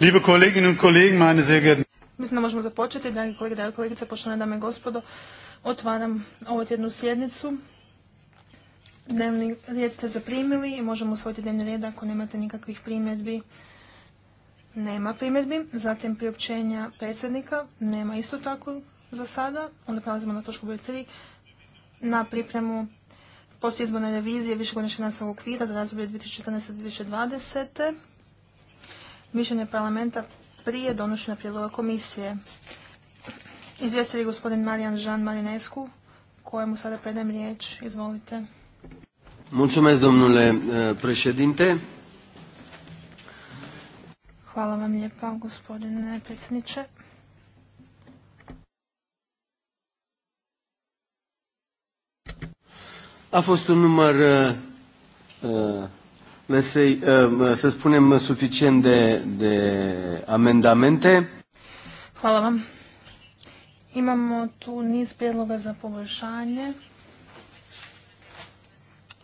Liebe Kolleginnen und Kollegen, meine sehr geehrten... Mislim da možemo započeti, dragi kolege, dragi kolegice, poštovane dame i gospodo. Otvaram ovu tjednu sjednicu. Dnevni red ste zaprimili i možemo usvojiti dnevni red ako nemate nikakvih primjedbi. Nema primjedbi. Zatim priopćenja predsjednika. Nema isto tako za sada. Onda prelazimo na točku broj 3. Na pripremu poslije izborne revizije višegodnešnje nacionalnog okvira za razdoblje 2014-2020 mišljenje parlamenta prije donošenja prijedloga komisije. Izvjestitelj gospodin Marijan Žan Marinescu, kojemu sada predajem riječ. Izvolite. Mulțumesc, domnule e, președinte. Hvala vam lijepa, gospodine predsjedniče. A fost un număr e, e, se, um, spunem, de, amendamente. Hvala vam. Imamo tu niz prijedloga za poboljšanje.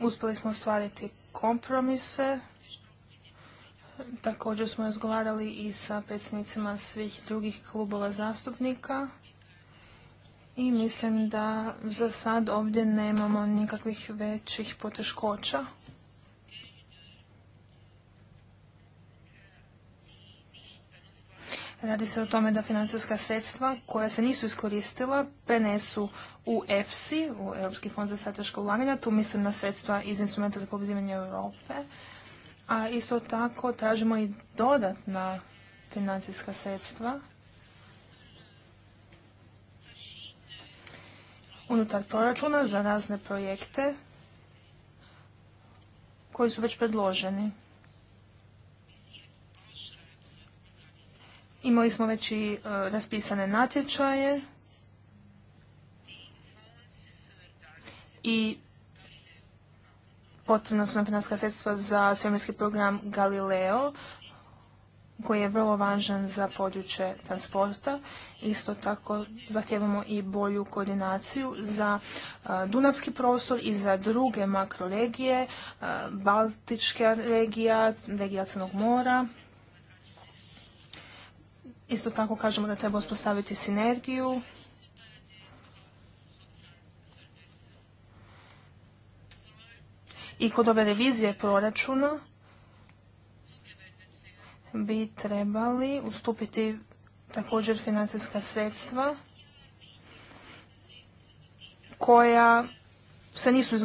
Uspjeli smo ostvariti kompromise. Također smo razgovarali i sa predsjednicima svih drugih klubova zastupnika. I mislim da za sad ovdje nemamo nikakvih većih poteškoća. Radi se o tome da financijska sredstva koja se nisu iskoristila prenesu u EFSI, u Europski fond za strateško ulaganja. Tu mislim na sredstva iz instrumenta za povezivanje Europe. A isto tako tražimo i dodatna financijska sredstva unutar proračuna za razne projekte koji su već predloženi. Imali smo već i e, raspisane natječaje i potrebna su nam sredstva za svemirski program Galileo koji je vrlo važan za područje transporta. Isto tako zahtjevamo i bolju koordinaciju za e, Dunavski prostor i za druge makroregije, e, Baltička regija, regija Crnog mora. Isto tako kažemo da treba uspostaviti sinergiju i kod ove revizije proračuna bi trebali ustupiti također financijska sredstva koja se nisu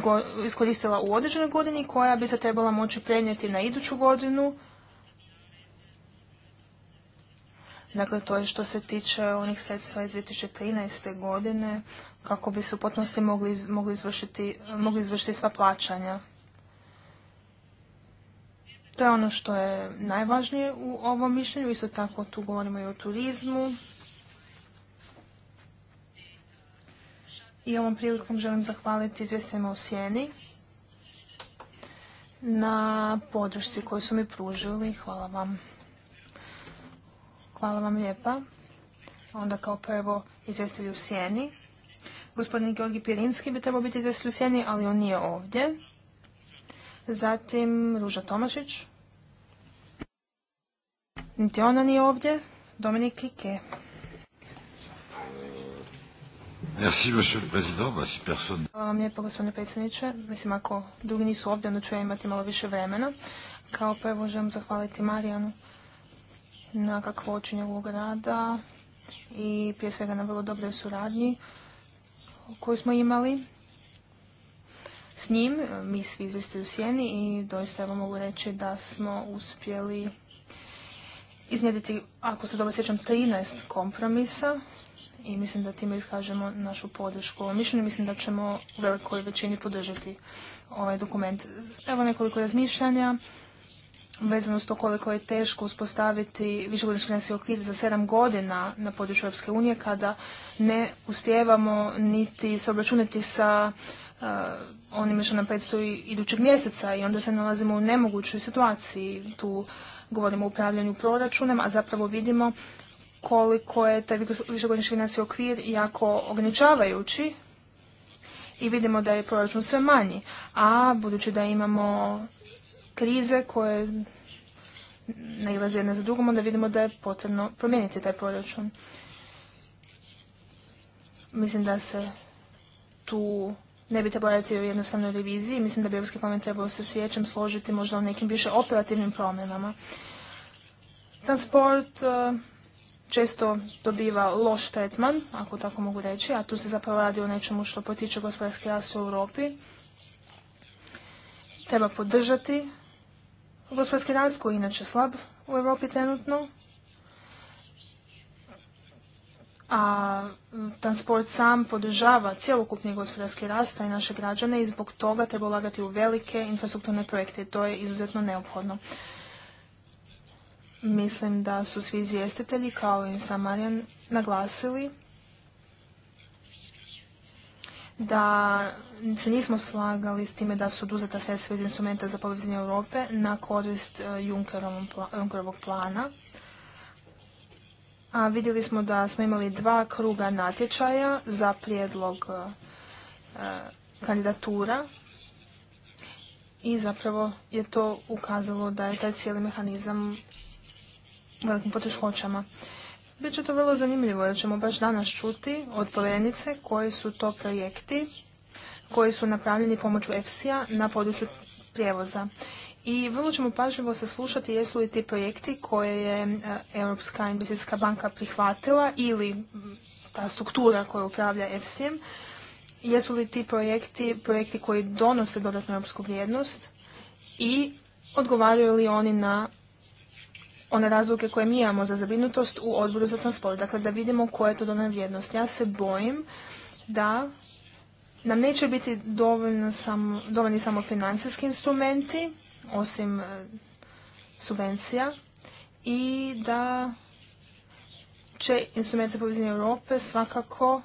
iskoristila u određenoj godini, koja bi se trebala moći prenijeti na iduću godinu Dakle, to je što se tiče onih sredstva iz 2013. godine kako bi se u potpunosti mogli, mogli, izvršiti, mogli izvršiti sva plaćanja. To je ono što je najvažnije u ovom mišljenju. Isto tako tu govorimo i o turizmu. I ovom prilikom želim zahvaliti izvjestima u Sjeni na podršci koju su mi pružili. Hvala vam. Hvala vam lijepa. Onda kao prvo izvestili u sjeni. Gospodin Georgi Pirinski bi trebao biti izvjestitelj u sjeni, ali on nije ovdje. Zatim Ruža Tomašić. Niti ona nije ovdje. Dominik Kike. Hvala vam lijepo, gospodine predsjedniče. Mislim, ako drugi nisu ovdje, onda ću ja imati malo više vremena. Kao prvo želim zahvaliti Marijanu na kakvoću ovog rada i prije svega na vrlo dobroj suradnji koju smo imali s njim, mi svi izvesti u sjeni i doista evo mogu reći da smo uspjeli iznijediti, ako se dobro sjećam, 13 kompromisa i mislim da time kažemo našu podršku ovom mišljenju. Mislim da ćemo u velikoj većini podržati ovaj dokument. Evo nekoliko razmišljanja vezano s to koliko je teško uspostaviti višegodišnji financijski okvir za sedam godina na području Europske unije kada ne uspijevamo niti se obračunati sa uh, što nam predstoji idućeg mjeseca i onda se nalazimo u nemogućoj situaciji. Tu govorimo o upravljanju proračunem, a zapravo vidimo koliko je taj višegodišnji financijski okvir jako ograničavajući i vidimo da je proračun sve manji. A budući da imamo krize koje nailaze jedne za drugom, onda vidimo da je potrebno promijeniti taj proračun. Mislim da se tu ne bi trebalo raditi o jednostavnoj reviziji. Mislim da bi Europski parlament trebao se svijećem složiti možda o nekim više operativnim promjenama. Transport eh, često dobiva loš tretman, ako tako mogu reći, a tu se zapravo radi o nečemu što potiče gospodarski rast u Europi. Treba podržati Gospodarski rast koji je inače slab u Europi trenutno, a transport sam podržava cjelokupni gospodarski rast i naše građane i zbog toga treba ulagati u velike infrastrukturne projekte. To je izuzetno neophodno. Mislim da su svi izvjestitelji, kao i sam Marijan, naglasili da se nismo slagali s time da su oduzeta sredstva iz instrumenta za povezanje Europe na korist e, Junkerovog plana. A vidjeli smo da smo imali dva kruga natječaja za prijedlog e, kandidatura i zapravo je to ukazalo da je taj cijeli mehanizam u velikim poteškoćama. Biće to vrlo zanimljivo jer ćemo baš danas čuti od povjerenice koji su to projekti koji su napravljeni pomoću EFSI-a na području prijevoza. I vrlo ćemo pažljivo saslušati jesu li ti projekti koje je eh, Europska investicijska banka prihvatila ili mm, ta struktura koja upravlja EFSI-em, jesu li ti projekti, projekti koji donose dodatnu europsku vrijednost i odgovaraju li oni na one razloge koje mi imamo za zabrinutost u odboru za transport. Dakle, da vidimo koja je to dodana vrijednost. Ja se bojim da nam neće biti dovoljni samo financijski instrumenti, osim e, subvencija, i da će instrument za povezanje Europe svakako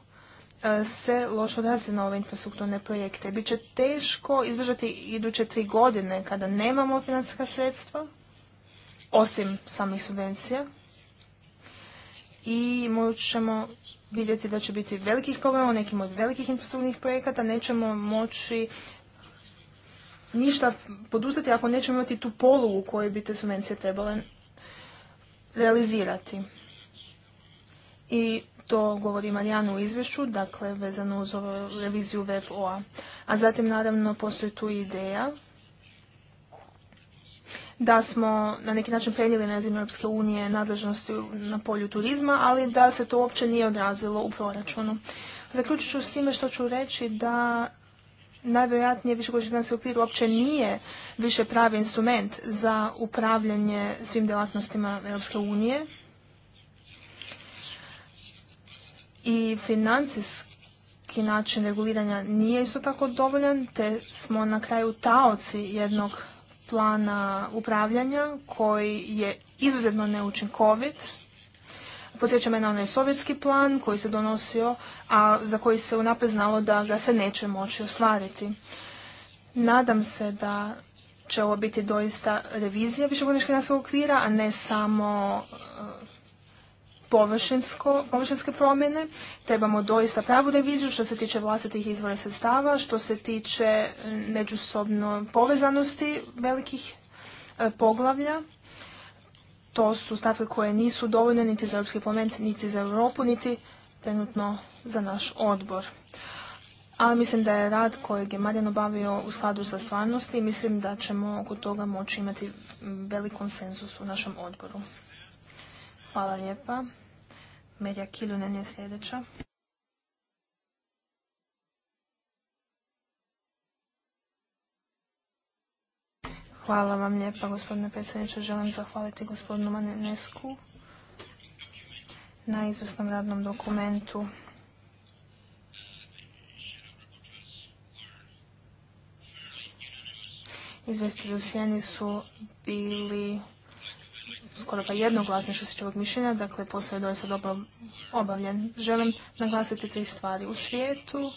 e, se loše odraziti na ove infrastrukturne projekte. Biće teško izdržati iduće tri godine kada nemamo financijska sredstva, osim samih subvencija, i morat ćemo vidjeti da će biti velikih problema nekim od velikih infrastrukturnih projekata, nećemo moći ništa poduzeti ako nećemo imati tu polu u kojoj bi te subvencije trebale realizirati. I to govori Marijanu u izvješću, dakle vezano uz ovu reviziju VFO-a. A zatim naravno postoji tu ideja da smo na neki način prenijeli na razinu Europske unije nadležnosti na polju turizma, ali da se to uopće nije odrazilo u proračunu. Zaključit ću s time što ću reći da najvjerojatnije višegodišnji financijski okvir uopće nije više pravi instrument za upravljanje svim djelatnostima Europske unije i financijski način reguliranja nije isto tako dovoljan, te smo na kraju taoci jednog plana upravljanja koji je izuzetno neučinkovit. Podsjeća me na onaj sovjetski plan koji se donosio, a za koji se unaprijed znalo da ga se neće moći ostvariti. Nadam se da će ovo biti doista revizija višegodišnjeg financijskog okvira, a ne samo površinske promjene, trebamo doista pravu reviziju što se tiče vlastitih izvora sredstava, što se tiče eh, međusobno povezanosti velikih eh, poglavlja. To su stavke koje nisu dovoljne niti za Europski parlament, niti za Europu, niti trenutno za naš odbor. Ali mislim da je rad kojeg je Marjan obavio u skladu sa stvarnosti i mislim da ćemo oko toga moći imati mm, velik konsenzus u našem odboru. Hvala lijepa. Merja Kilunen je sljedeća. Hvala vam lijepa, gospodine predsjedniče. Želim zahvaliti gospodinu Manesku na izvrsnom radnom dokumentu. Izvestili u Sjeni su bili skoro pa jednoglasni što se ovog mišljenja, dakle posao je doista dobro obavljen. Želim naglasiti tri stvari. U svijetu,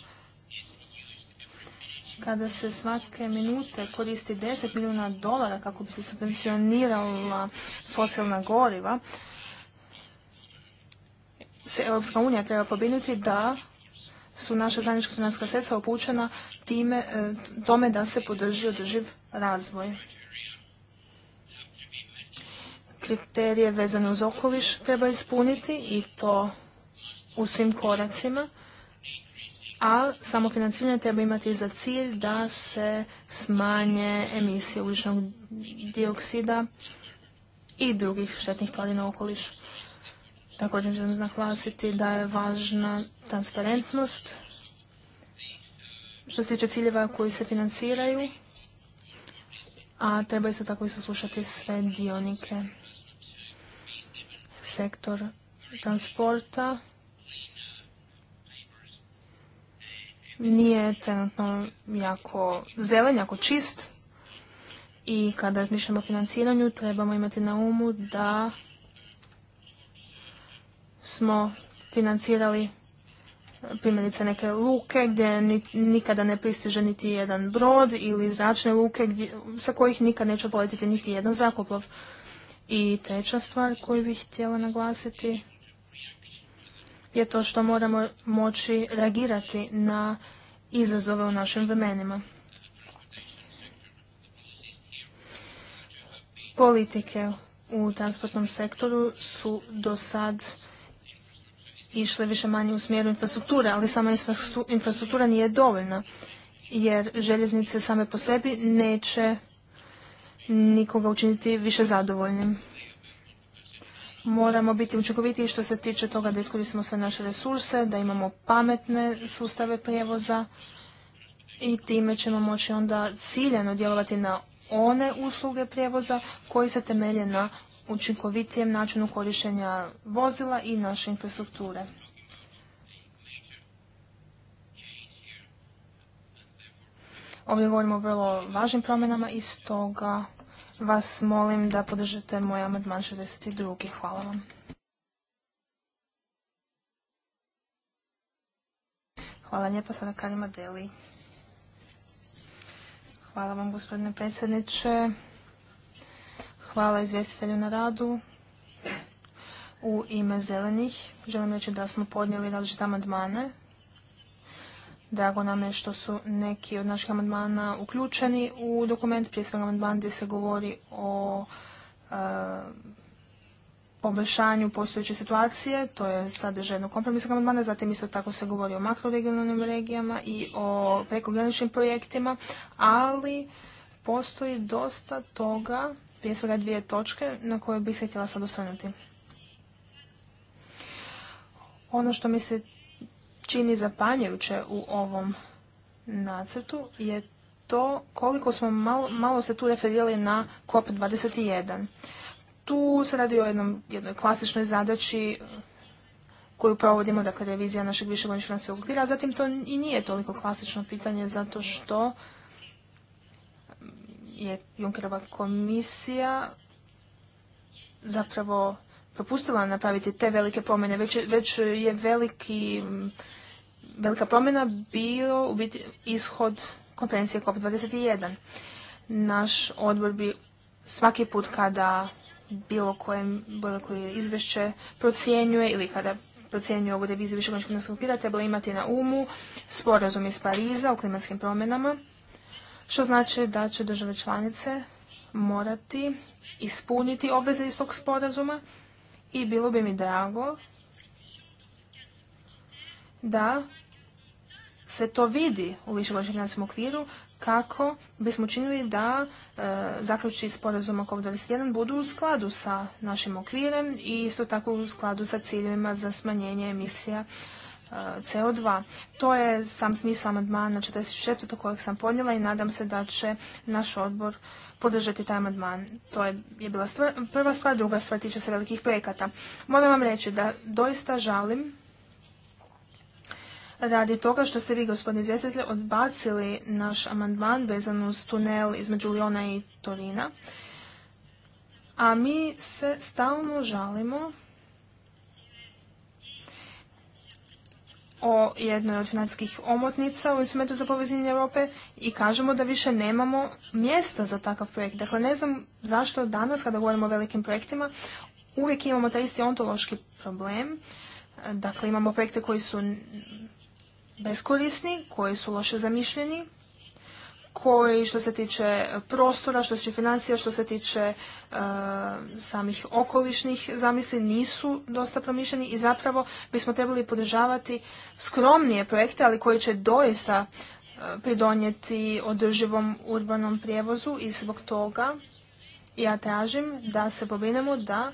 kada se svake minute koristi 10 milijuna dolara kako bi se subvencionirala fosilna goriva, se Europska unija treba pobinuti da su naša zajednička finanska sredstva upućena time, e, tome da se podrži održiv razvoj kriterije vezane uz okoliš treba ispuniti i to u svim koracima, a samo financiranje treba imati za cilj da se smanje emisije uličnog dioksida i drugih štetnih tvari na okoliš. Također želim naglasiti da je važna transparentnost što se tiče ciljeva koji se financiraju, a treba isto tako i saslušati sve dionike sektor transporta nije trenutno jako zelen, jako čist i kada razmišljamo o financiranju trebamo imati na umu da smo financirali primjerice neke luke gdje nikada ne pristiže niti jedan brod ili zračne luke sa kojih nikad neće poletiti niti jedan zrakoplov. I treća stvar koju bih htjela naglasiti je to što moramo moći reagirati na izazove u našim vremenima. Politike u transportnom sektoru su do sad išle više manje u smjeru infrastrukture, ali sama infrastruktura nije dovoljna, jer željeznice same po sebi neće nikoga učiniti više zadovoljnim. Moramo biti učinkovitiji što se tiče toga da iskoristimo sve naše resurse, da imamo pametne sustave prijevoza i time ćemo moći onda ciljeno djelovati na one usluge prijevoza koji se temelje na učinkovitijem načinu korištenja vozila i naše infrastrukture. Ovdje govorimo o vrlo važnim promjenama i stoga vas molim da podržite moj amandman 62. Hvala vam. Hvala lijepa, sada Deli. Hvala vam gospodine predsjedniče. Hvala izvjestitelju na radu. U ime zelenih želim reći da smo podnijeli različite amandmane Drago nam je što su neki od naših amandmana uključeni u dokument, prije svega amandman gdje se govori o e, poboljšanju postojeće situacije, to je sadržaj jednog kompromisnog amandmana, zatim isto tako se govori o makroregionalnim regijama i o prekograničnim projektima, ali postoji dosta toga, prije svega dvije točke na koje bih se htjela sad osvrnuti. Ono što mi se čini zapanjujuće u ovom nacrtu je to koliko smo malo, malo se tu referirali na COP21. Tu se radi o jednom, jednoj klasičnoj zadaći e, koju provodimo, dakle revizija našeg višegodišnjeg francuskog okvira, zatim to i nije toliko klasično pitanje zato što je Junkerova komisija zapravo propustila napraviti te velike promjene, već, već je veliki velika promjena bio u biti ishod konferencije COP21. Naš odbor bi svaki put kada bilo koje, bilo koje izvješće procjenjuje ili kada procjenjuje ovu reviziju više okvira trebalo imati na umu sporazum iz Pariza o klimatskim promjenama, što znači da će države članice morati ispuniti obveze iz tog sporazuma i bilo bi mi drago da se to vidi u višegodišnjem okviru kako bismo činili da e, zaključi sporazum oko 21 budu u skladu sa našim okvirem i isto tako u skladu sa ciljevima za smanjenje emisija e, CO2. To je sam smisao amandmana 44. kojeg sam podnijela i nadam se da će naš odbor podržati taj amandman. To je, je bila prva stvar, druga stvar tiče se velikih projekata. Moram vam reći da doista žalim radi toga što ste vi, gospodine izvjestitelj, odbacili naš amandman vezan uz tunel između Liona i Torina. A mi se stalno žalimo o jednoj od financijskih omotnica u instrumentu za povezivanje Europe i kažemo da više nemamo mjesta za takav projekt. Dakle, ne znam zašto danas kada govorimo o velikim projektima uvijek imamo taj isti ontološki problem. Dakle, imamo projekte koji su beskorisni, koji su loše zamišljeni, koji što se tiče prostora, što se tiče financija, što se tiče e, samih okolišnih zamisli nisu dosta promišljeni i zapravo bismo trebali podržavati skromnije projekte, ali koji će doista e, pridonijeti održivom urbanom prijevozu i zbog toga ja tražim da se pobrinemo da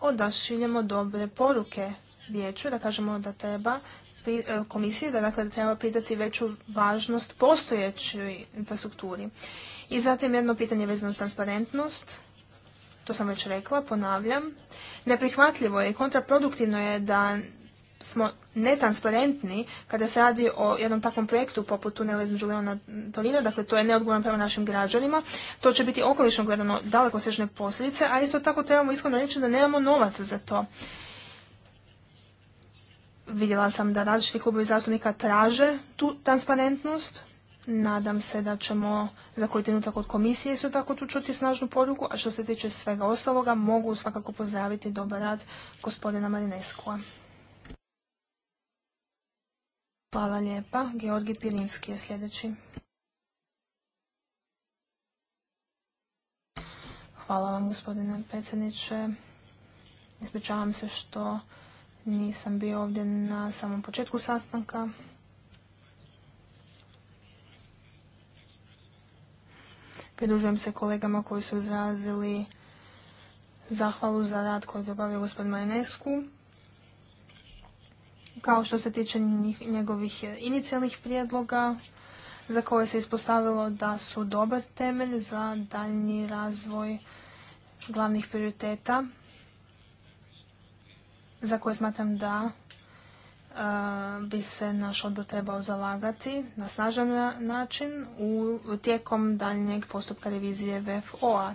odašiljemo dobre poruke vijeću, da kažemo da treba E, komisije da dakle treba pridati veću važnost postojećoj infrastrukturi. I zatim jedno pitanje vezano s transparentnost, to sam već rekla, ponavljam. Neprihvatljivo je i kontraproduktivno je da smo netransparentni kada se radi o jednom takvom projektu poput tunela između Leona Torina, dakle to je neodgovorno prema našim građanima, to će biti okolišno gledano daleko sežne posljedice, a isto tako trebamo iskreno reći da nemamo novaca za to. Vidjela sam da različiti klubovi zastupnika traže tu transparentnost. Nadam se da ćemo za koji trenutak od komisije su tako tu čuti snažnu poruku, a što se tiče svega ostaloga mogu svakako pozdraviti dobar rad gospodina Marineskova. Hvala lijepa. Georgi Pirinski je sljedeći. Hvala vam gospodine predsjedniče. Ispričavam se što nisam bio ovdje na samom početku sastanka. Pridružujem se kolegama koji su izrazili zahvalu za rad koji je obavio gospodin Marinescu. Kao što se tiče njegovih inicijalnih prijedloga, za koje se ispostavilo da su dobar temelj za daljnji razvoj glavnih prioriteta za koje smatram da e, bi se naš odbor trebao zalagati na snažan način u tijekom daljnjeg postupka revizije VFO-a.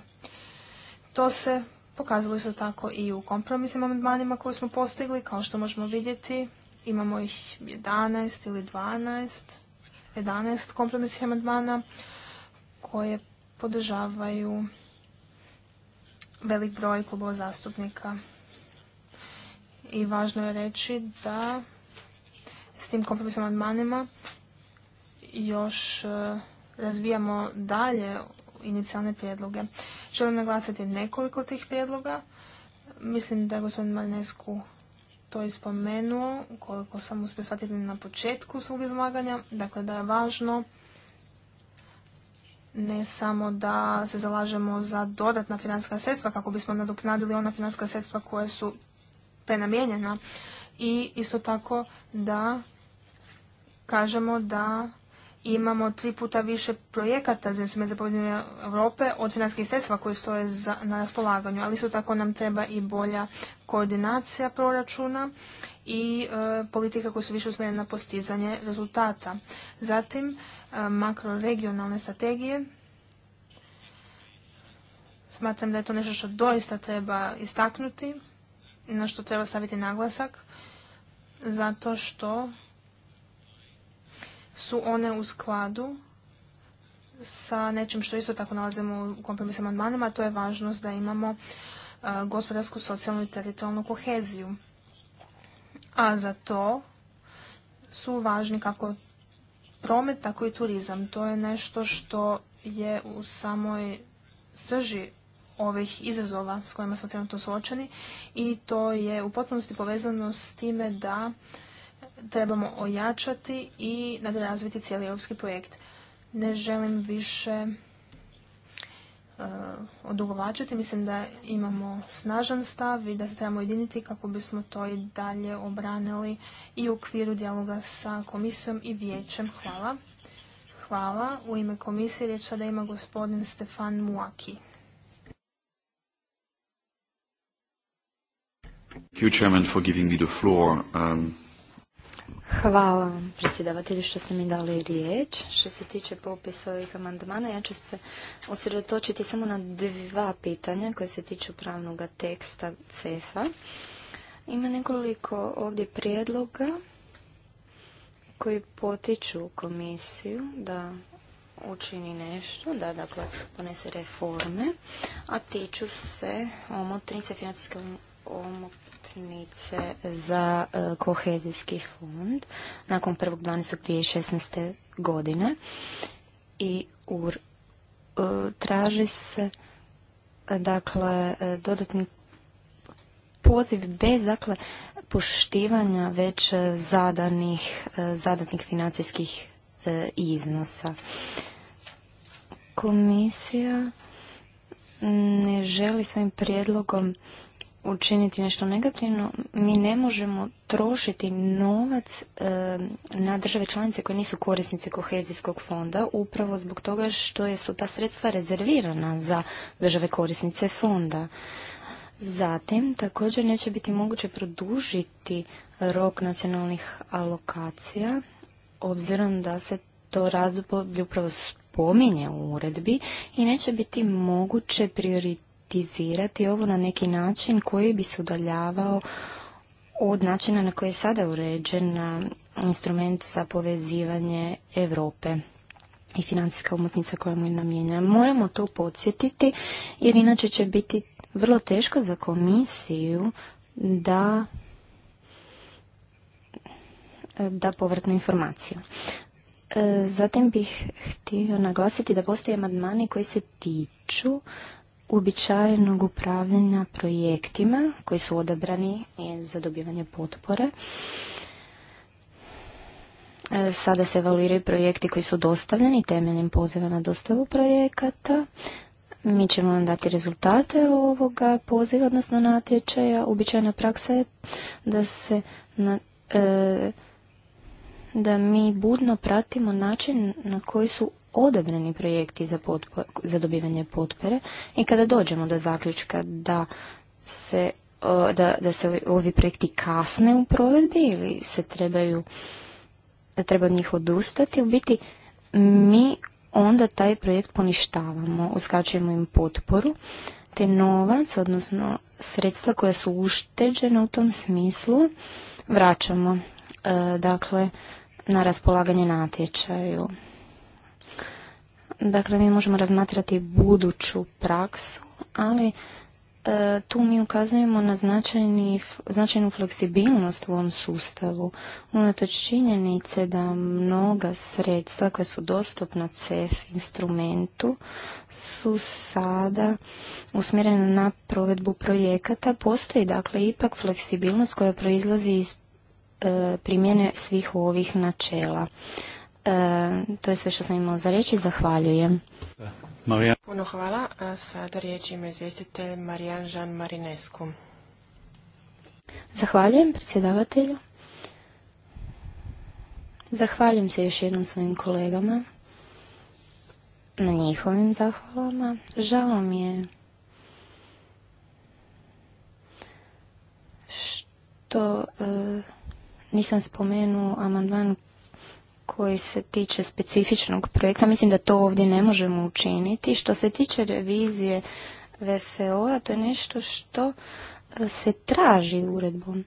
To se pokazalo isto tako i u kompromisnim amandmanima koje smo postigli. Kao što možemo vidjeti, imamo ih 11 ili 12, 11 kompromisnih amandmana koje podržavaju velik broj klubova zastupnika i važno je reći da s tim kompromisnim amandmanima još e, razvijamo dalje inicijalne prijedloge. Želim naglasiti nekoliko tih prijedloga. Mislim da je gospodin Malnesku to je spomenuo, koliko sam uspio shvatiti na početku svog izlaganja, dakle da je važno ne samo da se zalažemo za dodatna financijska sredstva kako bismo nadoknadili ona financijska sredstva koja su prenamijenjena i isto tako da kažemo da imamo tri puta više projekata za instrument za povezanje Europe od financijskih sredstva koje stoje na raspolaganju, ali isto tako nam treba i bolja koordinacija proračuna i e, politika koje su više usmjerene na postizanje rezultata. Zatim, e, makroregionalne strategije. Smatram da je to nešto što doista treba istaknuti na što treba staviti naglasak, zato što su one u skladu sa nečim što isto tako nalazimo u kompromisnim amandmanima, a to je važnost da imamo e, gospodarsku, socijalnu i teritorijalnu koheziju. A za to su važni kako promet, tako i turizam. To je nešto što je u samoj srži ovih izazova s kojima smo trenutno suočeni i to je u potpunosti povezano s time da trebamo ojačati i nadrazviti cijeli europski projekt. Ne želim više uh, odugovlačiti. Mislim da imamo snažan stav i da se trebamo jediniti kako bismo to i dalje obranili i u okviru dijaloga sa komisijom i vijećem. Hvala. Hvala. U ime komisije riječ sada ima gospodin Stefan Muaki. Hvala predsjedavatelju, što ste mi dali riječ. Što se tiče popisa ovih amandmana, ja ću se osredotočiti samo na dva pitanja koje se tiču pravnog teksta CEFA. Ima nekoliko ovdje prijedloga koji potiču komisiju da učini nešto, da dakle donese reforme, a tiču se omotnice financijske omotnice za e, kohezijski fond nakon 1.12.2016. godine i e, traži se e, dakle dodatni poziv bez dakle poštivanja već zadanih, zadatnih financijskih iznosa. Komisija ne želi svojim prijedlogom učiniti nešto negativno, mi ne možemo trošiti novac e, na države članice koje nisu korisnice kohezijskog fonda, upravo zbog toga što su ta sredstva rezervirana za države korisnice fonda. Zatim, također neće biti moguće produžiti rok nacionalnih alokacija, obzirom da se to razdoblje upravo spominje u uredbi i neće biti moguće prioritet izirati ovo na neki način koji bi se udaljavao od načina na koji je sada uređen instrument za povezivanje Europe i financijska umotnica koja mu je namijenjena. Moramo to podsjetiti jer inače će biti vrlo teško za komisiju da da povratnu informaciju. E, zatim bih htio naglasiti da postoje amandmani koji se tiču uobičajenog upravljanja projektima koji su odabrani za dobivanje potpore. E, sada se evaluiraju projekti koji su dostavljeni temeljem poziva na dostavu projekata. Mi ćemo vam dati rezultate ovoga poziva, odnosno natječaja. Uobičajena praksa je da se e, da mi budno pratimo način na koji su odabrani projekti za, za dobivanje potpore i kada dođemo do zaključka da se, da, da se ovi projekti kasne u provedbi ili se trebaju da treba od njih odustati, u biti mi onda taj projekt poništavamo, uskačujemo im potporu, te novac, odnosno sredstva koja su ušteđena u tom smislu, vraćamo, e, dakle, na raspolaganje natječaju. Dakle, mi možemo razmatrati buduću praksu, ali e, tu mi ukazujemo na značajni, značajnu fleksibilnost u ovom sustavu. Unatoč činjenice da mnoga sredstva koja su dostupna CEF instrumentu su sada usmjerena na provedbu projekata, postoji dakle ipak fleksibilnost koja proizlazi iz e, primjene svih ovih načela. E, to je sve što sam imala za reći. Zahvaljujem. Puno hvala. sada riječ ima izvjestitelj Marijan Žan Marinesku. Zahvaljujem predsjedavatelju. Zahvaljujem se još jednom svojim kolegama na njihovim zahvalama. Žao mi je što e, nisam spomenuo amandman koji se tiče specifičnog projekta, mislim da to ovdje ne možemo učiniti. Što se tiče revizije VFO-a, to je nešto što e, se traži uredbom.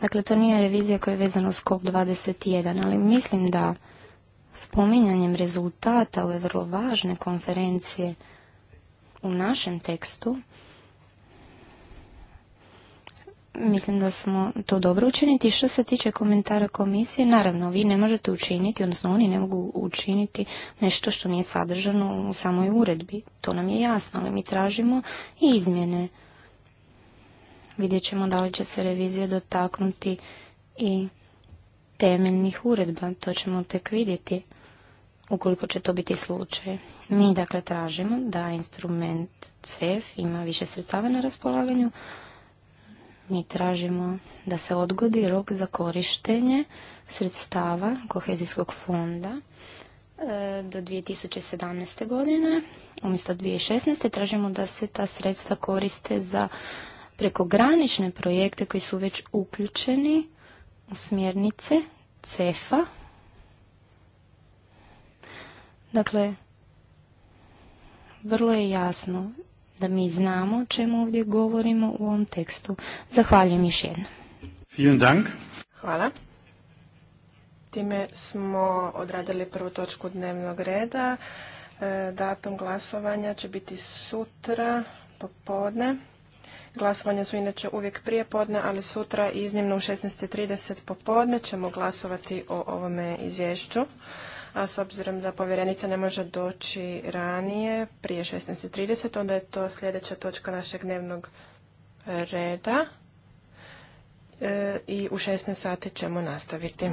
Dakle, to nije revizija koja je vezana uz skop 21, ali mislim da spominjanjem rezultata ove vrlo važne konferencije u našem tekstu, Mislim da smo to dobro učiniti. Što se tiče komentara komisije, naravno, vi ne možete učiniti, odnosno oni ne mogu učiniti nešto što nije sadržano u samoj uredbi. To nam je jasno, ali mi tražimo i izmjene. Vidjet ćemo da li će se revizija dotaknuti i temeljnih uredba. To ćemo tek vidjeti ukoliko će to biti slučaj. Mi dakle tražimo da instrument CEF ima više sredstava na raspolaganju, mi tražimo da se odgodi rok za korištenje sredstava kohezijskog fonda e, do 2017. godine, umjesto 2016. tražimo da se ta sredstva koriste za prekogranične projekte koji su već uključeni u smjernice CEFA. Dakle, vrlo je jasno da mi znamo o čemu ovdje govorimo u ovom tekstu. Zahvaljujem još jednom. Hvala. Time smo odradili prvu točku dnevnog reda. E, datum glasovanja će biti sutra popodne. Glasovanja su inače uvijek prije podne, ali sutra iznimno u 16.30 popodne ćemo glasovati o ovome izvješću a s obzirom da povjerenica ne može doći ranije, prije 16.30, onda je to sljedeća točka našeg dnevnog reda e, i u 16 sati ćemo nastaviti.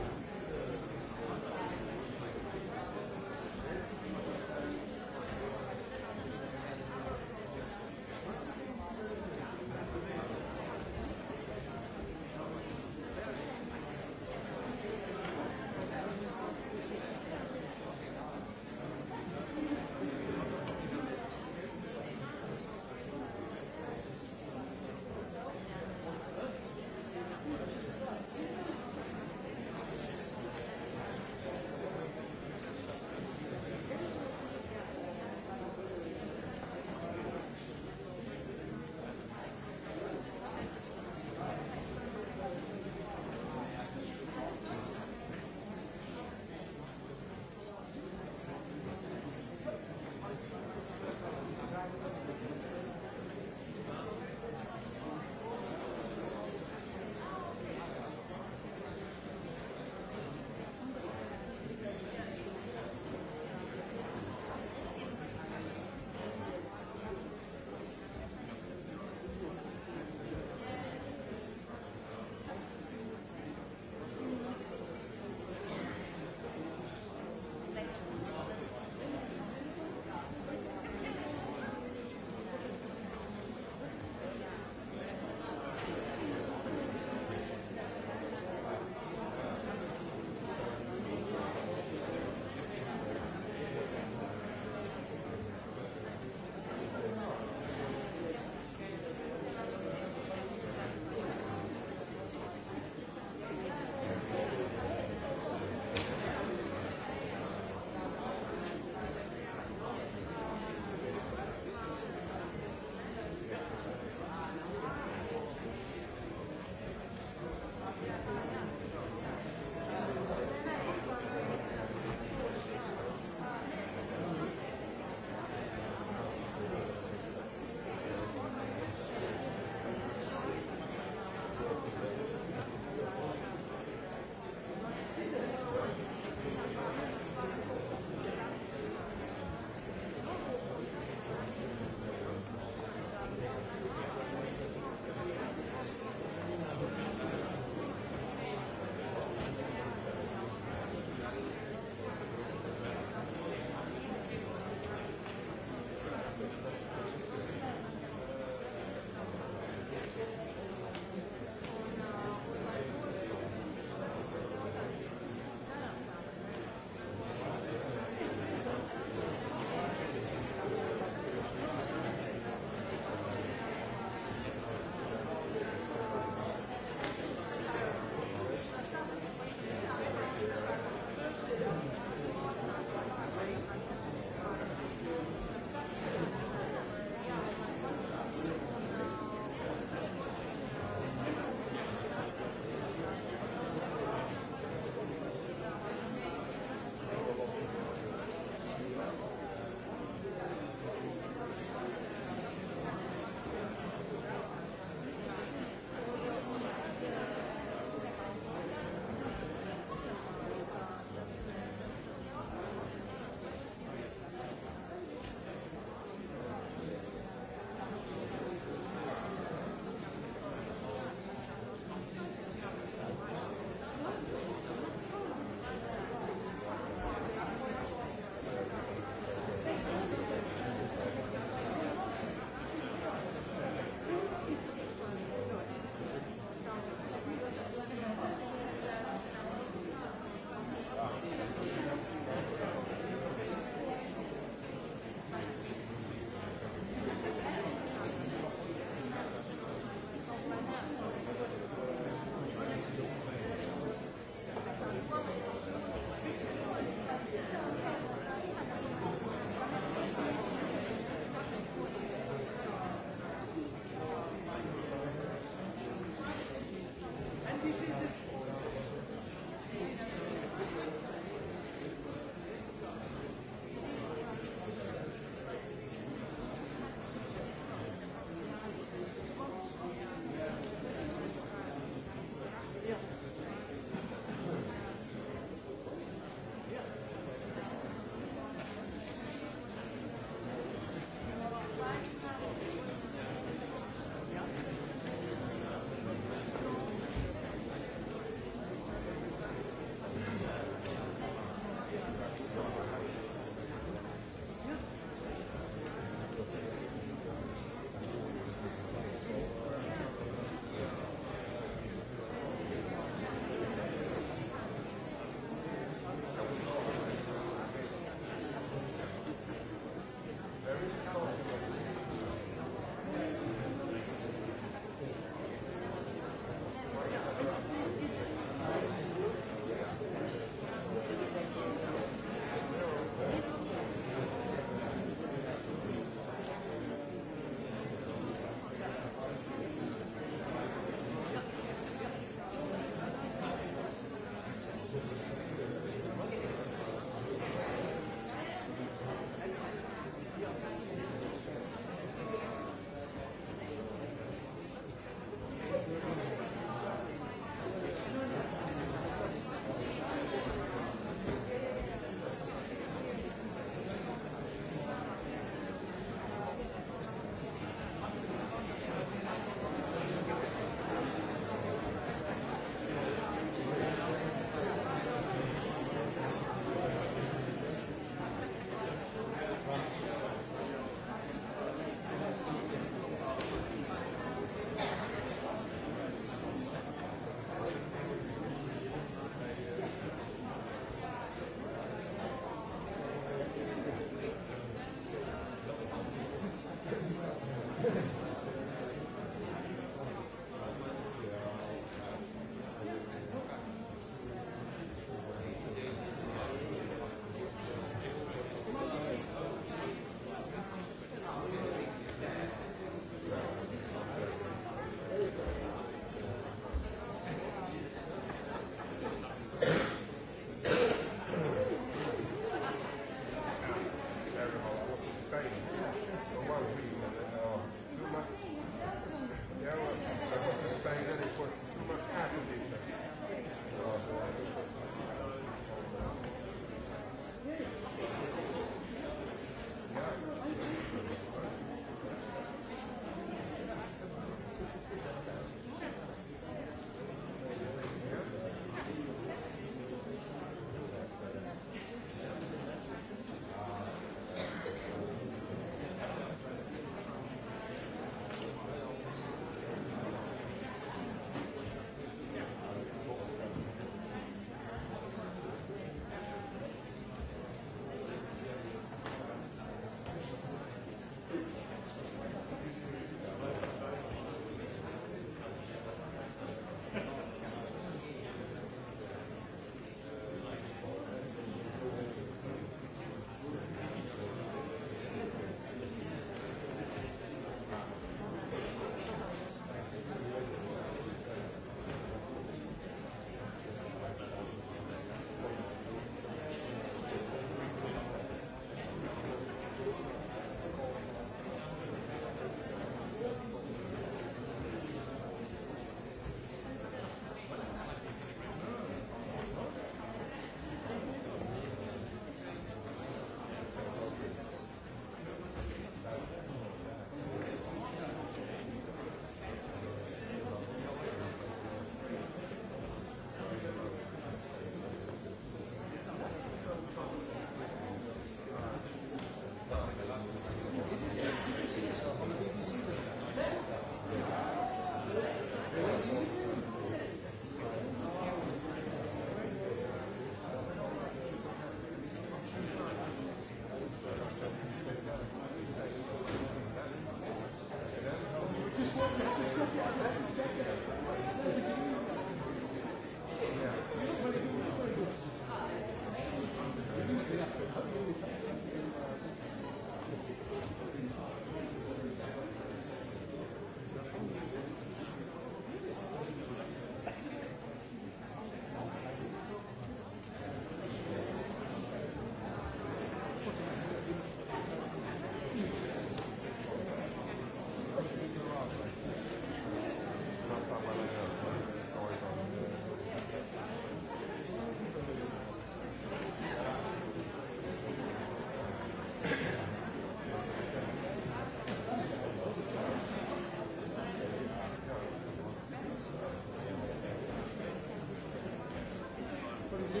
Yeah,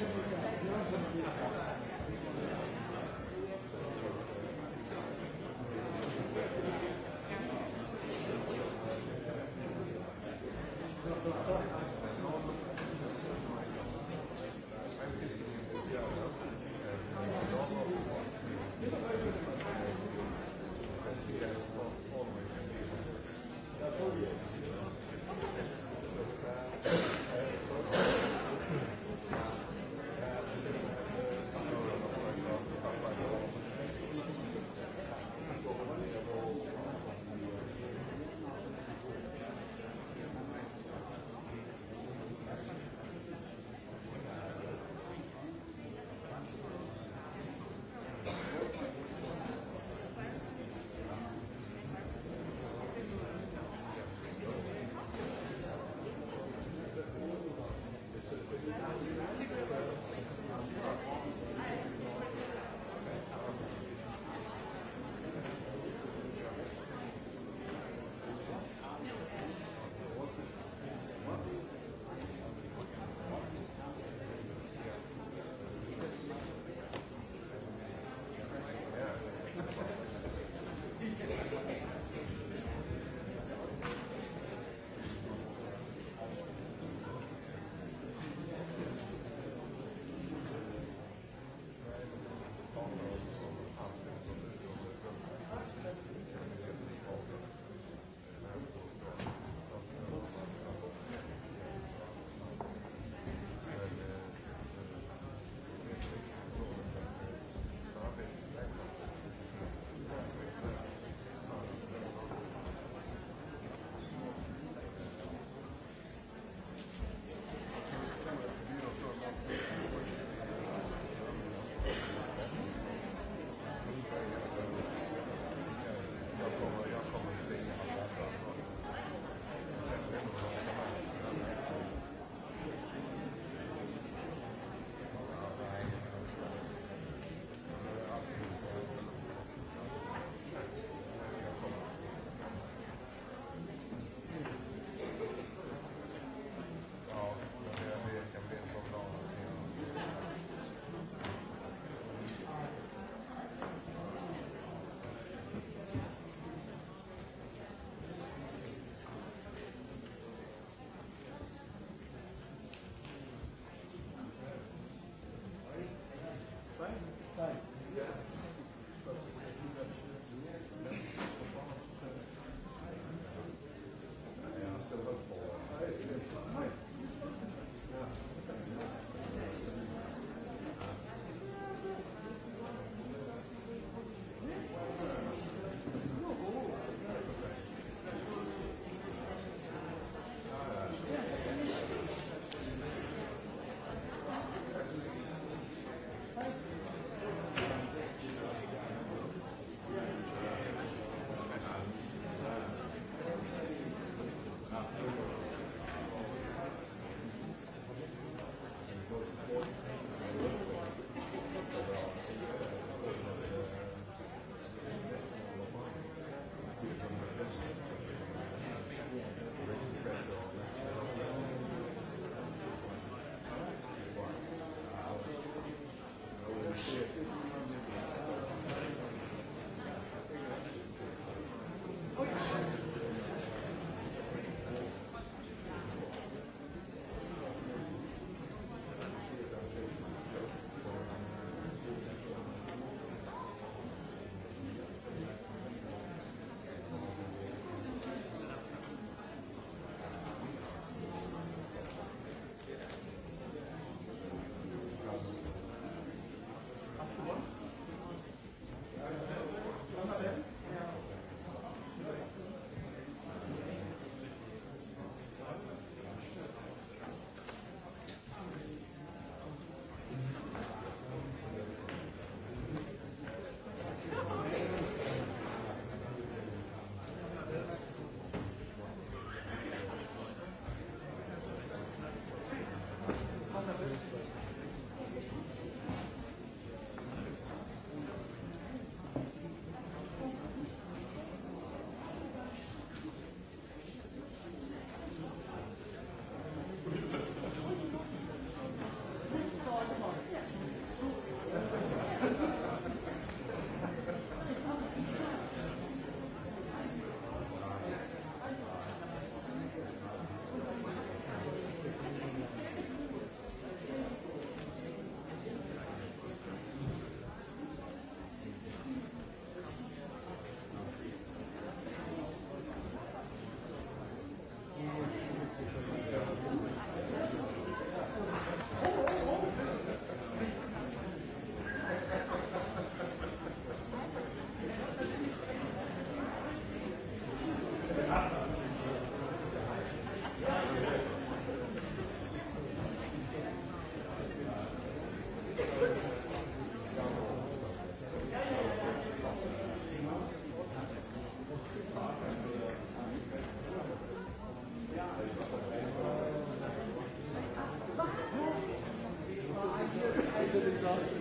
Hvala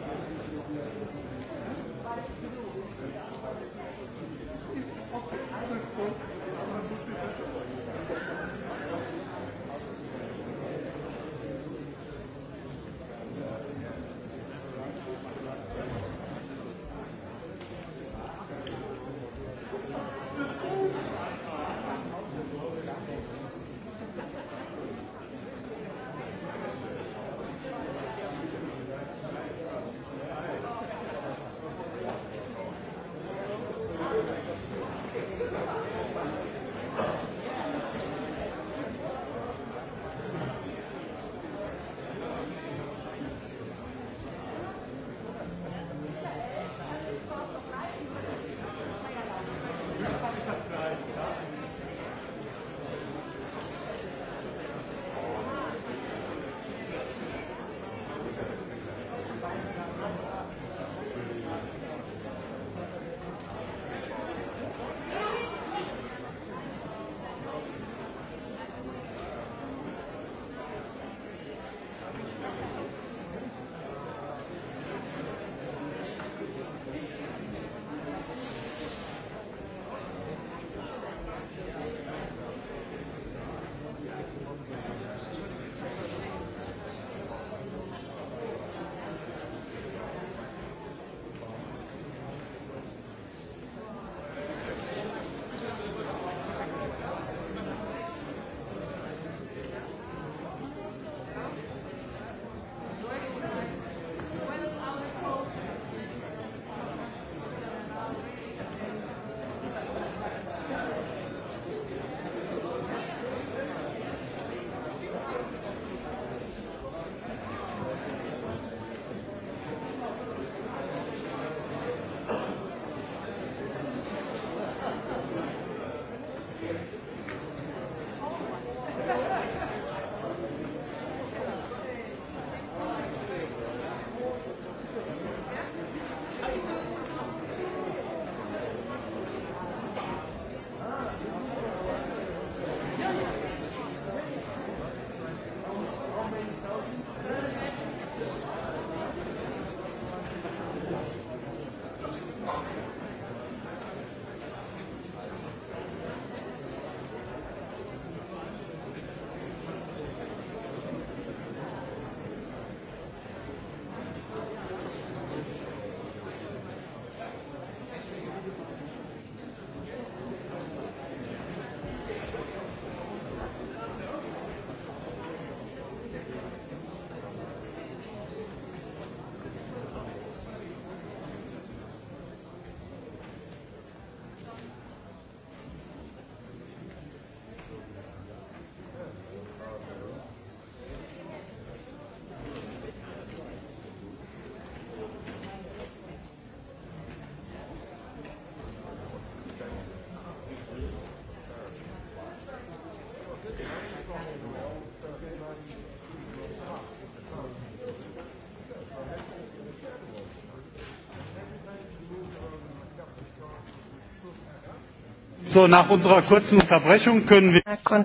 Nakon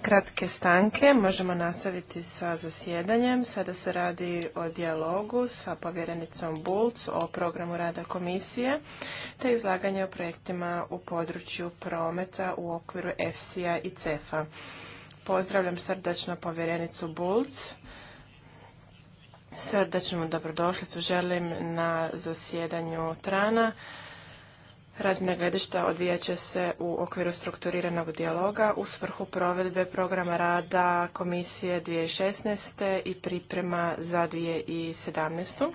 kratke stanke možemo nastaviti sa zasjedanjem. Sada se radi o dijalogu sa povjerenicom Bulc o programu rada komisije te izlaganje o projektima u području prometa u okviru EFSI-a i CEF-a. Pozdravljam srdečno povjerenicu Bulc. Srdečnu dobrodošlicu želim na zasjedanju Trana. Razmjena gledišta odvijat će se u okviru strukturiranog dijaloga u svrhu provedbe programa rada komisije 2016. i priprema za 2017.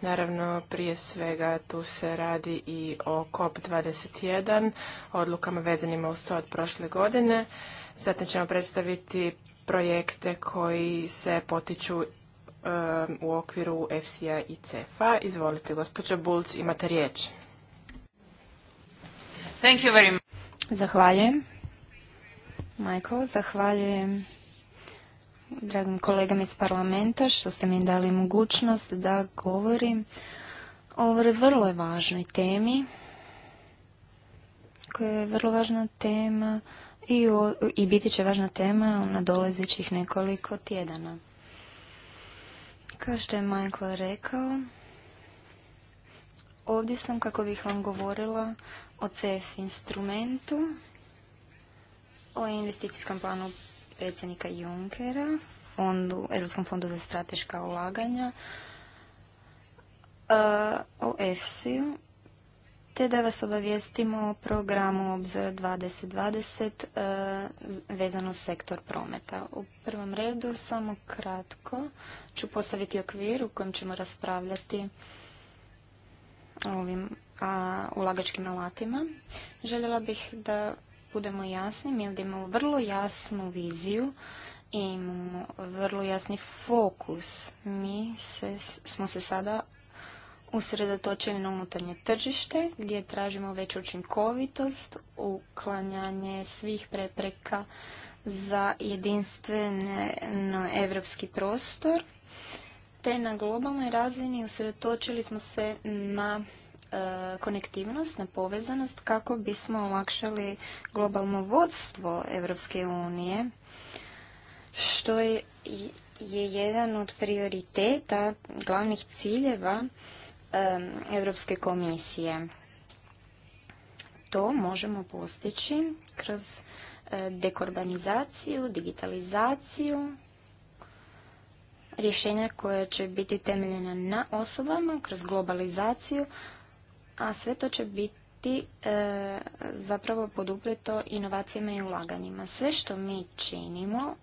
Naravno, prije svega tu se radi i o COP21, odlukama vezanima u to od prošle godine. Zatim ćemo predstaviti projekte koji se potiču um, u okviru FCA i CFa Izvolite, gospođo Bulc, imate riječ. Thank you Zahvaljujem. Michael, zahvaljujem dragim kolegama iz parlamenta što ste mi dali mogućnost da govorim o ovoj vrlo važnoj temi koja je vrlo važna tema i, i biti će važna tema na dolezećih nekoliko tjedana. Kao što je Michael rekao, ovdje sam kako bih vam govorila o CEF instrumentu, o investicijskom planu predsjednika Junkera, fondu, Europskom fondu za strateška ulaganja, e, o efsi te da vas obavijestimo o programu Obzor 2020 e, vezano s sektor prometa. U prvom redu samo kratko ću postaviti okvir u kojem ćemo raspravljati ovim a, ulagačkim alatima. Željela bih da budemo jasni, mi ovdje imamo vrlo jasnu viziju i imamo vrlo jasni fokus. Mi smo se sada usredotočili na unutarnje tržište gdje tražimo veću učinkovitost, uklanjanje svih prepreka za jedinstven evropski prostor, te na globalnoj razini usredotočili smo se na E, konektivnost, na povezanost kako bismo olakšali globalno vodstvo Europske unije, što je, jedan od prioriteta glavnih ciljeva Europske komisije. To možemo postići kroz e, dekorbanizaciju digitalizaciju, rješenja koja će biti temeljena na osobama kroz globalizaciju, a sve to će biti e, zapravo podupreto inovacijama i ulaganjima. Sve što mi činimo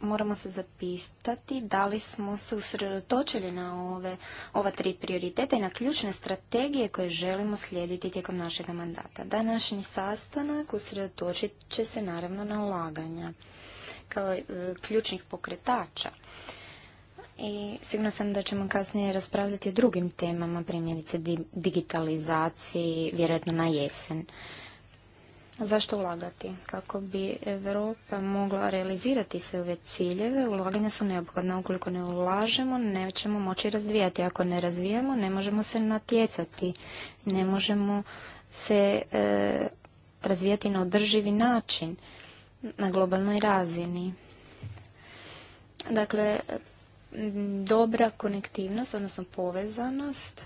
moramo se zapistati da li smo se usredotočili na ove, ova tri prioriteta i na ključne strategije koje želimo slijediti tijekom našeg mandata. Današnji sastanak usredotočit će se naravno na ulaganja kao e, ključnih pokretača i sigurno sam da ćemo kasnije raspravljati o drugim temama, primjerice digitalizaciji, vjerojatno na jesen. Zašto ulagati? Kako bi Europa mogla realizirati sve ove ciljeve, ulaganja su neophodna. Ukoliko ne ulažemo, nećemo moći razvijati. Ako ne razvijemo, ne možemo se natjecati, ne možemo se e, razvijati na održivi način na globalnoj razini. Dakle, dobra konektivnost, odnosno povezanost,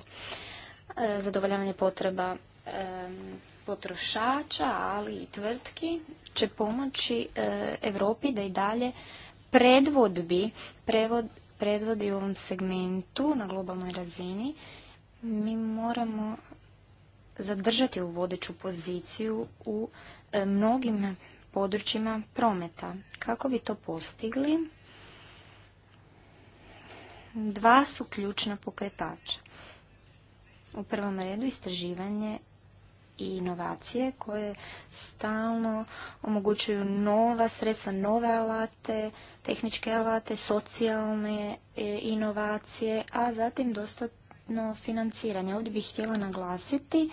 e, zadovoljavanje potreba e, potrošača, ali i tvrtki će pomoći e, Europi da i dalje predvodbi, prevod, predvodi u ovom segmentu na globalnoj razini. Mi moramo zadržati u vodeću poziciju u mnogim područjima prometa. Kako bi to postigli? Dva su ključna pokretača. U prvom redu istraživanje i inovacije koje stalno omogućuju nova sredstva, nove alate, tehničke alate, socijalne e, inovacije, a zatim dostatno financiranje. Ovdje bih htjela naglasiti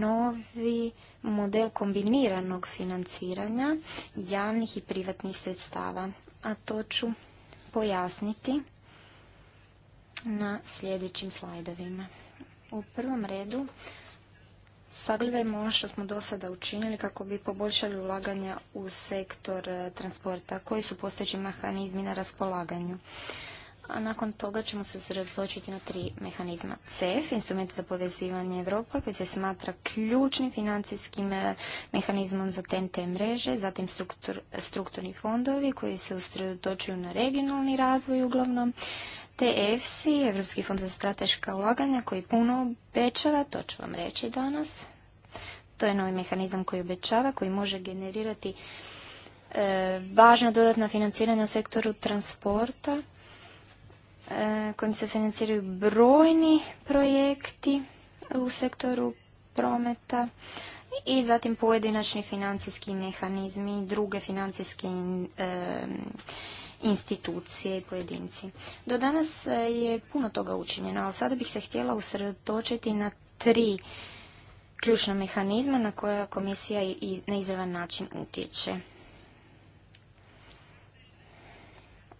novi model kombiniranog financiranja javnih i privatnih sredstava, a to ću pojasniti na sljedećim slajdovima. U prvom redu sagledajmo ono što smo do sada učinili kako bi poboljšali ulaganja u sektor eh, transporta. Koji su postojeći mehanizmi na raspolaganju? a nakon toga ćemo se usredotočiti na tri mehanizma. CEF, instrument za povezivanje Evropa, koji se smatra ključnim financijskim e, mehanizmom za TNT mreže, zatim strukturni fondovi koji se usredotočuju na regionalni razvoj uglavnom, te EFSI, Evropski fond za strateška ulaganja, koji puno obećava, to ću vam reći danas. To je novi mehanizam koji obećava, koji može generirati e, važna dodatna financiranja u sektoru transporta, E, kojim se financiraju brojni projekti u sektoru prometa i zatim pojedinačni financijski mehanizmi, druge financijske e, institucije i pojedinci. Do danas e, je puno toga učinjeno, ali sada bih se htjela usredotočiti na tri ključna mehanizma na koja komisija na izravan način utječe.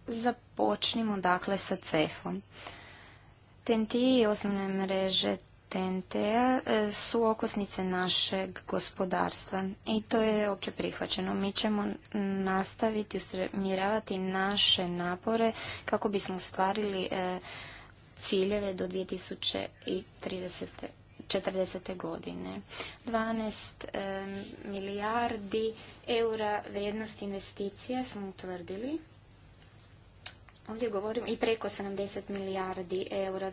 Za Počnimo dakle sa CEF-om. TNT i osnovne mreže TNT-a e, su okosnice našeg gospodarstva i to je opće prihvaćeno. Mi ćemo nastaviti usmjeravati naše napore kako bismo stvarili e, ciljeve do 2040. godine. 12 e, milijardi eura vrijednost investicija smo utvrdili Ovdje govorim i preko 70 milijardi eura.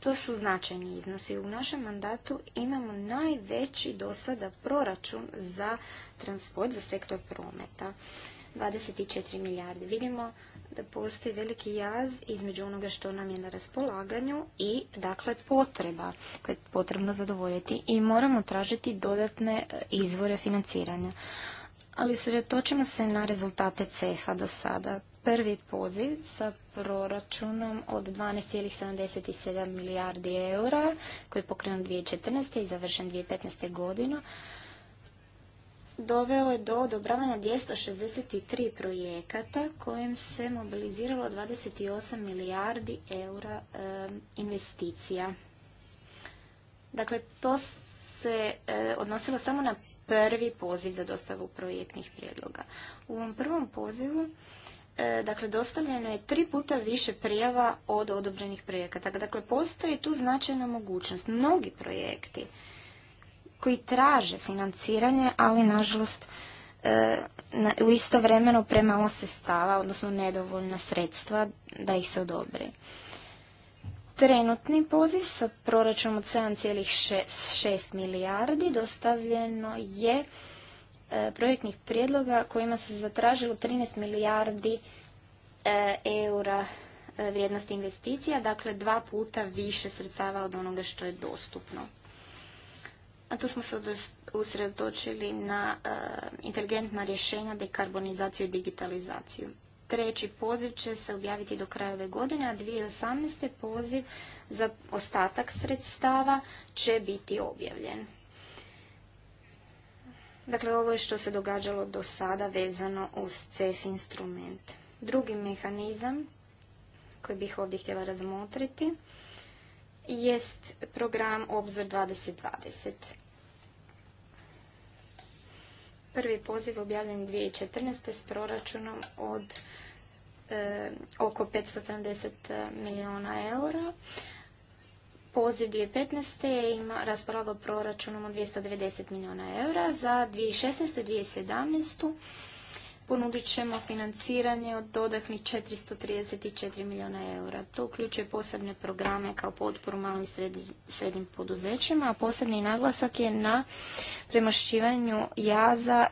To su značajni iznosi. U našem mandatu imamo najveći do sada proračun za transport, za sektor prometa. 24 milijarde. Vidimo da postoji veliki jaz između onoga što nam je na raspolaganju i dakle potreba koje je potrebno zadovoljiti i moramo tražiti dodatne e, izvore financiranja. Ali usredotočimo se na rezultate CEFA do sada prvi poziv sa proračunom od 12,77 milijardi eura koji je pokrenut 2014. i završen 2015. godinu doveo je do odobravanja 263 projekata kojim se mobiliziralo 28 milijardi eura investicija. Dakle, to se e, odnosilo samo na prvi poziv za dostavu projektnih prijedloga. U ovom prvom pozivu E, dakle, dostavljeno je tri puta više prijava od odobrenih projekata. Dakle, postoji tu značajna mogućnost. Mnogi projekti koji traže financiranje, ali nažalost e, u isto vremeno premalo stava, odnosno nedovoljna sredstva da ih se odobri. Trenutni poziv sa proračunom od 7,6 milijardi dostavljeno je E, projektnih prijedloga kojima se zatražilo 13 milijardi e, eura e, vrijednosti investicija, dakle dva puta više sredstava od onoga što je dostupno. A tu smo se usredotočili na inteligentna rješenja, dekarbonizaciju i digitalizaciju. Treći poziv će se objaviti do kraja ove godine, a 2018. poziv za ostatak sredstava će biti objavljen. Dakle, ovo je što se događalo do sada vezano uz CEF instrument. Drugi mehanizam koji bih ovdje htjela razmotriti jest program Obzor 2020. Prvi poziv objavljen 2014. s proračunom od eh, oko 570 milijuna eura poziv 2015. je ima raspolagao proračunom od 290 milijuna eura. Za 2016. i 2017. ponudit ćemo financiranje od dodatnih 434 milijuna eura. To uključuje posebne programe kao potporu malim i srednjim, poduzećima, a posebni naglasak je na premošćivanju jaza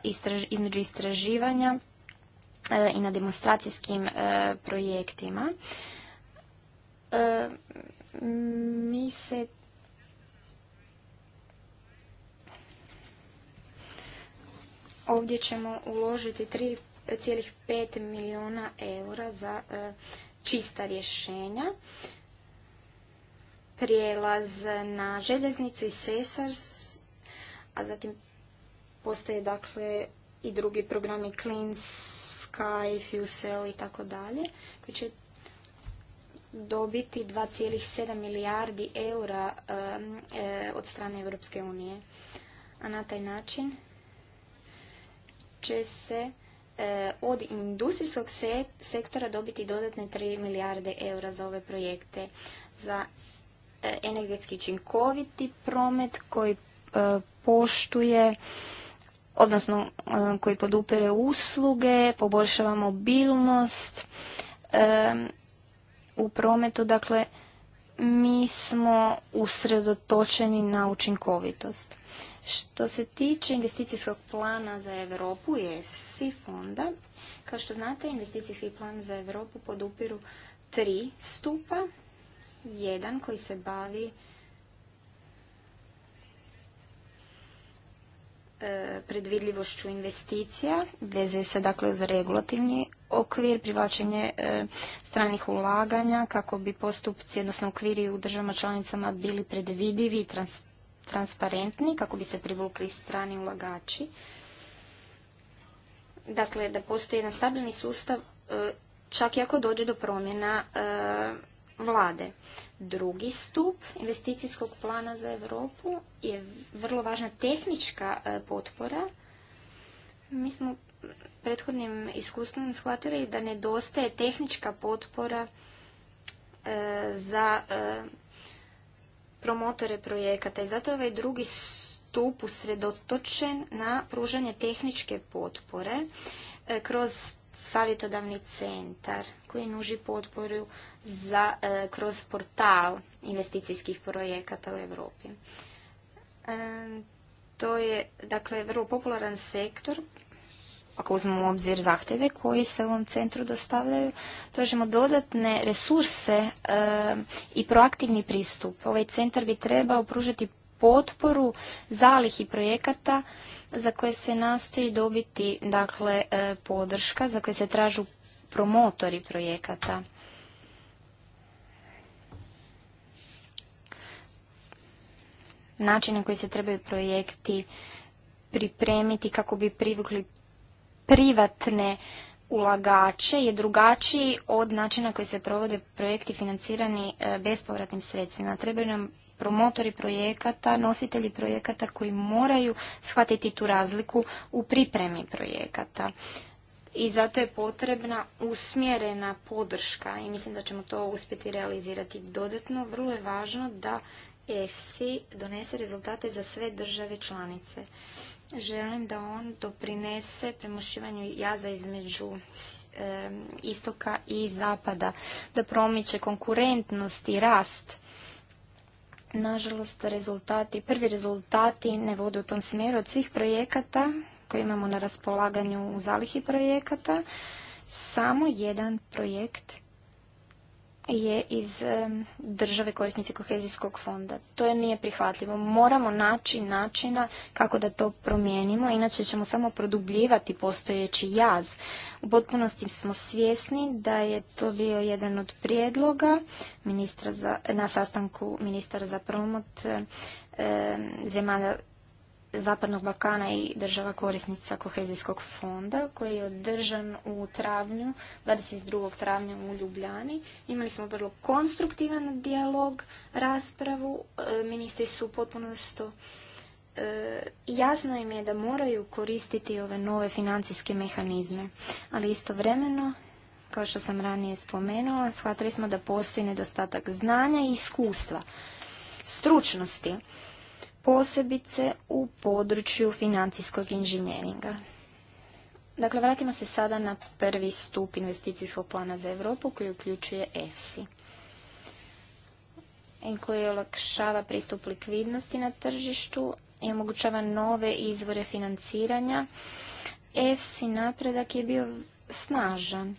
između istraživanja e, i na demonstracijskim e, projektima. E, mi se ovdje ćemo uložiti 3,5 milijuna eura za e, čista rješenja. Prijelaz na željeznicu i sesars a zatim postoje dakle i drugi programi Clean Sky, Fusel i tako dalje, koji će dobiti 2,7 milijardi eura e, od strane Europske unije. A na taj način će se e, od industrijskog sektora dobiti dodatne 3 milijarde eura za ove projekte. Za e, energetski učinkoviti promet koji poštuje odnosno koji podupere usluge, poboljšava mobilnost, u prometu, dakle mi smo usredotočeni na učinkovitost. Što se tiče investicijskog plana za Europu i EFSI fonda, kao što znate, investicijski plan za Europu podupiru tri stupa. Jedan koji se bavi E, predvidljivošću investicija, vezuje se dakle uz regulativni okvir, privlačenje e, stranih ulaganja kako bi postupci, odnosno okviri u državama članicama bili predvidivi i transparentni kako bi se privukli strani ulagači. Dakle, da postoji jedan stabilni sustav e, čak i ako dođe do promjena vlade. Drugi stup investicijskog plana za Europu je vrlo važna tehnička e, potpora. Mi smo prethodnim iskustvom shvatili da nedostaje tehnička potpora e, za e, promotore projekata i zato je ovaj drugi stup usredotočen na pružanje tehničke potpore kroz savjetodavni centar koji nuži potporu za, e, kroz portal investicijskih projekata u Europi. E, to je dakle vrlo popularan sektor ako uzmemo u obzir zahtjeve koji se u ovom centru dostavljaju, tražimo dodatne resurse e, i proaktivni pristup. Ovaj centar bi trebao pružiti potporu zalihi projekata za koje se nastoji dobiti dakle e, podrška, za koje se tražu promotori projekata. Način na koji se trebaju projekti pripremiti kako bi privukli privatne ulagače je drugačiji od načina koji se provode projekti financirani e, bespovratnim sredstvima. Trebaju nam promotori projekata, nositelji projekata koji moraju shvatiti tu razliku u pripremi projekata. I zato je potrebna usmjerena podrška i mislim da ćemo to uspjeti realizirati dodatno. Vrlo je važno da EFSI donese rezultate za sve države članice. Želim da on doprinese premošivanju jaza između istoka i zapada, da promiče konkurentnost i rast Nažalost, rezultati, prvi rezultati ne vode u tom smjeru od svih projekata koje imamo na raspolaganju u zalihi projekata. Samo jedan projekt je iz države korisnice kohezijskog fonda. To je nije prihvatljivo. Moramo naći načina kako da to promijenimo, inače ćemo samo produbljivati postojeći jaz. U potpunosti smo svjesni da je to bio jedan od prijedloga ministra za, na sastanku ministara za promot zemalja Zapadnog Balkana i država korisnica kohezijskog fonda koji je održan u travnju, 22. travnja u Ljubljani. Imali smo vrlo konstruktivan dijalog, raspravu. E, ministri su potpuno e, jasno im je da moraju koristiti ove nove financijske mehanizme, ali istovremeno kao što sam ranije spomenula, shvatili smo da postoji nedostatak znanja i iskustva, stručnosti posebice u području financijskog inženjeringa. Dakle, vratimo se sada na prvi stup investicijskog plana za Europu koji uključuje EFSI i koji olakšava pristup likvidnosti na tržištu i omogućava nove izvore financiranja. EFSI napredak je bio snažan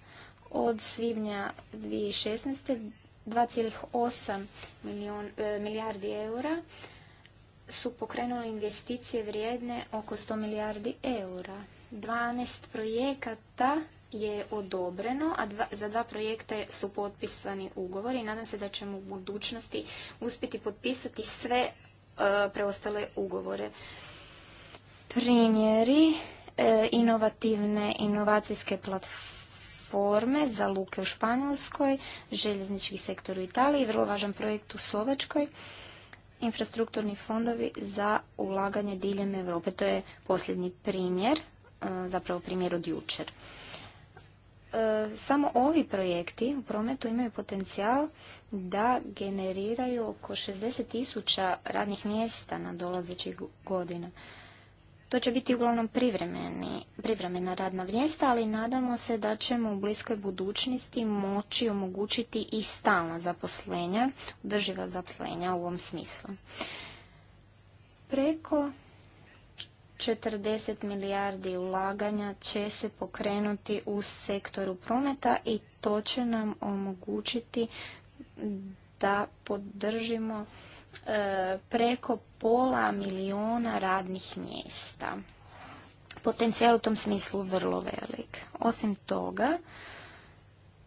od svibnja 2016. 2,8 eh, milijardi eura su pokrenuli investicije vrijedne oko 100 milijardi eura. 12 projekata je odobreno, a za dva projekta su potpisani ugovori i nadam se da ćemo u budućnosti uspjeti potpisati sve e, preostale ugovore. Primjeri e, inovativne inovacijske platforme za luke u Španjolskoj, željeznički sektor u Italiji, vrlo važan projekt u Slovačkoj infrastrukturni fondovi za ulaganje diljem Europe. To je posljednji primjer, e, zapravo primjer od jučer. E, samo ovi projekti u prometu imaju potencijal da generiraju oko 60 tisuća radnih mjesta na dolazećih godina. To će biti uglavnom privremena radna mjesta, ali nadamo se da ćemo u bliskoj budućnosti moći omogućiti i stalna zaposlenja, održiva zaposlenja u ovom smislu. Preko 40 milijardi ulaganja će se pokrenuti u sektoru prometa i to će nam omogućiti da podržimo E, preko pola miliona radnih mjesta. Potencijal u tom smislu vrlo velik. Osim toga,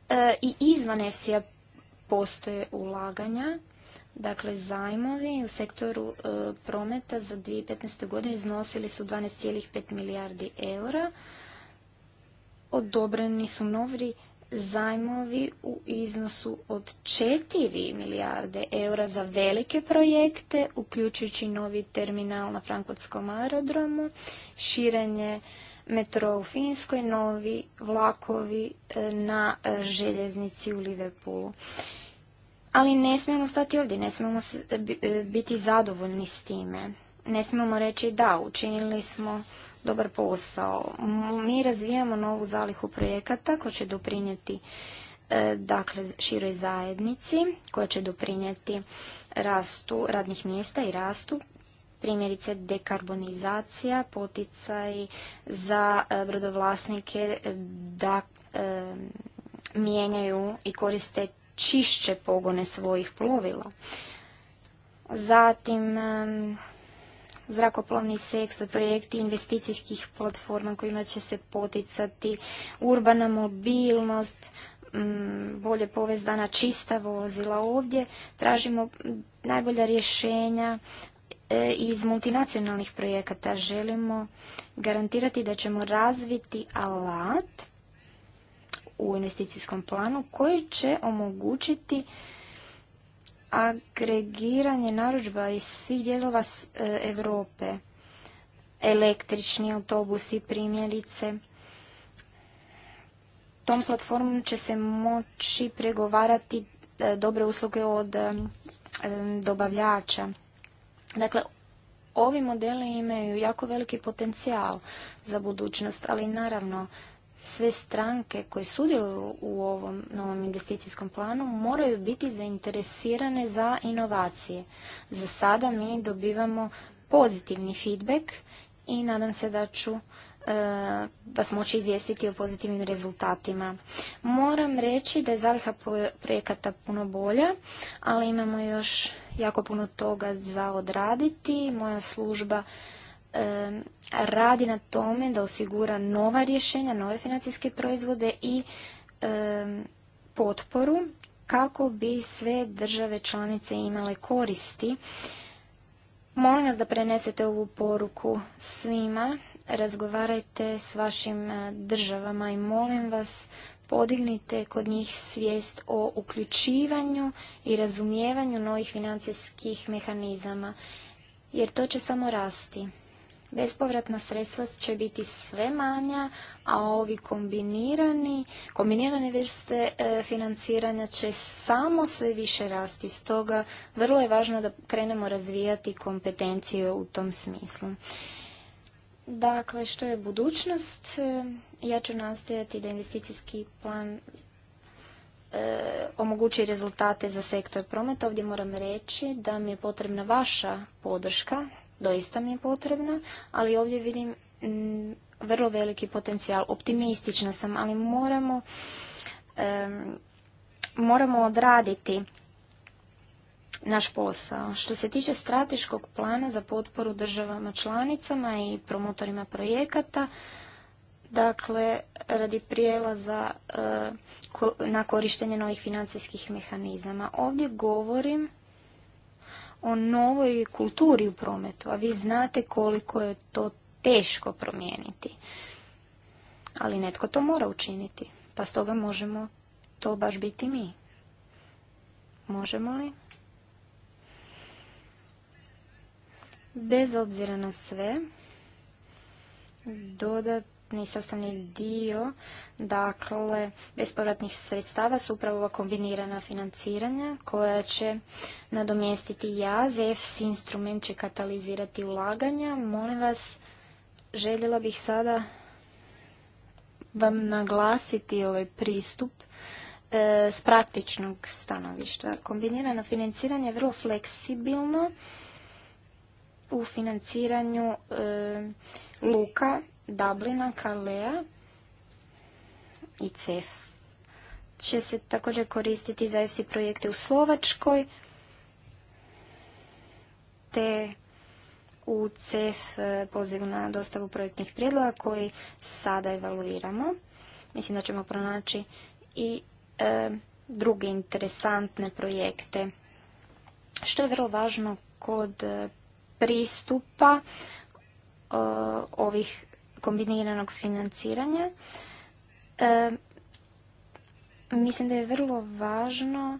e, i izvan EFSI-a postoje ulaganja, dakle zajmovi u sektoru e, prometa za 2015. godinu iznosili su 12,5 milijardi eura. Odobreni su novi zajmovi u iznosu od 4 milijarde eura za velike projekte, uključujući novi terminal na Frankfurtskom aerodromu, širenje metro u Finskoj, novi vlakovi e, na e, željeznici u Liverpoolu. Ali ne smijemo stati ovdje, ne smijemo e, biti zadovoljni s time. Ne smijemo reći da, učinili smo dobar posao. Mi razvijamo novu zalihu projekata koja će doprinijeti e, dakle, široj zajednici, koja će doprinijeti rastu radnih mjesta i rastu primjerice dekarbonizacija, poticaj za e, brodovlasnike da e, mijenjaju i koriste čišće pogone svojih plovila. Zatim zrakoplovni sektor, projekti investicijskih platforma kojima će se poticati urbana mobilnost, mm, bolje povezdana čista vozila ovdje. Tražimo najbolja rješenja e, iz multinacionalnih projekata. Želimo garantirati da ćemo razviti alat u investicijskom planu koji će omogućiti agregiranje naručba iz svih dijelova e, Europe, električni autobusi primjerice. Tom platformom će se moći pregovarati e, dobre usluge od e, dobavljača. Dakle, ovi modeli imaju jako veliki potencijal za budućnost, ali naravno sve stranke koje sudjeluju u ovom novom investicijskom planu moraju biti zainteresirane za inovacije. Za sada mi dobivamo pozitivni feedback i nadam se da ću vas e, moći izvijestiti o pozitivnim rezultatima. Moram reći da je zaliha projekata puno bolja, ali imamo još jako puno toga za odraditi. Moja služba radi na tome da osigura nova rješenja, nove financijske proizvode i potporu kako bi sve države članice imale koristi. Molim vas da prenesete ovu poruku svima, razgovarajte s vašim državama i molim vas podignite kod njih svijest o uključivanju i razumijevanju novih financijskih mehanizama, jer to će samo rasti. Bespovratna sredstva će biti sve manja, a ovi kombinirani, kombinirane vrste e, financiranja će samo sve više rasti. Stoga vrlo je važno da krenemo razvijati kompetencije u tom smislu. Dakle, što je budućnost? E, ja ću nastojati da investicijski plan e, omogući rezultate za sektor prometa. Ovdje moram reći da mi je potrebna vaša podrška doista mi je potrebna, ali ovdje vidim mm, vrlo veliki potencijal. Optimistična sam, ali moramo, moramo odraditi naš posao. Što se tiče strateškog plana za potporu državama članicama i promotorima projekata, dakle, radi prijelaza eh, na korištenje novih financijskih mehanizama. Ovdje govorim o novoj kulturi u prometu, a vi znate koliko je to teško promijeniti. Ali netko to mora učiniti, pa stoga možemo to baš biti mi. Možemo li? Bez obzira na sve, dodat nisam sastavni dio dakle bespovratnih sredstava su upravo ova kombinirana financiranja koja će nadomjestiti jaz. EFS instrument će katalizirati ulaganja. Molim vas, željela bih sada vam naglasiti ovaj pristup e, s praktičnog stanovišta. Kombinirano financiranje je vrlo fleksibilno u financiranju e, luka Dublina, Kalea i CEF će se također koristiti za EFSI projekte u Slovačkoj, te u CEF e, pozivu na dostavu projektnih prijedloga koji sada evaluiramo. Mislim da ćemo pronaći i e, druge interesantne projekte. Što je vrlo važno kod e, pristupa ovih kombiniranog financiranja. E, mislim da je vrlo važno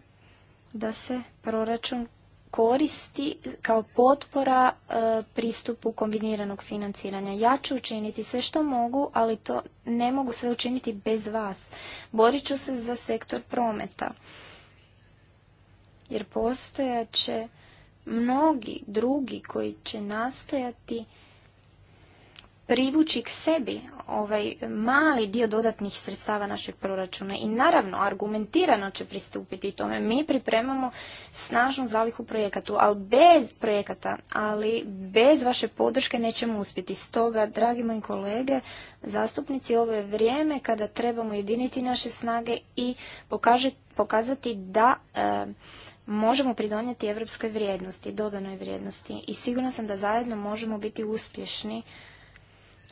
da se proračun koristi kao potpora e, pristupu kombiniranog financiranja. Ja ću učiniti sve što mogu, ali to ne mogu sve učiniti bez vas. Borit ću se za sektor prometa. Jer postojaće mnogi drugi koji će nastojati privući k sebi ovaj mali dio dodatnih sredstava našeg proračuna i naravno argumentirano će pristupiti tome. Mi pripremamo snažnu zalihu projekatu, ali bez projekata, ali bez vaše podrške nećemo uspjeti. Stoga, dragi moji kolege, zastupnici, ovo je vrijeme kada trebamo jediniti naše snage i pokazati da e, možemo pridonijeti europskoj vrijednosti, dodanoj vrijednosti i sigurna sam da zajedno možemo biti uspješni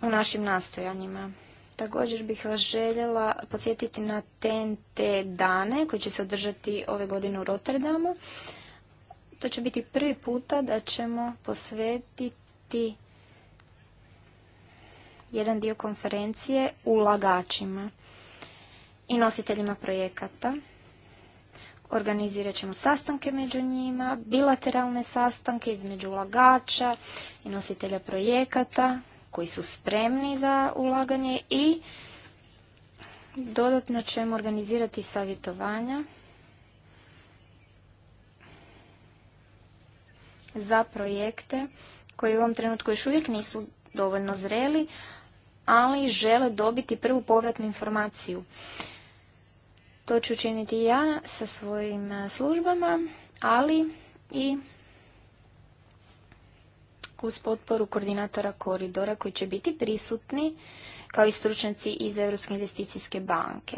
u našim nastojanjima. Također bih vas željela podsjetiti na TNT dane koji će se održati ove godine u Rotterdamu. To će biti prvi puta da ćemo posvetiti jedan dio konferencije ulagačima i nositeljima projekata. Organizirat ćemo sastanke među njima, bilateralne sastanke između ulagača i nositelja projekata koji su spremni za ulaganje i dodatno ćemo organizirati savjetovanja za projekte koji u ovom trenutku još uvijek nisu dovoljno zreli, ali žele dobiti prvu povratnu informaciju. To ću učiniti ja sa svojim službama, ali i uz potporu koordinatora koridora koji će biti prisutni kao i stručnjaci iz Europske investicijske banke.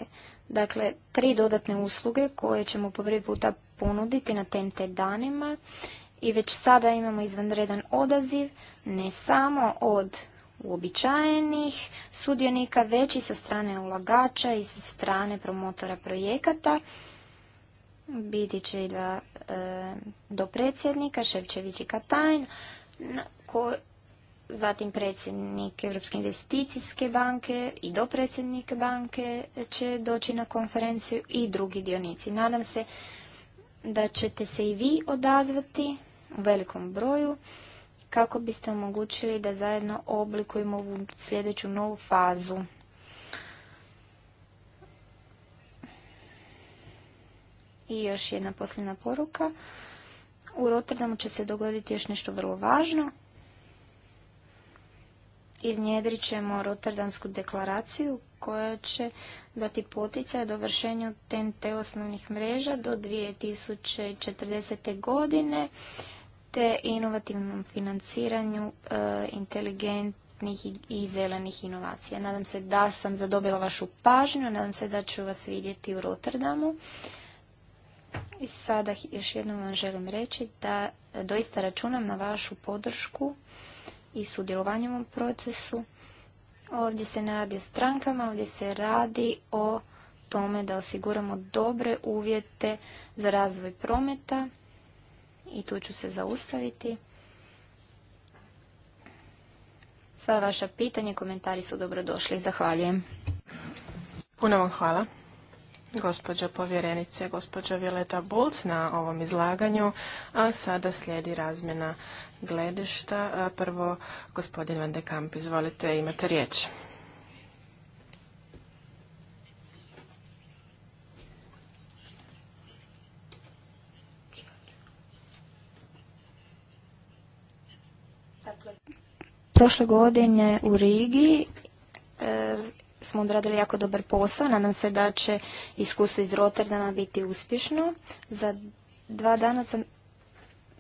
Dakle, tri dodatne usluge koje ćemo po prvi puta ponuditi na TNT danima i već sada imamo izvanredan odaziv ne samo od uobičajenih sudionika, već i sa strane ulagača i sa strane promotora projekata. Biti će i dva e, do predsjednika, Ševčević i Katajn zatim predsjednik Europske investicijske banke i dopredsjednik banke će doći na konferenciju i drugi dionici. Nadam se da ćete se i vi odazvati u velikom broju kako biste omogućili da zajedno oblikujemo ovu sljedeću novu fazu. I još jedna posljedna poruka. U Rotterdamu će se dogoditi još nešto vrlo važno iznjedrit ćemo Rotterdamsku deklaraciju koja će dati poticaj dovršenju TNT osnovnih mreža do 2040. godine te inovativnom financiranju e, inteligentnih i, zelenih inovacija. Nadam se da sam zadobila vašu pažnju, nadam se da ću vas vidjeti u Rotterdamu. I sada još jednom vam želim reći da doista računam na vašu podršku i sudjelovanjem u procesu. Ovdje se ne radi o strankama, ovdje se radi o tome da osiguramo dobre uvjete za razvoj prometa i tu ću se zaustaviti. Sva vaša pitanja i komentari su dobrodošli. Zahvaljujem. Puno vam hvala gospođo povjerenice, gospođa Violeta Bulc na ovom izlaganju, a sada slijedi razmjena gledišta. Prvo, gospodin Van de Kamp, izvolite, imate riječ. Prošle godine u Rigi e, smo odradili jako dobar posao. Nadam se da će iskustvo iz Rotterdama biti uspješno. Za dva dana sam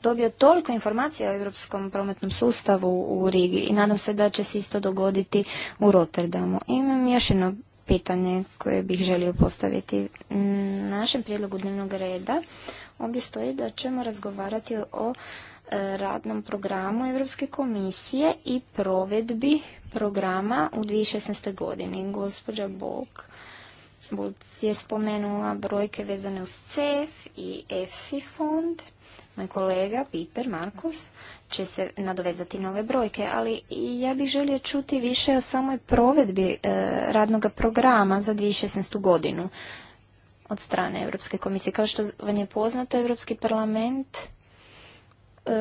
dobio toliko informacija o europskom prometnom sustavu u Rigi i nadam se da će se isto dogoditi u Rotterdamu. Imam još jedno pitanje koje bih želio postaviti. Našem prijedlogu dnevnog reda ovdje stoji da ćemo razgovarati o E, radnom programu Europske komisije i provedbi programa u 2016. godini. Gospođa Bog je spomenula brojke vezane uz CEF i EFSI fond. Moj kolega Piper Markus će se nadovezati na ove brojke, ali ja bih želio čuti više o samoj provedbi e, radnog programa za 2016. godinu od strane Europske komisije. Kao što vam je poznato, Europski parlament E,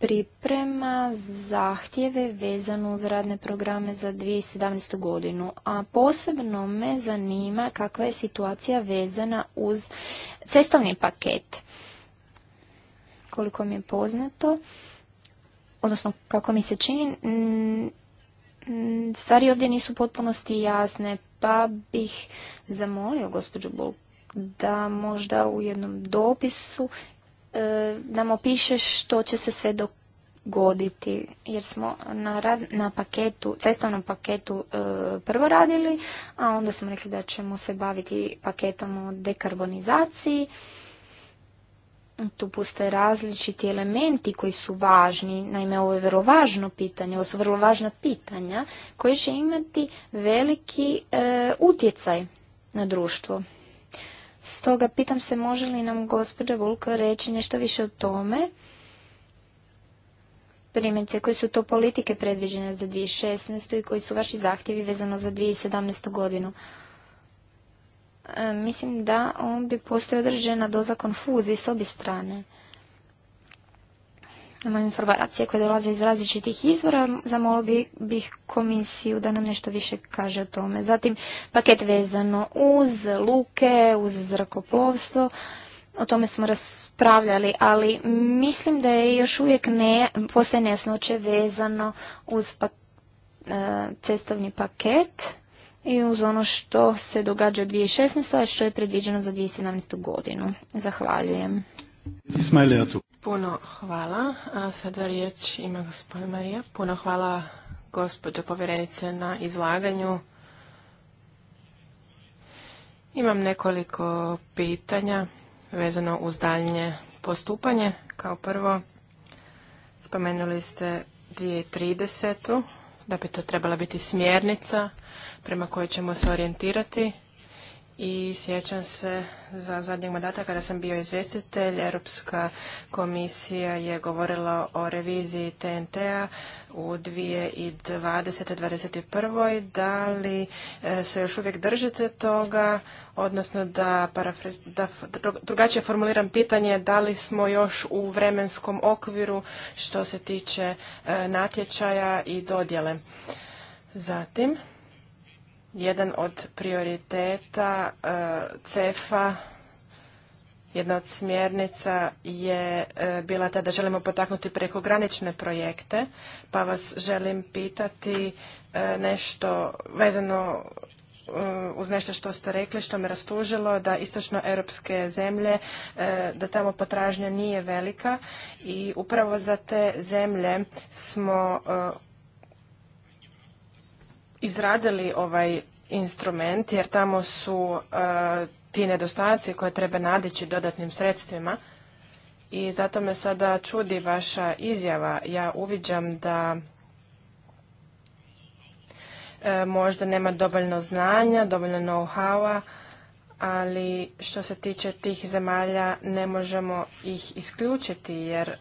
priprema zahtjeve vezano uz radne programe za 2017. godinu, a posebno me zanima kakva je situacija vezana uz cestovni paket. Koliko mi je poznato, odnosno kako mi se čini, stvari ovdje nisu potpunosti jasne, pa bih zamolio gospođu Bulku da možda u jednom dopisu E, nam piše što će se sve dogoditi jer smo na, na paketu, cestovnom paketu e, prvo radili, a onda smo rekli da ćemo se baviti paketom o dekarbonizaciji. Tu postoje različiti elementi koji su važni, naime ovo je vrlo važno pitanje, ovo su vrlo važna pitanja koje će imati veliki e, utjecaj na društvo. Stoga pitam se može li nam gospođa Vulka reći nešto više o tome. Primjerice, koje su to politike predviđene za 2016. i koji su vaši zahtjevi vezano za 2017. godinu? E, mislim da on bi postoji određena doza konfuzije s obje strane imamo informacije koje dolaze iz različitih izvora, zamolio bih komisiju da nam nešto više kaže o tome. Zatim paket vezano uz luke, uz zrakoplovstvo, o tome smo raspravljali, ali mislim da je još uvijek postoje nesnoće vezano uz pa, e, cestovni paket i uz ono što se događa u 2016. a što je predviđeno za 2017. godinu. Zahvaljujem. Puno hvala. A sada riječ ima gospodin Marija. Puno hvala gospođo povjerenice na izlaganju. Imam nekoliko pitanja vezano uz daljnje postupanje. Kao prvo, spomenuli ste 2030. da bi to trebala biti smjernica prema kojoj ćemo se orijentirati i sjećam se za zadnjeg mandata kada sam bio izvjestitelj, Europska komisija je govorila o reviziji TNT-a u 2020-2021. Da li e, se još uvijek držite toga, odnosno da, da drugačije formuliram pitanje, da li smo još u vremenskom okviru što se tiče e, natječaja i dodjele. Zatim, jedan od prioriteta e, CEFA jedna od smjernica je e, bila ta da želimo potaknuti prekogranične projekte, pa vas želim pitati e, nešto vezano uz nešto što ste rekli, što me rastužilo, da istočnoeuropske zemlje, da tamo potražnja nije velika i upravo za te zemlje smo izradili ovaj instrument jer tamo su e, ti nedostaci koje treba nadići dodatnim sredstvima i zato me sada čudi vaša izjava. Ja uviđam da e, možda nema dovoljno znanja, dovoljno know-howa, ali što se tiče tih zemalja ne možemo ih isključiti jer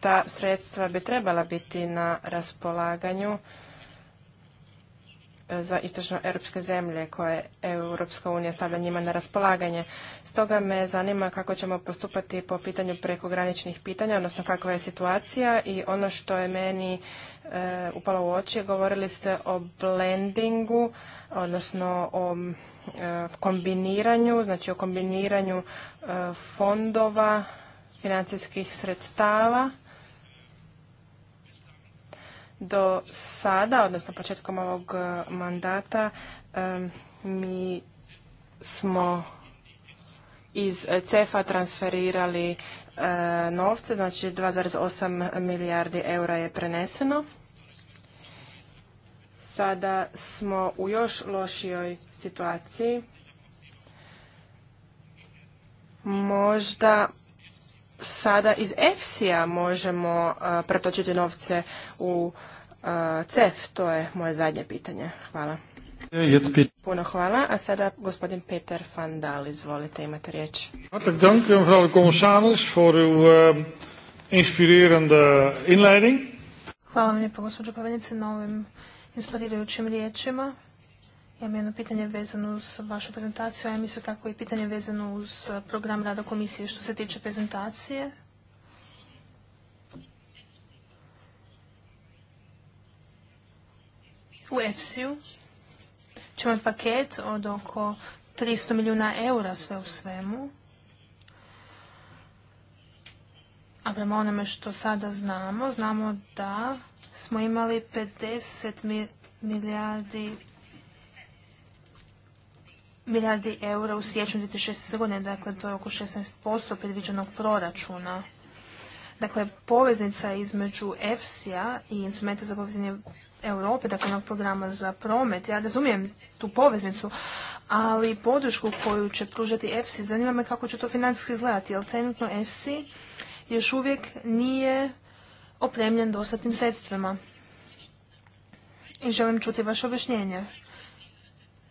ta sredstva bi trebala biti na raspolaganju E, za istočno-europske zemlje koje Europska unija stavlja njima na raspolaganje. Stoga me zanima kako ćemo postupati po pitanju prekograničnih pitanja, odnosno kakva je situacija i ono što je meni e, upalo u oči, govorili ste o blendingu, odnosno o e, kombiniranju, znači o kombiniranju fondova, financijskih sredstava do sada, odnosno početkom ovog e, mandata, e, mi smo iz CEFA transferirali e, novce, znači 2,8 milijardi eura je preneseno. Sada smo u još lošijoj situaciji. Možda sada iz EFSI-a možemo pretočiti novce u CEF? To je moje zadnje pitanje. Hvala. E, Puno hvala. A sada gospodin Peter van Dal, izvolite, imate riječ. Hartelijk dank, mevrouw de voor uw ehm, inspirerende inleiding. Hvala vam lijepo, gospođo Pavljice, na ovim inspirirajućim riječima. Imam jedno pitanje vezano uz vašu prezentaciju, a ja mislim tako i pitanje vezano uz eh, program rada komisije. Što se tiče prezentacije, u EFSI-u ćemo paket od oko 300 milijuna eura sve u svemu. A prema onome što sada znamo, znamo da smo imali 50 milijardi milijardi eura u siječnju 2016. godine, dakle to je oko 16% predviđenog proračuna. Dakle, poveznica između EFSI-a i instrumenta za povezanje Europe, dakle onog programa za promet. Ja razumijem tu poveznicu, ali podršku koju će pružati EFSI, zanima me kako će to financijski izgledati, jer trenutno EFSI još uvijek nije opremljen dostatnim sredstvima. I želim čuti vaše objašnjenje.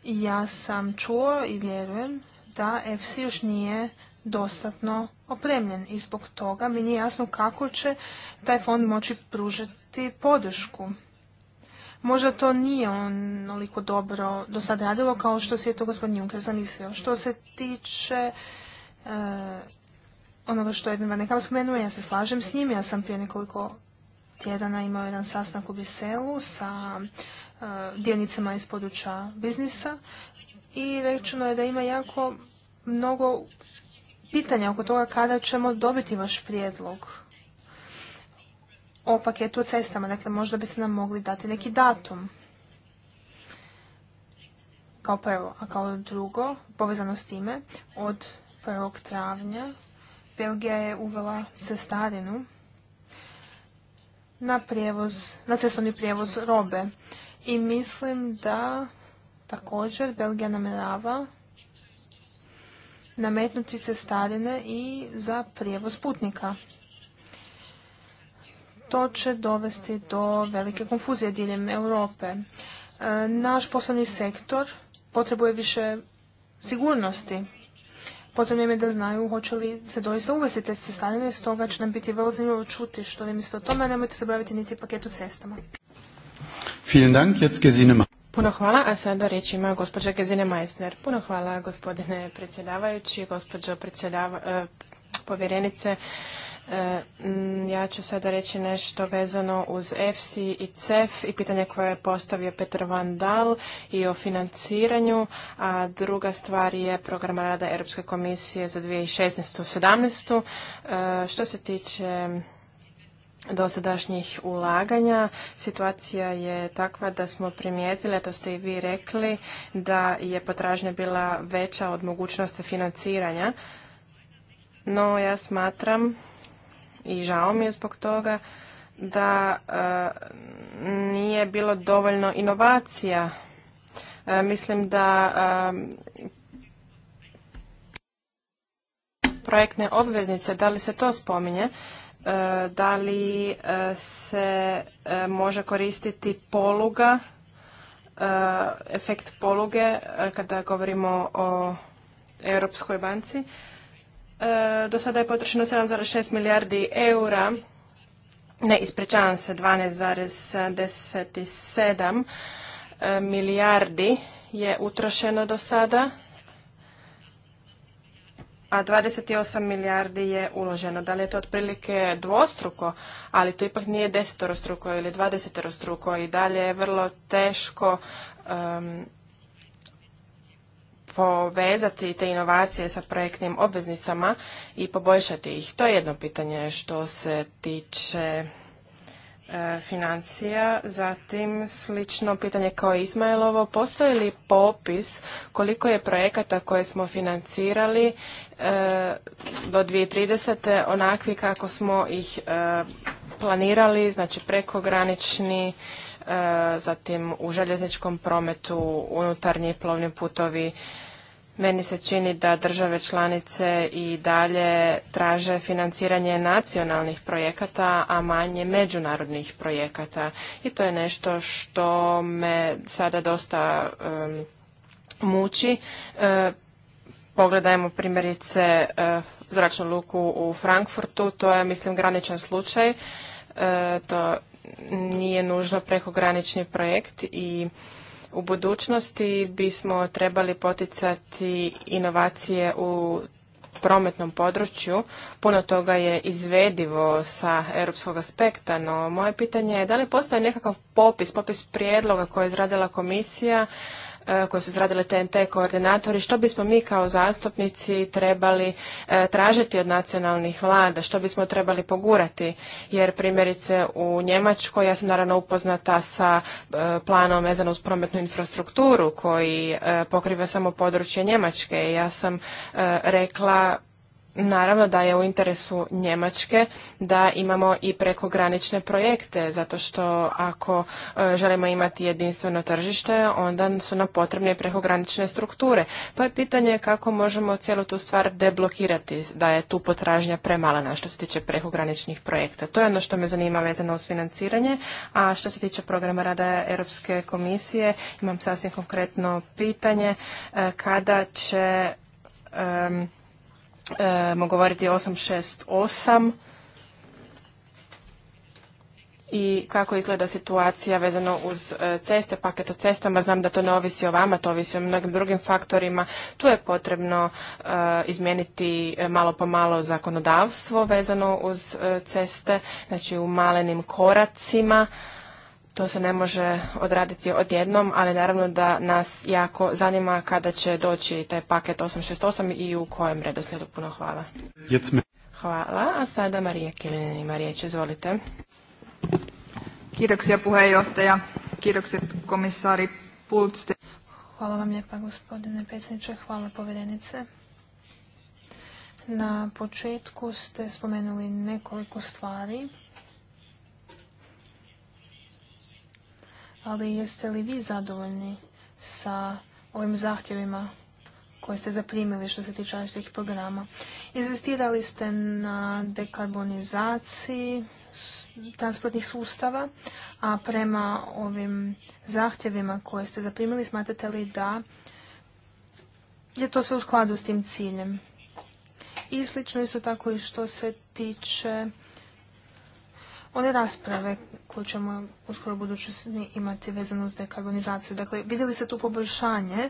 Ja sam čuo i vjerujem da EFSI još nije dostatno opremljen i zbog toga mi nije jasno kako će taj fond moći pružiti podršku. Možda to nije onoliko dobro do sad radilo kao što si je to gospodin Juncker zamislio. Što se tiče eh, onoga što je Edmund nekam spomenuo, ja se slažem s njim. Ja sam prije nekoliko tjedana imao jedan sastanak u Biselu sa E, dionicama iz područja biznisa i rečeno je da ima jako mnogo pitanja oko toga kada ćemo dobiti vaš prijedlog o paketu o cestama. Dakle, možda biste nam mogli dati neki datum. Kao prvo, a kao drugo, povezano s time, od 1. travnja Belgija je uvela cestarinu na, prijevoz, na cestovni prijevoz robe i mislim da također Belgija namjerava nametnuti cestarine i za prijevoz putnika. To će dovesti do velike konfuzije diljem Europe. E, naš poslovni sektor potrebuje više sigurnosti. Potrebno je da znaju hoće li se doista uvesti te cestarine, stoga će nam biti vrlo zanimljivo čuti što vi mislite o tome, a nemojte zaboraviti niti paket u cestama. Vielen Dank, jetzt Gesine Puno hvala, a sada riječ ima gospođa Gezine Majsner. Puno hvala gospodine predsjedavajući, gospođo predsjedava, e, povjerenice. E, ja ću sada reći nešto vezano uz EFSI i CEF i pitanje koje je postavio Petar Van Dal i o financiranju, a druga stvar je program rada Europske komisije za 2016-2017. E, što se tiče dosadašnjih ulaganja. Situacija je takva da smo primijetili, a to ste i vi rekli, da je potražnja bila veća od mogućnosti financiranja. No ja smatram i žao mi je zbog toga da e, nije bilo dovoljno inovacija. E, mislim da e, projektne obveznice, da li se to spominje? E, da li e, se e, može koristiti poluga, efekt poluge kada govorimo o Europskoj banci. Do sada je potrošeno 7,6 milijardi eura, ne, ispričavam se, 12,77 milijardi je utrošeno do sada a 28 milijardi je uloženo. Da li je to otprilike dvostruko, ali to ipak nije desetorostruko ili dvadeseterostruko i dalje je vrlo teško povezati te inovacije sa projektnim obveznicama i poboljšati ih. To je jedno pitanje što se tiče E, financija. Zatim, slično pitanje kao Izmajlovo. postoji li popis koliko je projekata koje smo financirali e, do 2030. onakvi kako smo ih e, planirali, znači prekogranični, zatim u željezničkom prometu, unutarnji plovni putovi, meni se čini da države članice i dalje traže financiranje nacionalnih projekata, a manje međunarodnih projekata. I to je nešto što me sada dosta muči. E, pogledajmo primjerice e, zračnu luku u Frankfurtu, to je mislim graničan slučaj. E, to nije nužno prekogranični projekt i u budućnosti bismo trebali poticati inovacije u prometnom području. Puno toga je izvedivo sa europskog aspekta, no moje pitanje je da li postoji nekakav popis, popis prijedloga koje je izradila komisija E, koje su izradile TNT koordinatori, što bismo mi kao zastupnici trebali e, tražiti od nacionalnih vlada, što bismo trebali pogurati, jer primjerice u Njemačkoj, ja sam naravno upoznata sa e, planom vezano uz prometnu infrastrukturu koji pokriva samo područje Njemačke. Ja sam rekla Naravno da je u interesu Njemačke da imamo i prekogranične projekte, zato što ako e, želimo imati jedinstveno tržište, onda su nam potrebne prekogranične strukture. Pa je pitanje kako možemo cijelu tu stvar deblokirati, da je tu potražnja na što se tiče prekograničnih projekta. To je ono što me zanima vezano uz financiranje, a što se tiče programa rada Europske komisije, imam sasvim konkretno pitanje e, kada će... Ehm, mo govoriti 868 i kako izgleda situacija vezano uz e, ceste, paket o cestama. Znam da to ne ovisi o vama, to ovisi o mnogim drugim faktorima. Tu je potrebno e, izmijeniti e, malo po malo zakonodavstvo vezano uz ceste, znači u malenim koracima to se ne može odraditi odjednom, ali naravno da nas jako zanima kada će doći taj paket 868 i u kojem redoslijedu. Puno hvala. Hvala, a sada Marija Kilinen ima riječ, izvolite. Kiitoksia puheenjohtaja, kiitokset komisari Pultste. Hvala vam lijepa gospodine predsjedniče, hvala povedenice. Na početku ste spomenuli nekoliko stvari ali jeste li vi zadovoljni sa ovim zahtjevima koje ste zaprimili što se tiče različitih programa. Inzistirali ste na dekarbonizaciji transportnih sustava, a prema ovim zahtjevima koje ste zaprimili smatrate li da je to sve u skladu s tim ciljem? I slično isto tako i što se tiče one rasprave koju ćemo uskoro budućnosti imati vezano uz dekarbonizaciju. Dakle, vidjeli se tu poboljšanje,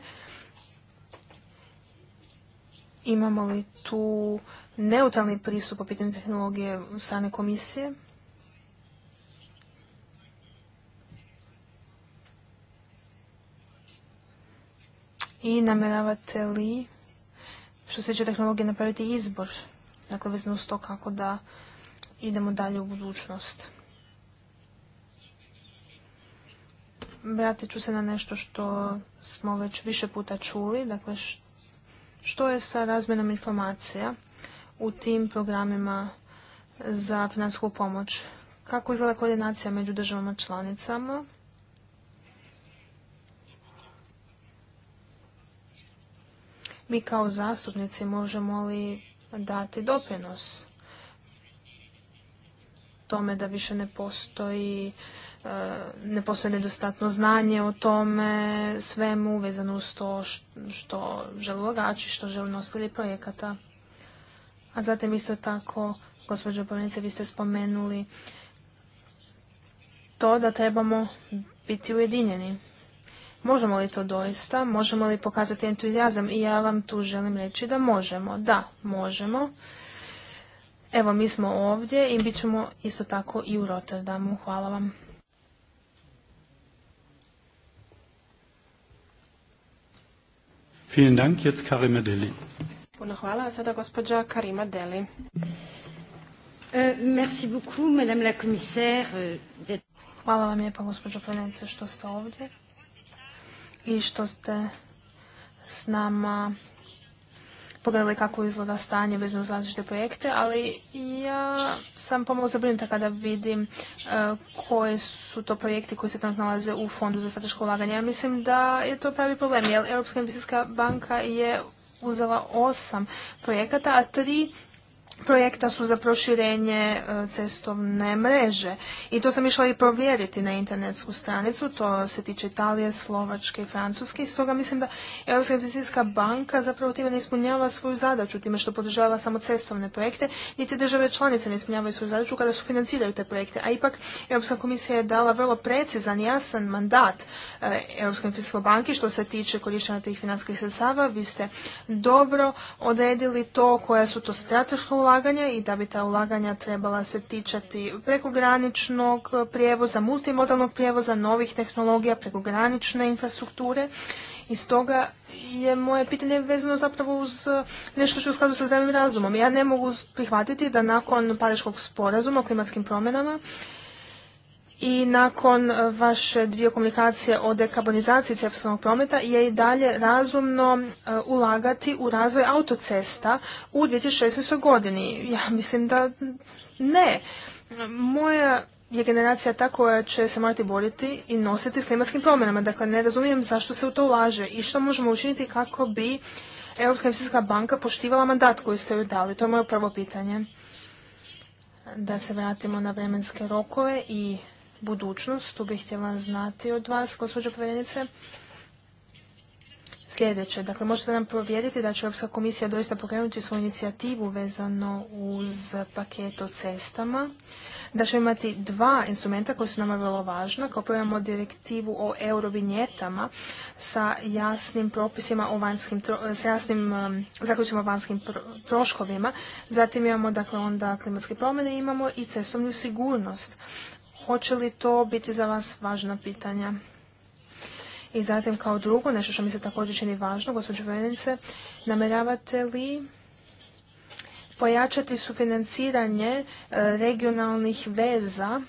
imamo li tu neutralni pristup po pitanju tehnologije strane komisije? I namjeravate li što se tiče tehnologije napraviti izbor, dakle vezano uz to kako da idemo dalje u budućnost. vratit ću se na nešto što smo već više puta čuli, dakle što je sa razmjenom informacija u tim programima za financijsku pomoć. Kako izgleda koordinacija među državama članicama? Mi kao zastupnici možemo li dati doprinos tome da više ne postoji E, ne postoje nedostatno znanje o tome, svemu vezano uz to što žele ulagači, što želi nositelji projekata. A zatim isto tako, gospođo Povjenice, vi ste spomenuli to da trebamo biti ujedinjeni. Možemo li to doista? Možemo li pokazati entuzijazam? I ja vam tu želim reći da možemo. Da, možemo. Evo, mi smo ovdje i bit ćemo isto tako i u Rotterdamu. Hvala vam. Vielen Dank, jetzt Karima Deli. Puno hvala, sada gospođa Karima Deli. E, merci beaucoup, madame la commissaire. Euh, hvala vam lijepa, gospođo Plenice, što ste ovdje i što ste s nama pogledali kako izgleda stanje vezano za različite projekte, ali ja sam pomalo zabrinuta kada vidim e, koje su to projekti koji se tamo nalaze u Fondu za strateško ulaganje. Ja mislim da je to pravi problem, jer Europska investicijska banka je uzela osam projekata, a tri projekta su za proširenje e, cestovne mreže. I to sam išla i provjeriti na internetsku stranicu, to se tiče Italije, Slovačke i Francuske. I stoga mislim da Europska investicijska banka zapravo time ne ispunjava svoju zadaću, time što podržava samo cestovne projekte, niti države članice ne ispunjavaju svoju zadaću kada su financiraju te projekte. A ipak Europska komisija je dala vrlo precizan i jasan mandat e, Europskoj investicijskoj banki što se tiče korištenja tih financijskih sredstava. Vi ste dobro odredili to koja su to strateška ulaganja i da bi ta ulaganja trebala se tičati prekograničnog prijevoza, multimodalnog prijevoza, novih tehnologija, prekogranične infrastrukture. I stoga je moje pitanje vezano zapravo uz nešto što je u skladu sa zdravim razumom. Ja ne mogu prihvatiti da nakon Pariškog sporazuma o klimatskim promjenama i nakon e, vaše dvije komunikacije o dekarbonizaciji cestovnog prometa je i dalje razumno e, ulagati u razvoj autocesta u 2016. godini? Ja mislim da ne. Moja je generacija ta koja će se morati boriti i nositi s klimatskim promjenama. Dakle, ne razumijem zašto se u to ulaže i što možemo učiniti kako bi Europska investicijska banka poštivala mandat koji ste joj dali. To je moje prvo pitanje. Da se vratimo na vremenske rokove i budućnost. Tu bih htjela znati od vas, gospođo povjerenice, sljedeće. Dakle, možete nam provjeriti da će Europska komisija doista pokrenuti svoju inicijativu vezano uz paket o cestama, da će imati dva instrumenta koji su nama vrlo važna. Kao prvo imamo direktivu o eurovinjetama sa jasnim propisima o vanjskim, sa jasnim um, zaključima o vanjskim troškovima. Zatim imamo dakle onda klimatske promjene, imamo i cestovnu sigurnost. Hoće li to biti za vas važna pitanja? I zatim kao drugo, nešto što mi se također čini važno, gospođo Venice, namjeravate li pojačati sufinanciranje e, regionalnih veza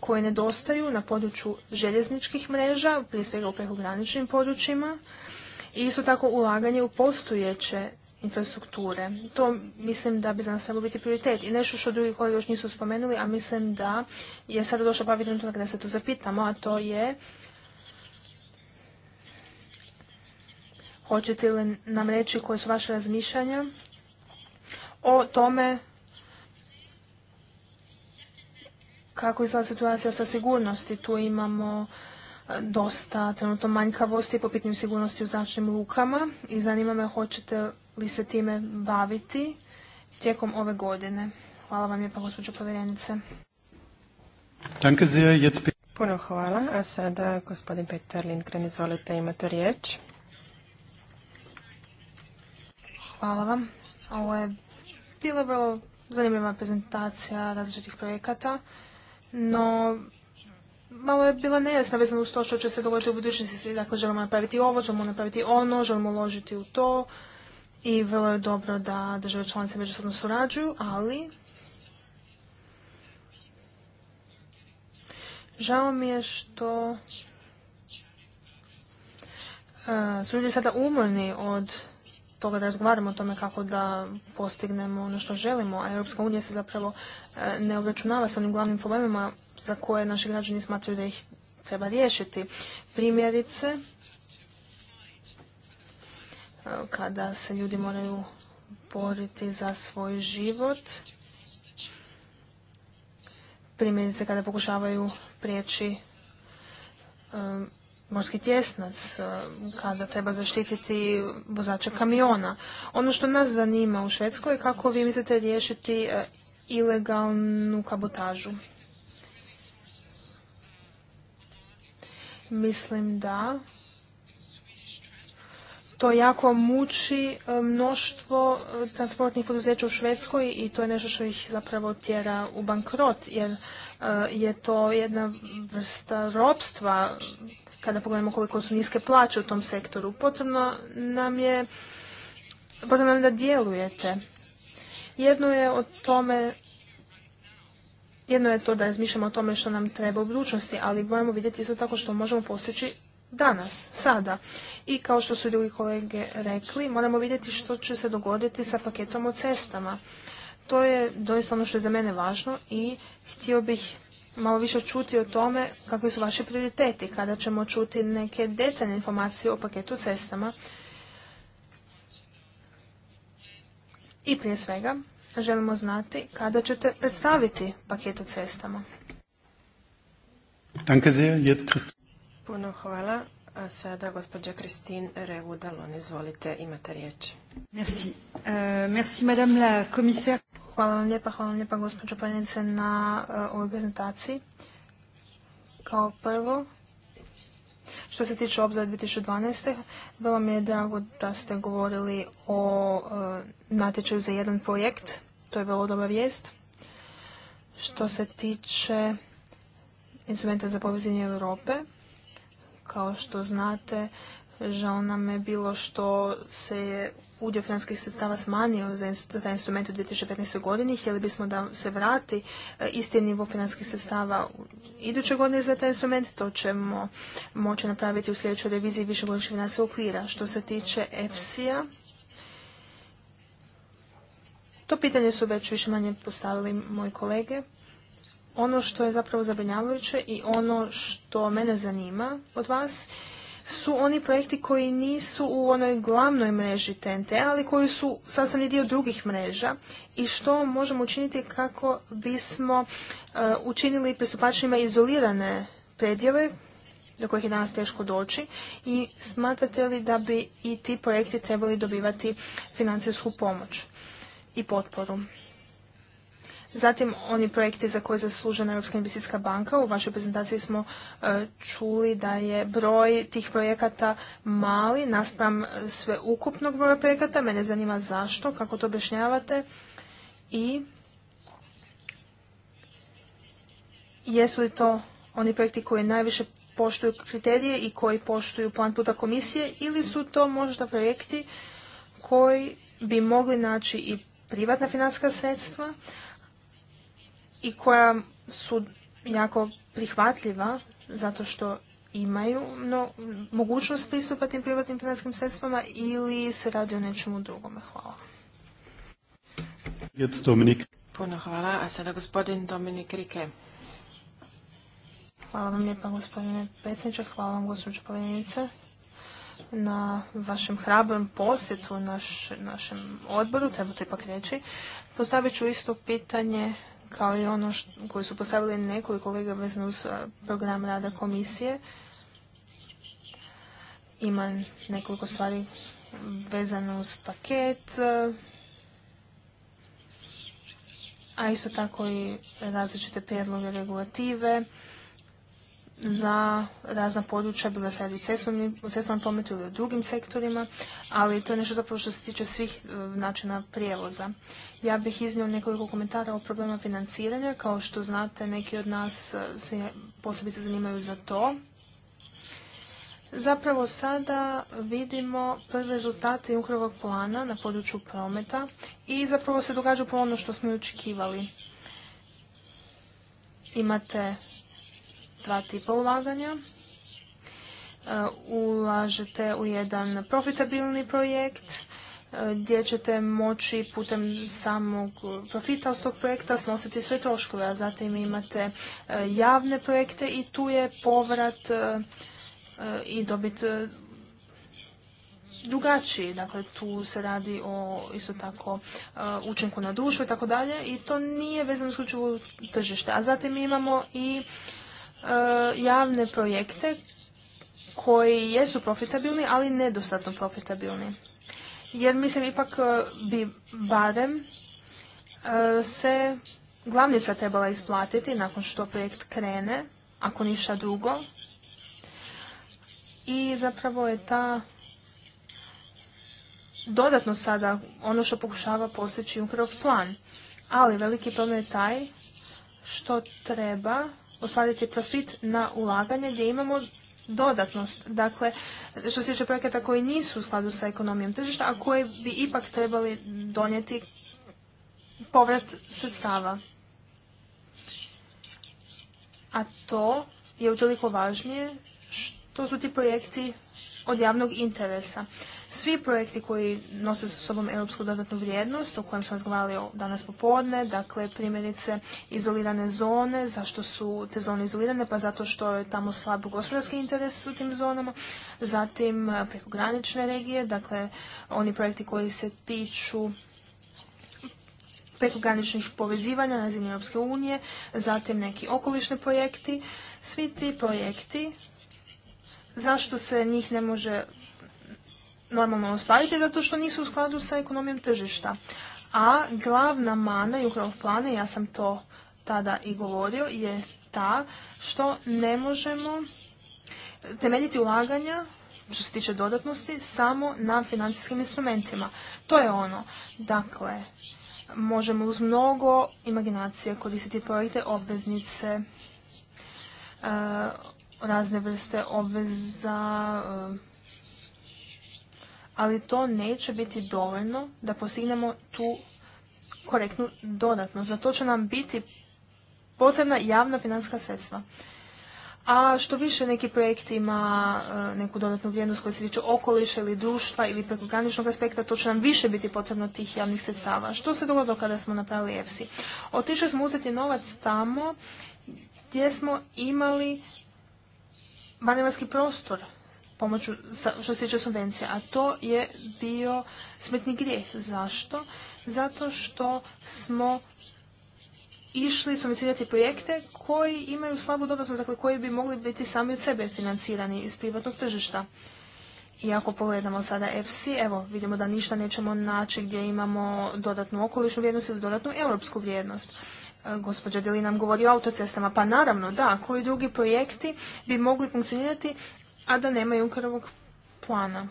koje nedostaju na području željezničkih mreža, prije svega u prekograničnim područjima, i isto tako ulaganje u postojeće infrastrukture. To mislim da bi za nas trebalo biti prioritet i nešto što drugi kolege još nisu spomenuli, a mislim da je sada došao pravi trenutak da se to zapitamo, a to je hoćete li nam reći koje su vaše razmišljanja o tome kako izgleda situacija sa sigurnosti. Tu imamo e, dosta trenutno manjkavosti po pitanju sigurnosti u zračnim lukama i zanima me hoćete li se time baviti tijekom ove godine? Hvala vam pa, gospođo povjerenice. Puno hvala. A sada gospodin Petar Lindgren, izvolite, imate riječ. Hvala vam. Ovo je bila vrlo zanimljiva prezentacija različitih projekata, no malo je bila nejasna vezana uz to što će se dogoditi u budućnosti. Dakle, želimo napraviti ovo, želimo napraviti ono, želimo uložiti u to, i vrlo je dobro da države članice međusobno surađuju, ali žao mi je što e, su ljudi sada umorni od toga da razgovaramo o tome kako da postignemo ono što želimo, a Europska unija se zapravo e, ne obračunava sa onim glavnim problemima za koje naši građani smatraju da ih treba riješiti. Primjerice, kada se ljudi moraju boriti za svoj život. Primjerice kada pokušavaju prijeći um, morski tjesnac, um, kada treba zaštititi vozača kamiona. Ono što nas zanima u Švedskoj je kako vi mislite riješiti uh, ilegalnu kabotažu. Mislim da to jako muči e, mnoštvo e, transportnih poduzeća u Švedskoj i to je nešto što ih zapravo tjera u bankrot, jer e, je to jedna vrsta ropstva kada pogledamo koliko su niske plaće u tom sektoru. Potrebno nam je potrebno nam da djelujete. Jedno je o tome jedno je to da razmišljamo o tome što nam treba u budućnosti, ali moramo vidjeti isto tako što možemo postići danas, sada. I kao što su drugi kolege rekli, moramo vidjeti što će se dogoditi sa paketom o cestama. To je doista ono što je za mene važno i htio bih malo više čuti o tome kakvi su vaši prioriteti kada ćemo čuti neke detaljne informacije o paketu cestama. I prije svega želimo znati kada ćete predstaviti paket o cestama. Danke jetzt Puno hvala. A sada gospođa Kristin Revudalon, izvolite, imate riječ. Merci. Uh, merci madame la commissaire. Hvala vam lijepa, hvala vam lijepa gospođo Panjenice na uh, ovoj prezentaciji. Kao prvo, što se tiče obzora 2012. Bilo mi je drago da ste govorili o uh, natječaju za jedan projekt. To je vrlo dobra vijest. Što se tiče instrumenta za povezivanje Europe, kao što znate, žao nam je bilo što se je udio finanskih sredstava smanjio za taj instrument u 2015. godini. Htjeli bismo da se vrati e, isti nivo finanskih sredstava iduće godine za taj instrument. To ćemo moći napraviti u sljedećoj reviziji višegodišnjeg financijskog okvira. Što se tiče EFSI-a, to pitanje su već više manje postavili moji kolege ono što je zapravo zabrinjavajuće i ono što mene zanima od vas su oni projekti koji nisu u onoj glavnoj mreži TNT, ali koji su sastavni dio drugih mreža i što možemo učiniti kako bismo e, učinili pristupačnima izolirane predjele do kojih je danas teško doći i smatrate li da bi i ti projekti trebali dobivati financijsku pomoć i potporu. Zatim oni projekti za koje je zaslužena Europska investicijska banka. U vašoj prezentaciji smo e, čuli da je broj tih projekata mali naspram e, sveukupnog broja projekata. Mene zanima zašto, kako to objašnjavate i jesu li to oni projekti koji najviše poštuju kriterije i koji poštuju plan puta komisije ili su to možda projekti koji bi mogli naći i privatna financijska sredstva, i koja su jako prihvatljiva zato što imaju mogućnost pristupa tim privatnim financijskim sredstvima ili se radi o nečemu drugome. Hvala. Dominik. Puno hvala. A sada gospodin Dominik Rike. Hvala vam lijepa gospodine predsjedniče. Hvala vam gospođo na vašem hrabrom posjetu naš, našem odboru, treba to ipak reći. Postavit ću isto pitanje kao i ono koje su postavili nekoliko kolega vezano uz program rada komisije. Ima nekoliko stvari vezano uz paket, a isto tako i različite prijedloge regulative za razna područja, bilo se radi u cestovnom prometu ili u drugim sektorima, ali to je nešto zapravo što se tiče svih e, načina prijevoza. Ja bih iznio nekoliko komentara o problema financiranja. Kao što znate, neki od nas e, se posebice zanimaju za to. Zapravo sada vidimo prve rezultate Junkerovog plana na području prometa i zapravo se događa po ono što smo i očekivali. Imate dva tipa ulaganja. E, ulažete u jedan profitabilni projekt e, gdje ćete moći putem samog profita od tog projekta snositi sve troškove, a zatim imate e, javne projekte i tu je povrat i dobit drugačiji. Dakle, tu se radi o isto tako učinku na društvo i tako dalje i to nije vezano isključivo tržište. A zatim imamo i E, javne projekte koji jesu profitabilni, ali nedostatno profitabilni. Jer mislim ipak e, bi barem e, se glavnica trebala isplatiti nakon što projekt krene, ako ništa drugo. I zapravo je ta dodatno sada ono što pokušava postići ukrov plan. Ali veliki problem je taj što treba ostvariti profit na ulaganje gdje imamo dodatnost. Dakle, što se tiče projekata koji nisu u skladu sa ekonomijom tržišta, a koji bi ipak trebali donijeti povrat sredstava. A to je utoliko važnije što su ti projekti od javnog interesa. Svi projekti koji nose sa sobom europsku dodatnu vrijednost, o kojem smo razgovarali danas popodne, dakle primjerice izolirane zone, zašto su te zone izolirane, pa zato što je tamo slab gospodarski interes u tim zonama, zatim e, prekogranične regije, dakle oni projekti koji se tiču prekograničnih povezivanja na razini Europske unije, zatim neki okolišni projekti. Svi ti projekti, zašto se njih ne može normalno ostvariti zato što nisu u skladu sa ekonomijom tržišta. A glavna mana Junckerovog plana, ja sam to tada i govorio, je ta što ne možemo temeljiti ulaganja što se tiče dodatnosti samo na financijskim instrumentima. To je ono. Dakle, možemo uz mnogo imaginacije koristiti projekte, obveznice, e, razne vrste obveza, e, ali to neće biti dovoljno da postignemo tu korektnu dodatnost. Za to će nam biti potrebna javna financijska sredstva. A što više neki projekt ima e, neku dodatnu vrijednost koja se tiče okoliša ili društva ili prekograničnog aspekta, to će nam više biti potrebno tih javnih sredstava. Što se dogodilo kada smo napravili EFSI? Otišli smo uzeti novac tamo gdje smo imali manevarski prostor pomoću, što se tiče subvencija, a to je bio smetni grijeh. Zašto? Zato što smo išli subvencionirati projekte koji imaju slabu dodatnu, dakle koji bi mogli biti sami od sebe financirani iz privatnog tržišta. I ako pogledamo sada FC, evo, vidimo da ništa nećemo naći gdje imamo dodatnu okolišnu vrijednost ili dodatnu europsku vrijednost. E, gospođa Deli nam govori o autocestama, pa naravno da, koji drugi projekti bi mogli funkcionirati a da nema Junkerovog plana.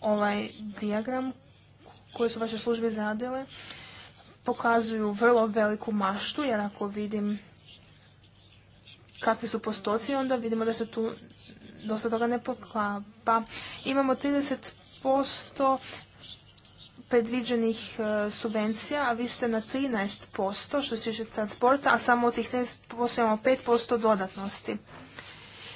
Ovaj dijagram koji su vaše službe zadele pokazuju vrlo veliku maštu, jer ako vidim kakvi su postoci, onda vidimo da se tu dosta toga ne poklapa. Imamo 30% predviđenih e, subvencija, a vi ste na 13% što se tiče transporta, a samo od tih 13% imamo 5% dodatnosti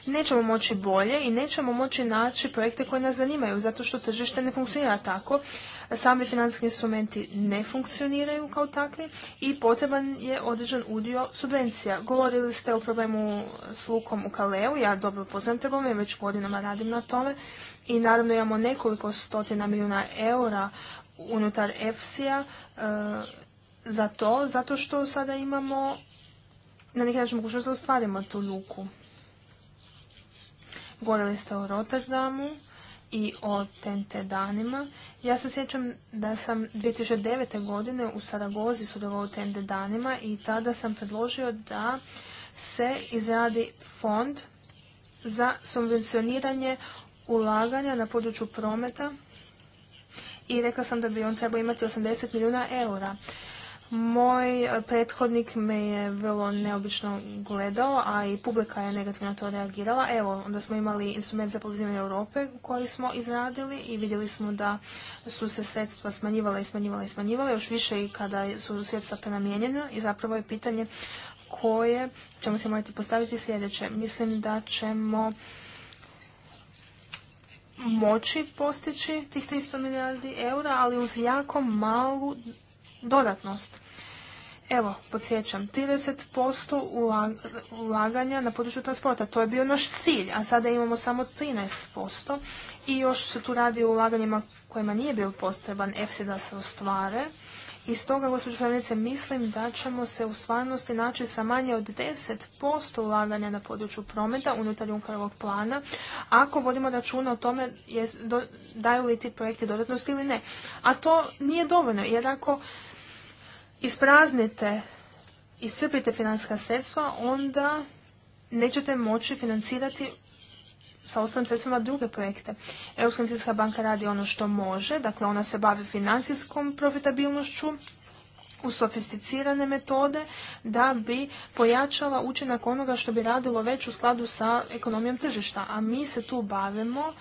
nećemo moći bolje i nećemo moći naći projekte koje nas zanimaju, zato što tržište ne funkcionira tako. Sami financijski instrumenti ne funkcioniraju kao takvi i potreban je određen udio subvencija. Govorili ste o problemu s lukom u Kaleu, ja dobro poznam trgovine već godinama radim na tome i naravno imamo nekoliko stotina milijuna eura unutar EFSI-a e, za to, zato što sada imamo na neki način mogućnost da ostvarimo tu luku. Govorili ste o Rotterdamu i o tente danima. Ja se sjećam da sam 2009. godine u Saragozi sudjelovao u tente danima i tada sam predložio da se izradi fond za subvencioniranje ulaganja na području prometa i rekla sam da bi on trebao imati 80 milijuna eura. Moj prethodnik me je vrlo neobično gledao, a i publika je negativno to reagirala. Evo, onda smo imali instrument za povezivanje Europe koji smo izradili i vidjeli smo da su se sredstva smanjivala i smanjivala i smanjivala, još više i kada su sredstva prenamijenjena i zapravo je pitanje koje ćemo se morati postaviti sljedeće. Mislim da ćemo moći postići tih 300 milijardi eura, ali uz jako malu dodatnost. Evo, podsjećam, 30% ulaganja na području transporta, to je bio naš cilj, a sada imamo samo 13% i još se tu radi o ulaganjima kojima nije bio potreban FC da se ostvare. I stoga, gospođo Femenice, mislim da ćemo se u stvarnosti naći sa manje od 10% ulaganja na području prometa unutar Junkarovog plana, ako vodimo računa o tome daju li ti projekti dodatnosti ili ne. A to nije dovoljno, jer ako ispraznite, iscrpite finanska sredstva, onda nećete moći financirati sa ostalim sredstvima druge projekte. Europska banka radi ono što može, dakle ona se bavi financijskom profitabilnošću u sofisticirane metode da bi pojačala učinak onoga što bi radilo već u skladu sa ekonomijom tržišta. A mi se tu bavimo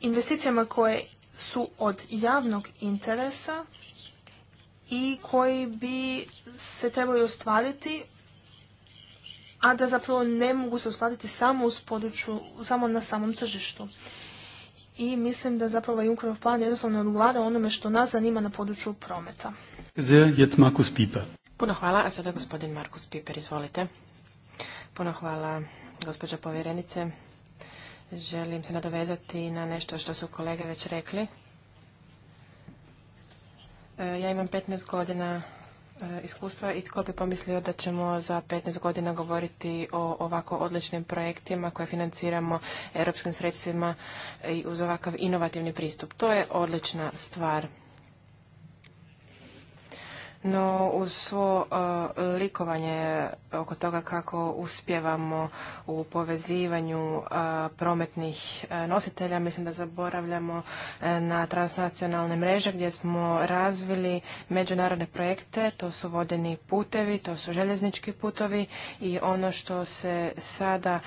investicijama koje su od javnog interesa i koji bi se trebali ostvariti, a da zapravo ne mogu se ostvariti samo uz području, samo na samom tržištu. I mislim da zapravo Junkerov plan jednostavno ne odgovara onome što nas zanima na području prometa. Puno hvala, a sada gospodin Markus Piper, izvolite. Puno hvala, gospođa povjerenice. Želim se nadovezati na nešto što su kolege već rekli. E, ja imam 15 godina e, iskustva i tko bi pomislio da ćemo za 15 godina govoriti o ovako odličnim projektima koje financiramo europskim sredstvima i uz ovakav inovativni pristup. To je odlična stvar. No, uz svo eh, likovanje oko toga kako uspjevamo u povezivanju eh, prometnih eh, nositelja, mislim da zaboravljamo na transnacionalne mreže gdje smo razvili međunarodne projekte, to su vodeni putevi, to su željeznički putovi i ono što se sada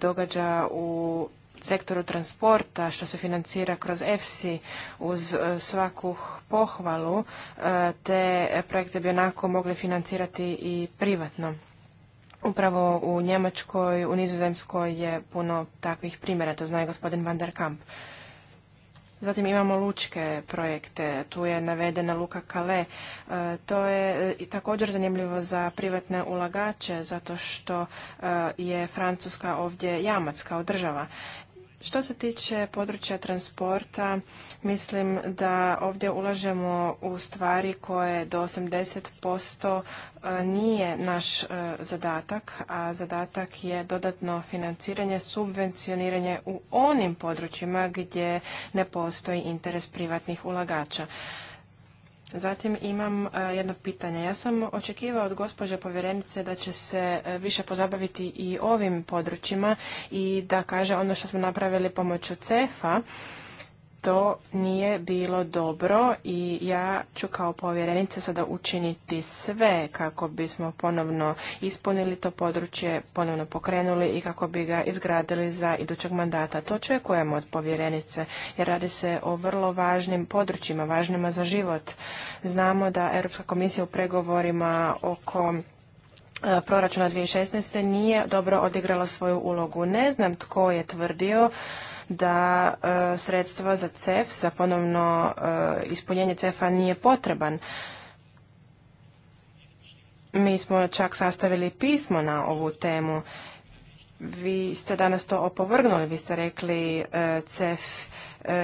događa u sektoru transporta što se financira kroz EFSI uz e, svaku pohvalu, e, te projekte bi onako mogli financirati i privatno. Upravo u Njemačkoj, u Nizozemskoj je puno takvih primjera, to zna i gospodin Van der Kamp. Zatim imamo lučke projekte, tu je navedena Luka Kale. E, to je također zanimljivo za privatne ulagače, zato što je Francuska ovdje jamac kao država. Što se tiče područja transporta, mislim da ovdje ulažemo u stvari koje do 80% e, nije naš e, zadatak, a zadatak je dodatno financiranje, subvencioniranje u onim područjima gdje ne postoji interes privatnih ulagača. Zatim imam e, jedno pitanje. Ja sam očekivao od gospođe povjerenice da će se e, više pozabaviti i ovim područjima i da kaže ono što smo napravili pomoću CEFA to nije bilo dobro i ja ću kao povjerenica sada učiniti sve kako bismo ponovno ispunili to područje, ponovno pokrenuli i kako bi ga izgradili za idućeg mandata. To očekujemo od povjerenice jer radi se o vrlo važnim područjima, važnima za život. Znamo da Europska komisija u pregovorima oko E, proračuna 2016. nije dobro odigrala svoju ulogu. Ne znam tko je tvrdio da e, sredstva za CEF, za ponovno e, ispunjenje CEF-a nije potreban. Mi smo čak sastavili pismo na ovu temu. Vi ste danas to opovrgnuli, vi ste rekli CEF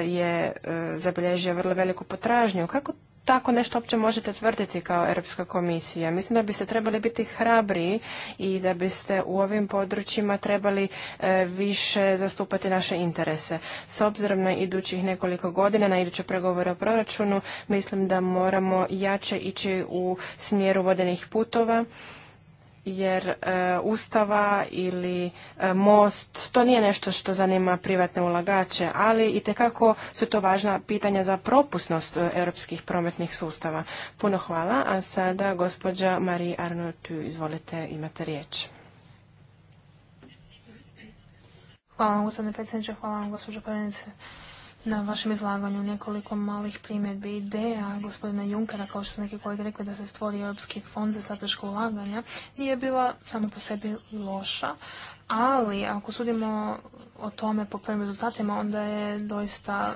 je zabilježio vrlo veliku potražnju. Kako tako nešto uopće možete tvrditi kao Europska komisija? Mislim da biste trebali biti hrabri i da biste u ovim područjima trebali e, više zastupati naše interese. S obzirom na idućih nekoliko godina, na iduće pregovore o proračunu, mislim da moramo jače ići u smjeru vodenih putova jer e, Ustava ili e, most, to nije nešto što zanima privatne ulagače, ali i tekako su to važna pitanja za propusnost e, europskih prometnih sustava. Puno hvala, a sada gospođa Marie Arnautu, izvolite, imate riječ. Hvala vam, gospodine hvala gospođo na vašem izlaganju nekoliko malih primjedbi ideja gospodina Junkera, kao što su neki kolege rekli da se stvori Europski fond za strateško ulaganja, nije bila samo po sebi loša, ali ako sudimo o tome po prvim rezultatima, onda je doista,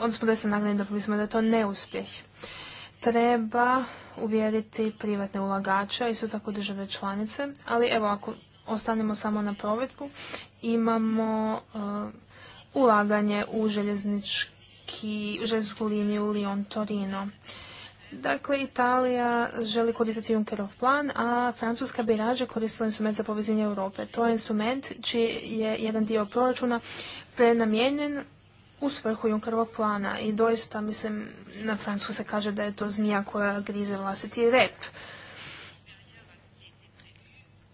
onda smo doista nagledni da mislimo da je to neuspjeh. Treba uvjeriti privatne ulagače, isto tako države članice, ali evo ako ostanemo samo na provedbu, imamo eh, ulaganje u željeznički, u željezničku liniju Lyon-Torino. Dakle, Italija želi koristiti Junckerov plan, a Francuska bi koristila instrument za povezanje Europe. To je instrument čiji je jedan dio proračuna prenamijenjen u svrhu Junckerovog plana i doista, mislim, na Francusku se kaže da je to zmija koja grize vlastiti rep.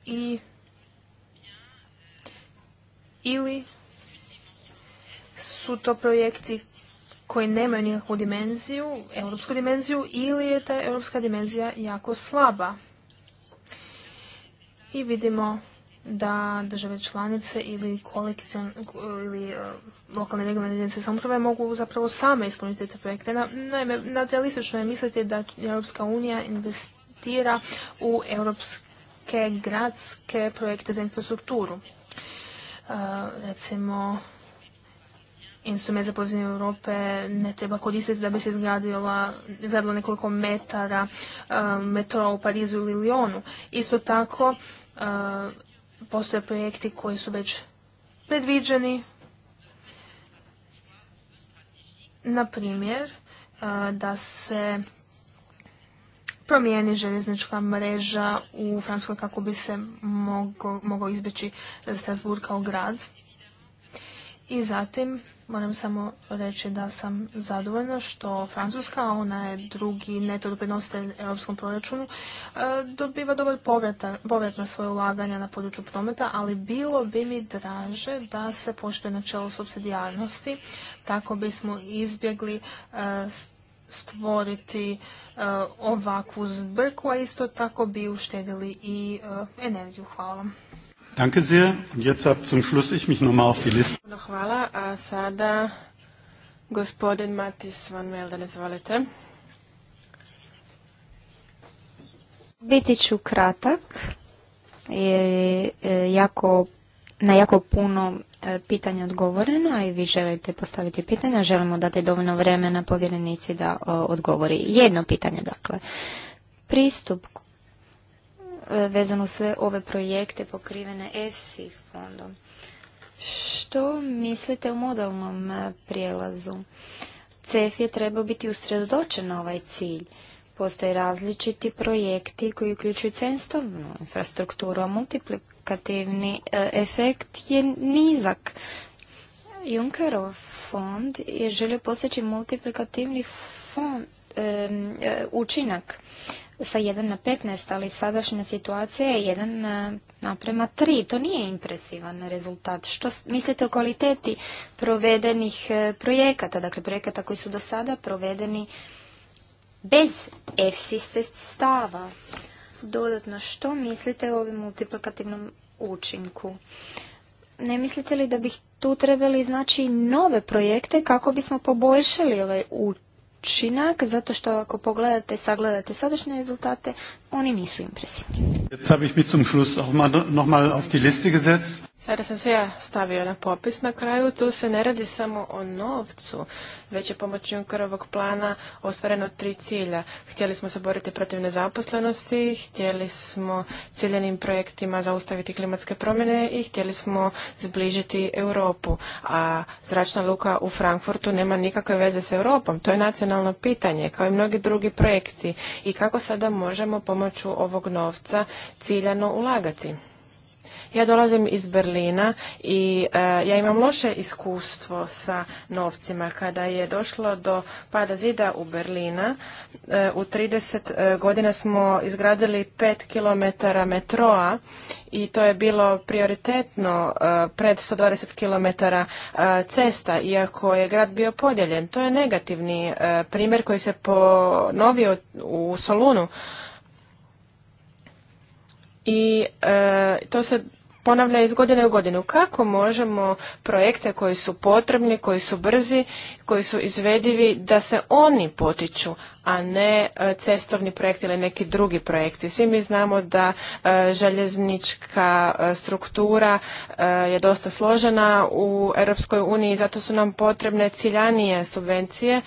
I ili su to projekti koji nemaju nikakvu dimenziju, europsku dimenziju, ili je ta europska dimenzija jako slaba. I vidimo da države članice ili kolektivne ili e, lokalne regionalne jedinice samouprave mogu zapravo same ispuniti te projekte. Na, naime, nadrealistično je misliti da Europska unija investira u europske gradske projekte za infrastrukturu. E, recimo, instrument za povezanje Europe ne treba koristiti da bi se izgradila, izgradilo nekoliko metara e, metroa u Parizu ili Lyonu. Isto tako e, postoje projekti koji su već predviđeni. Na primjer, e, da se promijeni željeznička mreža u Francuskoj kako bi se mogao izbjeći Strasburg kao grad. I zatim Moram samo reći da sam zadovoljna što Francuska, ona je drugi neto doprinositelj europskom proračunu, e, dobiva dobar povrat na svoje ulaganja na području prometa, ali bilo bi mi draže da se poštuje načelo subsidijarnosti, tako bismo izbjegli e, stvoriti e, ovakvu zbrku, a isto tako bi uštedili i energiju. Hvala. Danke sehr. Und jetzt ab zum Schluss ich mich nochmal auf die Liste. Hvala, a sada gospodin Matis Van Melden, izvolite. Biti ću kratak, jer e, jako, na jako puno e, pitanja odgovoreno, a i vi želite postaviti pitanja. Želimo dati dovoljno vremena povjerenici da e, odgovori. Jedno pitanje, dakle. Pristup E, vezano sve ove projekte pokrivene EFSI fondom. Što mislite o modalnom e, prijelazu? CEF je trebao biti usredotočen na ovaj cilj. Postoje različiti projekti koji uključuju censtovnu infrastrukturu, a multiplikativni e, efekt je nizak. Junckerov fond je želio postići multiplikativni fond, učinak sa 1 na 15, ali sadašnja situacija je 1 e, naprema 3. To nije impresivan rezultat. Što mislite o kvaliteti provedenih e, projekata, dakle projekata koji su do sada provedeni bez EFSI sredstava? Dodatno, što mislite o ovom multiplikativnom učinku? Ne mislite li da bi tu trebali znači nove projekte kako bismo poboljšali ovaj učinak? učinak, zato što ako pogledate sagledate sadašnje rezultate, oni nisu impresivni. Jetzt habe ich mich zum Schluss auch mal, noch mal auf die Liste gesetzt. Sada sam se ja stavio na popis na kraju. Tu se ne radi samo o novcu, već je pomoć Junkerovog plana ostvareno tri cilja. Htjeli smo se boriti protiv nezaposlenosti, htjeli smo ciljenim projektima zaustaviti klimatske promjene i htjeli smo zbližiti Europu. A zračna luka u Frankfurtu nema nikakve veze s Europom. To je nacionalno pitanje, kao i mnogi drugi projekti. I kako sada možemo pomoću ovog novca ciljano ulagati? Ja dolazim iz Berlina i eh, ja imam loše iskustvo sa novcima. Kada je došlo do pada zida u Berlina, eh, u 30 eh, godina smo izgradili 5 km metroa i to je bilo prioritetno pred pred 120 km cesta, iako je grad bio podijeljen. To je negativni primjer koji se ponovio u Solunu i e, to se ponavlja iz godine u godinu. Kako možemo projekte koji su potrebni, koji su brzi, koji su izvedivi, da se oni potiču, a ne e, cestovni projekti ili neki drugi projekti. Svi mi znamo da e, željeznička struktura je dosta složena u Europskoj uniji, zato su nam potrebne ciljanije subvencije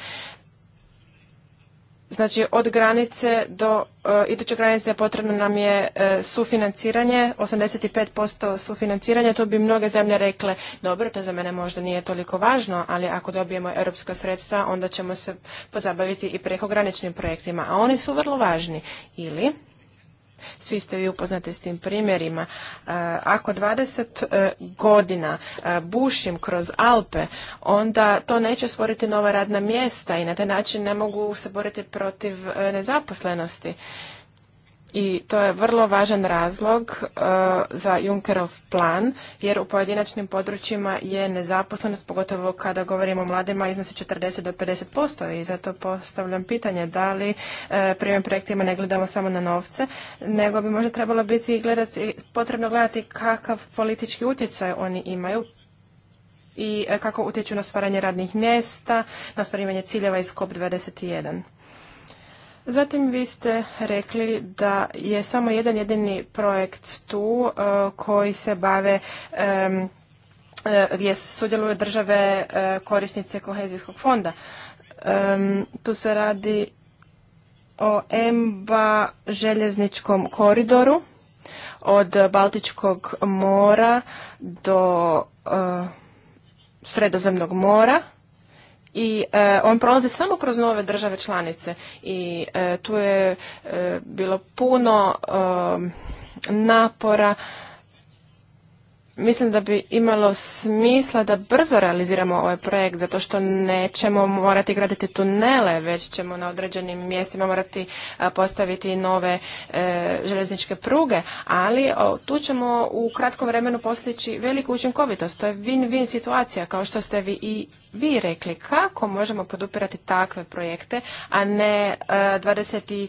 Znači od granice do uh, iduće granice potrebno nam je uh, sufinanciranje, 85% sufinanciranja, to bi mnoge zemlje rekle, dobro, to za mene možda nije toliko važno, ali ako dobijemo europska sredstva, onda ćemo se pozabaviti i prekograničnim projektima, a oni su vrlo važni. Ili svi ste vi upoznati s tim primjerima. E, ako 20 e, godina e, bušim kroz Alpe, onda to neće stvoriti nova radna mjesta i na taj način ne mogu se boriti protiv nezaposlenosti i to je vrlo važan razlog e, za Junckerov plan, jer u pojedinačnim područjima je nezaposlenost, pogotovo kada govorimo o mladima, iznosi 40 do 50% i zato postavljam pitanje da li e, primjerim projektima ne gledamo samo na novce, nego bi možda trebalo biti gledati, potrebno gledati kakav politički utjecaj oni imaju, i e, kako utječu na stvaranje radnih mjesta, na ostvarivanje ciljeva iz COP21. Zatim vi ste rekli da je samo jedan jedini projekt tu e, koji se bave e, gdje sudjeluju države e, korisnice kohezijskog fonda. Tu se radi o EMBA željezničkom koridoru od Baltičkog mora do Sredozemnog mora i e, on prolazi samo kroz nove države članice i e, tu je e, bilo puno napora Mislim da bi imalo smisla da brzo realiziramo ovaj projekt, zato što nećemo morati graditi tunele, već ćemo na određenim mjestima morati postaviti nove e, željezničke pruge, ali o, tu ćemo u kratkom vremenu postići veliku učinkovitost. To je win-win situacija, kao što ste vi i vi rekli kako možemo podupirati takve projekte, a ne 27.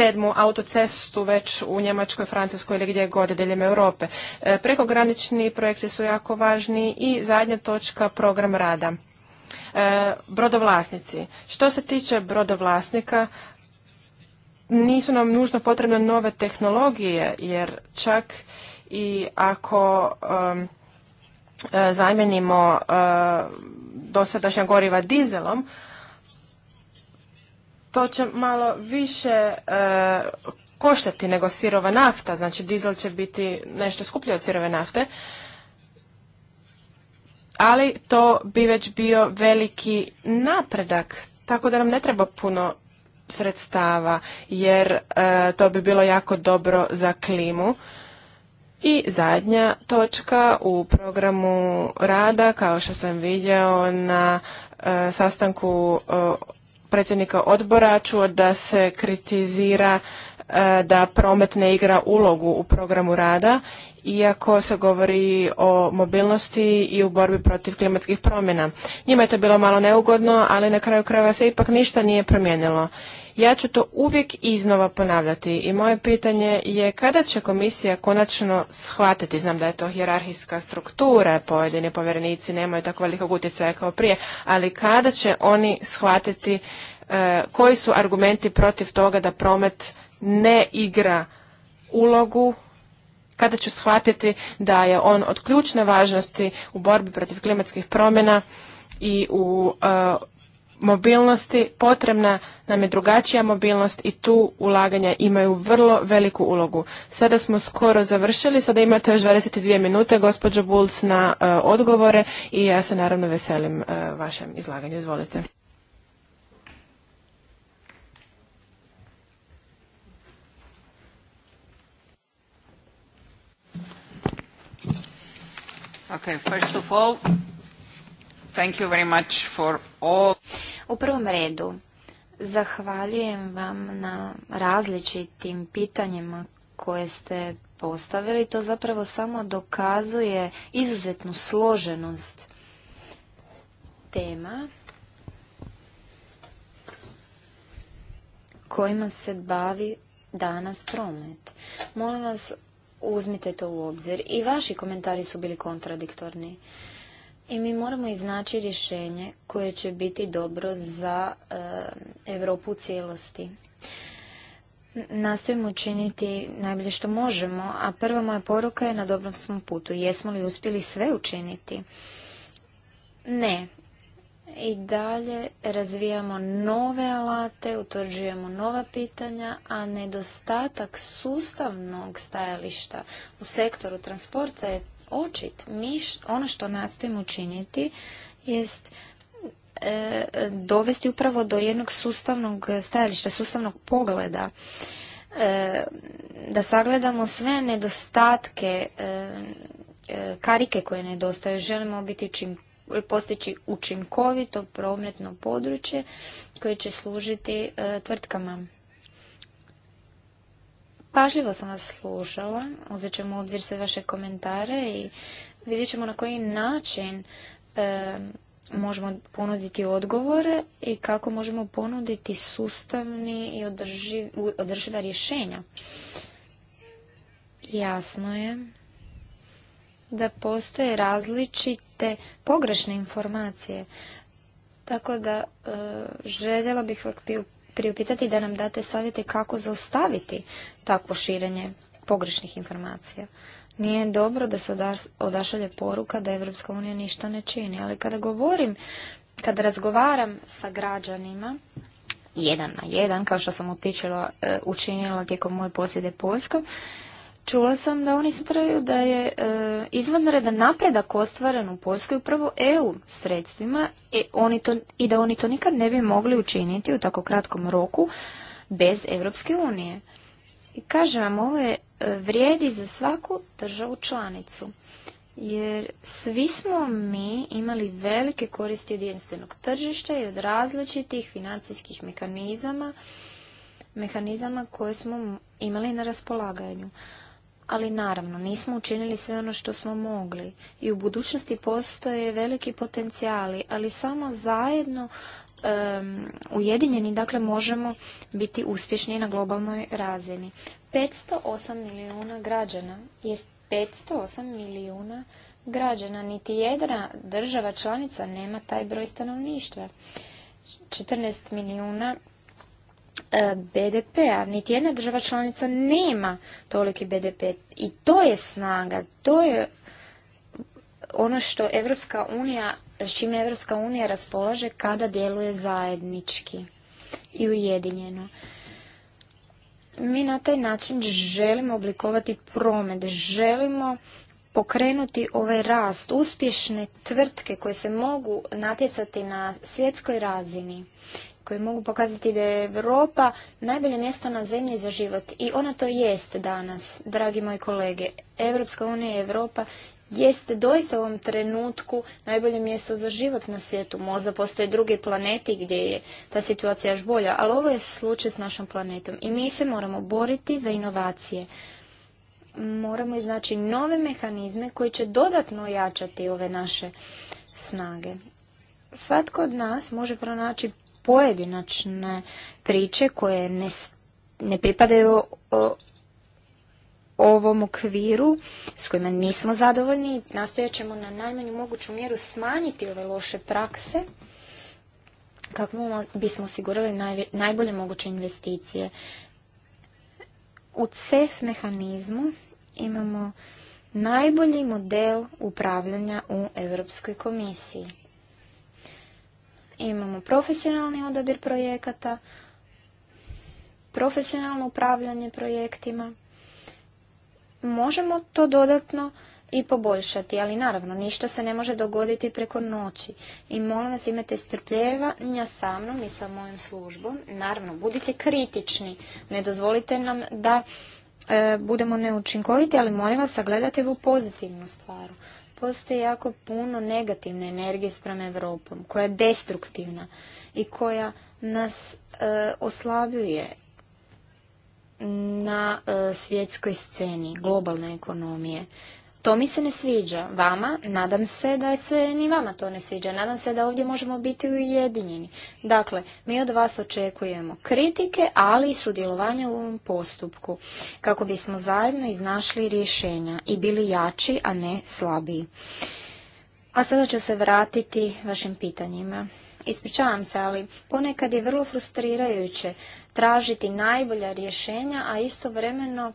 E, autocestu već u Njemačkoj, Francuskoj ili gdje god diljem Europe. E, prekogranični projekti su jako važni i zadnja točka program rada. E, brodovlasnici. Što se tiče brodovlasnika, nisu nam nužno potrebne nove tehnologije, jer čak i ako zamijenimo dosadašnja goriva dizelom, to će malo više e, koštati nego sirova nafta, znači dizel će biti nešto skuplji od sirove nafte, ali to bi već bio veliki napredak, tako da nam ne treba puno sredstava jer e, to bi bilo jako dobro za klimu i zadnja točka u programu rada, kao što sam vidjeo na e, sastanku e, predsjednika odbora, čuo da se kritizira e, da promet ne igra ulogu u programu rada, iako se govori o mobilnosti i u borbi protiv klimatskih promjena. Njima je to bilo malo neugodno, ali na kraju krajeva se ipak ništa nije promijenilo. Ja ću to uvijek iznova ponavljati i moje pitanje je kada će komisija konačno shvatiti, znam da je to hjerarhijska struktura, pojedini povjerenici nemaju tako velikog utjecaja kao prije, ali kada će oni shvatiti e, koji su argumenti protiv toga da promet ne igra ulogu kada će shvatiti da je on od ključne važnosti u borbi protiv klimatskih promjena i u e, mobilnosti, potrebna nam je drugačija mobilnost i tu ulaganja imaju vrlo veliku ulogu. Sada smo skoro završili, sada imate još 22 minute, gospođo Bulc, na e, odgovore i ja se naravno veselim e, vašem izlaganju. Izvolite. Okay, first Thank U prvom redu, zahvaljujem vam na različitim pitanjima koje ste postavili. To zapravo samo dokazuje izuzetnu složenost tema kojima se bavi danas promet. Molim vas, uzmite to u obzir. I vaši komentari su bili kontradiktorni. I mi moramo iznaći rješenje koje će biti dobro za eh, Europu u cijelosti. Nastojimo učiniti najbolje što možemo, a prva moja poruka je na dobrom smo putu. Jesmo li uspjeli sve učiniti? Ne. I dalje razvijamo nove alate, utvrđujemo nova pitanja, a nedostatak sustavnog stajališta u sektoru transporta je očit. Mi, ono što nastojimo učiniti jest e, dovesti upravo do jednog sustavnog stajališta, sustavnog pogleda e, da sagledamo sve nedostatke e, karike koje nedostaju. Želimo biti čim, postići učinkovito prometno područje koje će služiti tvrtkama Pažljivo sam vas slušala, uzet ćemo u obzir sve vaše komentare i vidjet ćemo na koji način možemo ponuditi odgovore i kako možemo ponuditi sustavni i održiva rješenja. Jasno je da postoje različite pogrešne informacije. Tako da e, željela bih vas priupitati da nam date savjete kako zaustaviti takvo širenje pogrešnih informacija. Nije dobro da se odašalje poruka da Evropska unija ništa ne čini, ali kada govorim, kada razgovaram sa građanima, jedan na jedan, kao što sam utičila, e, učinila tijekom moje posjede Poljskom, čula sam da oni sutraju da je e, izvanredan napredak ostvaren u Poljskoj upravo EU sredstvima oni to, i da oni to nikad ne bi mogli učiniti u tako kratkom roku bez Europske unije. I kažem vam, ovo je e, vrijedi za svaku državu članicu. Jer svi smo mi imali velike koristi od jedinstvenog tržišta i od različitih financijskih mehanizama, mehanizama koje smo imali na raspolaganju ali naravno nismo učinili sve ono što smo mogli i u budućnosti postoje veliki potencijali, ali samo zajedno um, ujedinjeni dakle možemo biti uspješni na globalnoj razini. 508 milijuna građana jest 508 milijuna građana, niti jedna država članica nema taj broj stanovništva. 14 milijuna E, BDP-a. Niti jedna država članica nema toliki BDP. I to je snaga, to je ono što Evropska unija, s čime Evropska unija raspolaže kada djeluje zajednički i ujedinjeno. Mi na taj način želimo oblikovati promet, želimo pokrenuti ovaj rast, uspješne tvrtke koje se mogu natjecati na svjetskoj razini koji mogu pokazati da je Europa najbolje mjesto na zemlji za život. I ona to jest danas, dragi moji kolege. Europska unija i Europa jeste doista u ovom trenutku najbolje mjesto za život na svijetu. Možda postoje druge planeti gdje je ta situacija još bolja, ali ovo je slučaj s našom planetom i mi se moramo boriti za inovacije. Moramo iznaći nove mehanizme koji će dodatno ojačati ove naše snage. Svatko od nas može pronaći pojedinačne priče koje ne, ne pripadaju ovom okviru s kojima nismo zadovoljni. Nastojat ćemo na najmanju moguću mjeru smanjiti ove loše prakse kako bismo osigurali najbolje moguće investicije. U CEF mehanizmu imamo najbolji model upravljanja u Europskoj komisiji imamo profesionalni odabir projekata, profesionalno upravljanje projektima. Možemo to dodatno i poboljšati, ali naravno ništa se ne može dogoditi preko noći. I molim vas imate strpljevanja sa mnom i sa mojom službom. Naravno, budite kritični, ne dozvolite nam da e, budemo neučinkoviti, ali molim vas sagledajte u pozitivnu stvaru postoji jako puno negativne energije spram Evropom, koja je destruktivna i koja nas e, oslabljuje na e, svjetskoj sceni globalne ekonomije. To mi se ne sviđa. Vama, nadam se da se ni vama to ne sviđa. Nadam se da ovdje možemo biti ujedinjeni. Dakle, mi od vas očekujemo kritike, ali i sudjelovanja u ovom postupku, kako bismo zajedno iznašli rješenja i bili jači, a ne slabiji. A sada ću se vratiti vašim pitanjima. Ispričavam se, ali ponekad je vrlo frustrirajuće tražiti najbolja rješenja, a istovremeno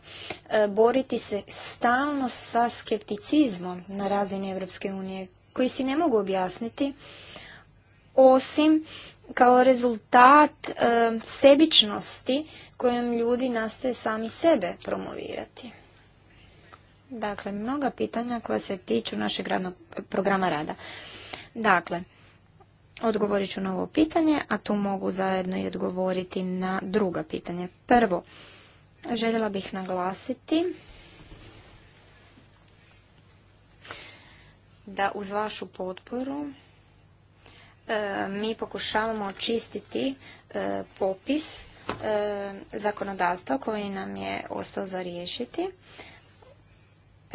e, boriti se stalno sa skepticizmom na razini Europske unije, koji si ne mogu objasniti, osim kao rezultat e, sebičnosti kojom ljudi nastoje sami sebe promovirati. Dakle, mnoga pitanja koja se tiču našeg radnog programa rada. Dakle, Odgovorit ću na ovo pitanje, a tu mogu zajedno i odgovoriti na druga pitanje. Prvo, željela bih naglasiti da uz vašu potporu e, mi pokušavamo očistiti e, popis e, zakonodavstva koji nam je ostao za riješiti.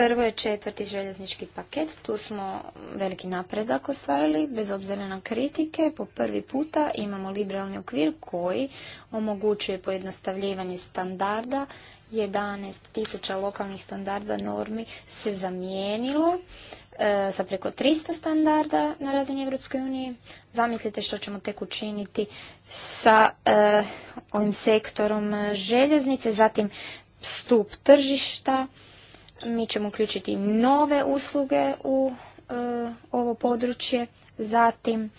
Prvo je četvrti željeznički paket, tu smo veliki napredak ostvarili, bez obzira na kritike, po prvi puta imamo liberalni okvir koji omogućuje pojednostavljivanje standarda, 11.000 lokalnih standarda normi se zamijenilo e, sa preko 300 standarda na razini EU. Zamislite što ćemo tek učiniti sa e, ovim sektorom željeznice, zatim stup tržišta, mi ćemo uključiti nove usluge u e, ovo područje, zatim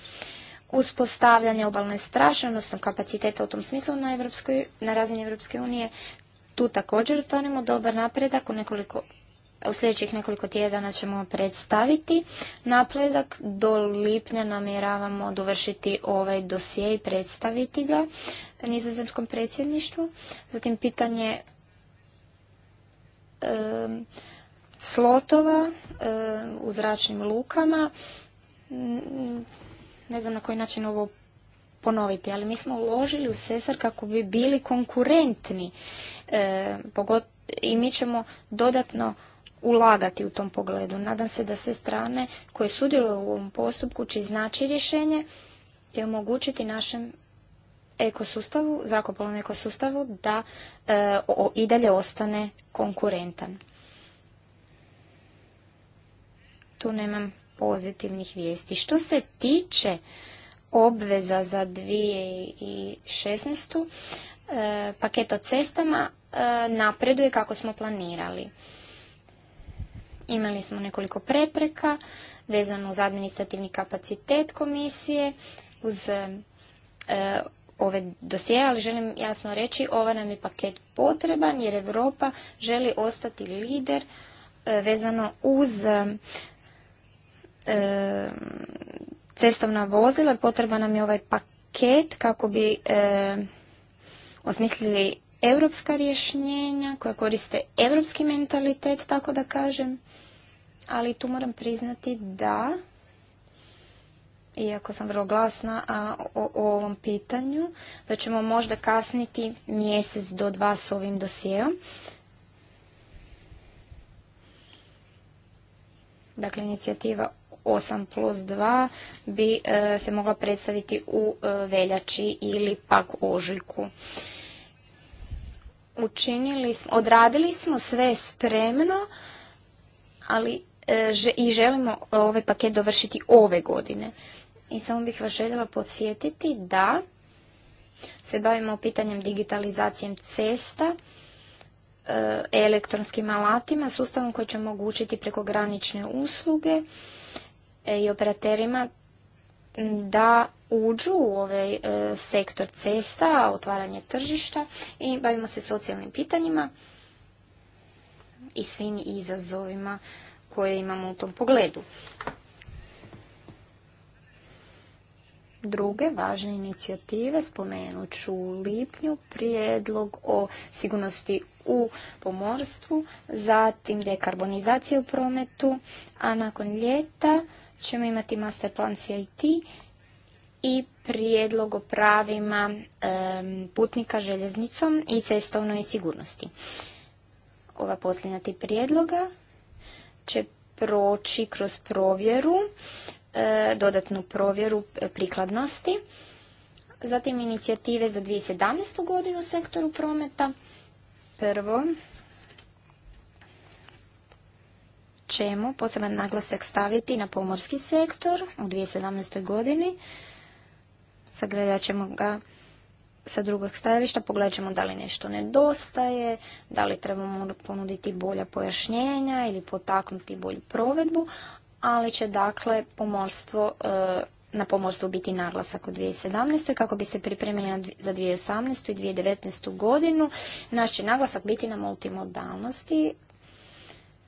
uspostavljanje obalne straže, odnosno kapaciteta u tom smislu na, Evropskoj, na razini Europske unije. Tu također ostvarimo dobar napredak u nekoliko u sljedećih nekoliko tjedana ćemo predstaviti napredak. Do lipnja namjeravamo dovršiti ovaj dosije i predstaviti ga nizozemskom predsjedništvu. Zatim pitanje slotova u zračnim lukama. Ne znam na koji način ovo ponoviti, ali mi smo uložili u Sesar kako bi bili konkurentni i mi ćemo dodatno ulagati u tom pogledu. Nadam se da sve strane koje sudjeluju u ovom postupku će iznaći rješenje te omogućiti našem ekosustavu, zrakoplovnom ekosustavu da e, o, i dalje ostane konkurentan. Tu nemam pozitivnih vijesti. Što se tiče obveza za 2016. E, paket o cestama e, napreduje kako smo planirali. Imali smo nekoliko prepreka vezano uz administrativni kapacitet komisije, uz e, ove dosije, ali želim jasno reći, ova nam je paket potreban jer Europa želi ostati lider e, vezano uz e, e, cestovna vozila. Potreba nam je ovaj paket kako bi osmislili europska rješenja koja koriste europski mentalitet, tako da kažem. Ali tu moram priznati da iako sam vrlo glasna o, ovom pitanju, da ćemo možda kasniti mjesec do dva s ovim dosijeom. Dakle, inicijativa 8 plus 2 bi e, se mogla predstaviti u e, veljači ili pak ožujku. Učinili smo, odradili smo sve spremno, ali e, i želimo ovaj paket dovršiti ove godine i samo bih vas željela podsjetiti da se bavimo pitanjem digitalizacijem cesta, e, elektronskim alatima, sustavom koji će omogućiti prekogranične usluge e, i operaterima da uđu u ovaj e, sektor cesta, otvaranje tržišta i bavimo se socijalnim pitanjima i svim izazovima koje imamo u tom pogledu. druge važne inicijative. Spomenut ću u lipnju prijedlog o sigurnosti u pomorstvu, zatim dekarbonizacije u prometu, a nakon ljeta ćemo imati master plan CIT i prijedlog o pravima putnika željeznicom i cestovnoj sigurnosti. Ova posljednja ti prijedloga će proći kroz provjeru E, dodatnu provjeru prikladnosti. Zatim inicijative za 2017. godinu u sektoru prometa. Prvo, čemu poseban naglasak staviti na pomorski sektor u 2017. godini. Sagledat ćemo ga sa drugog stajališta, pogledat ćemo da li nešto nedostaje, da li trebamo ponuditi bolja pojašnjenja ili potaknuti bolju provedbu, ali će dakle pomorstvo e, na pomorstvu biti naglasak u 2017. kako bi se pripremili za 2018. i 2019. godinu. Naš će naglasak biti na multimodalnosti.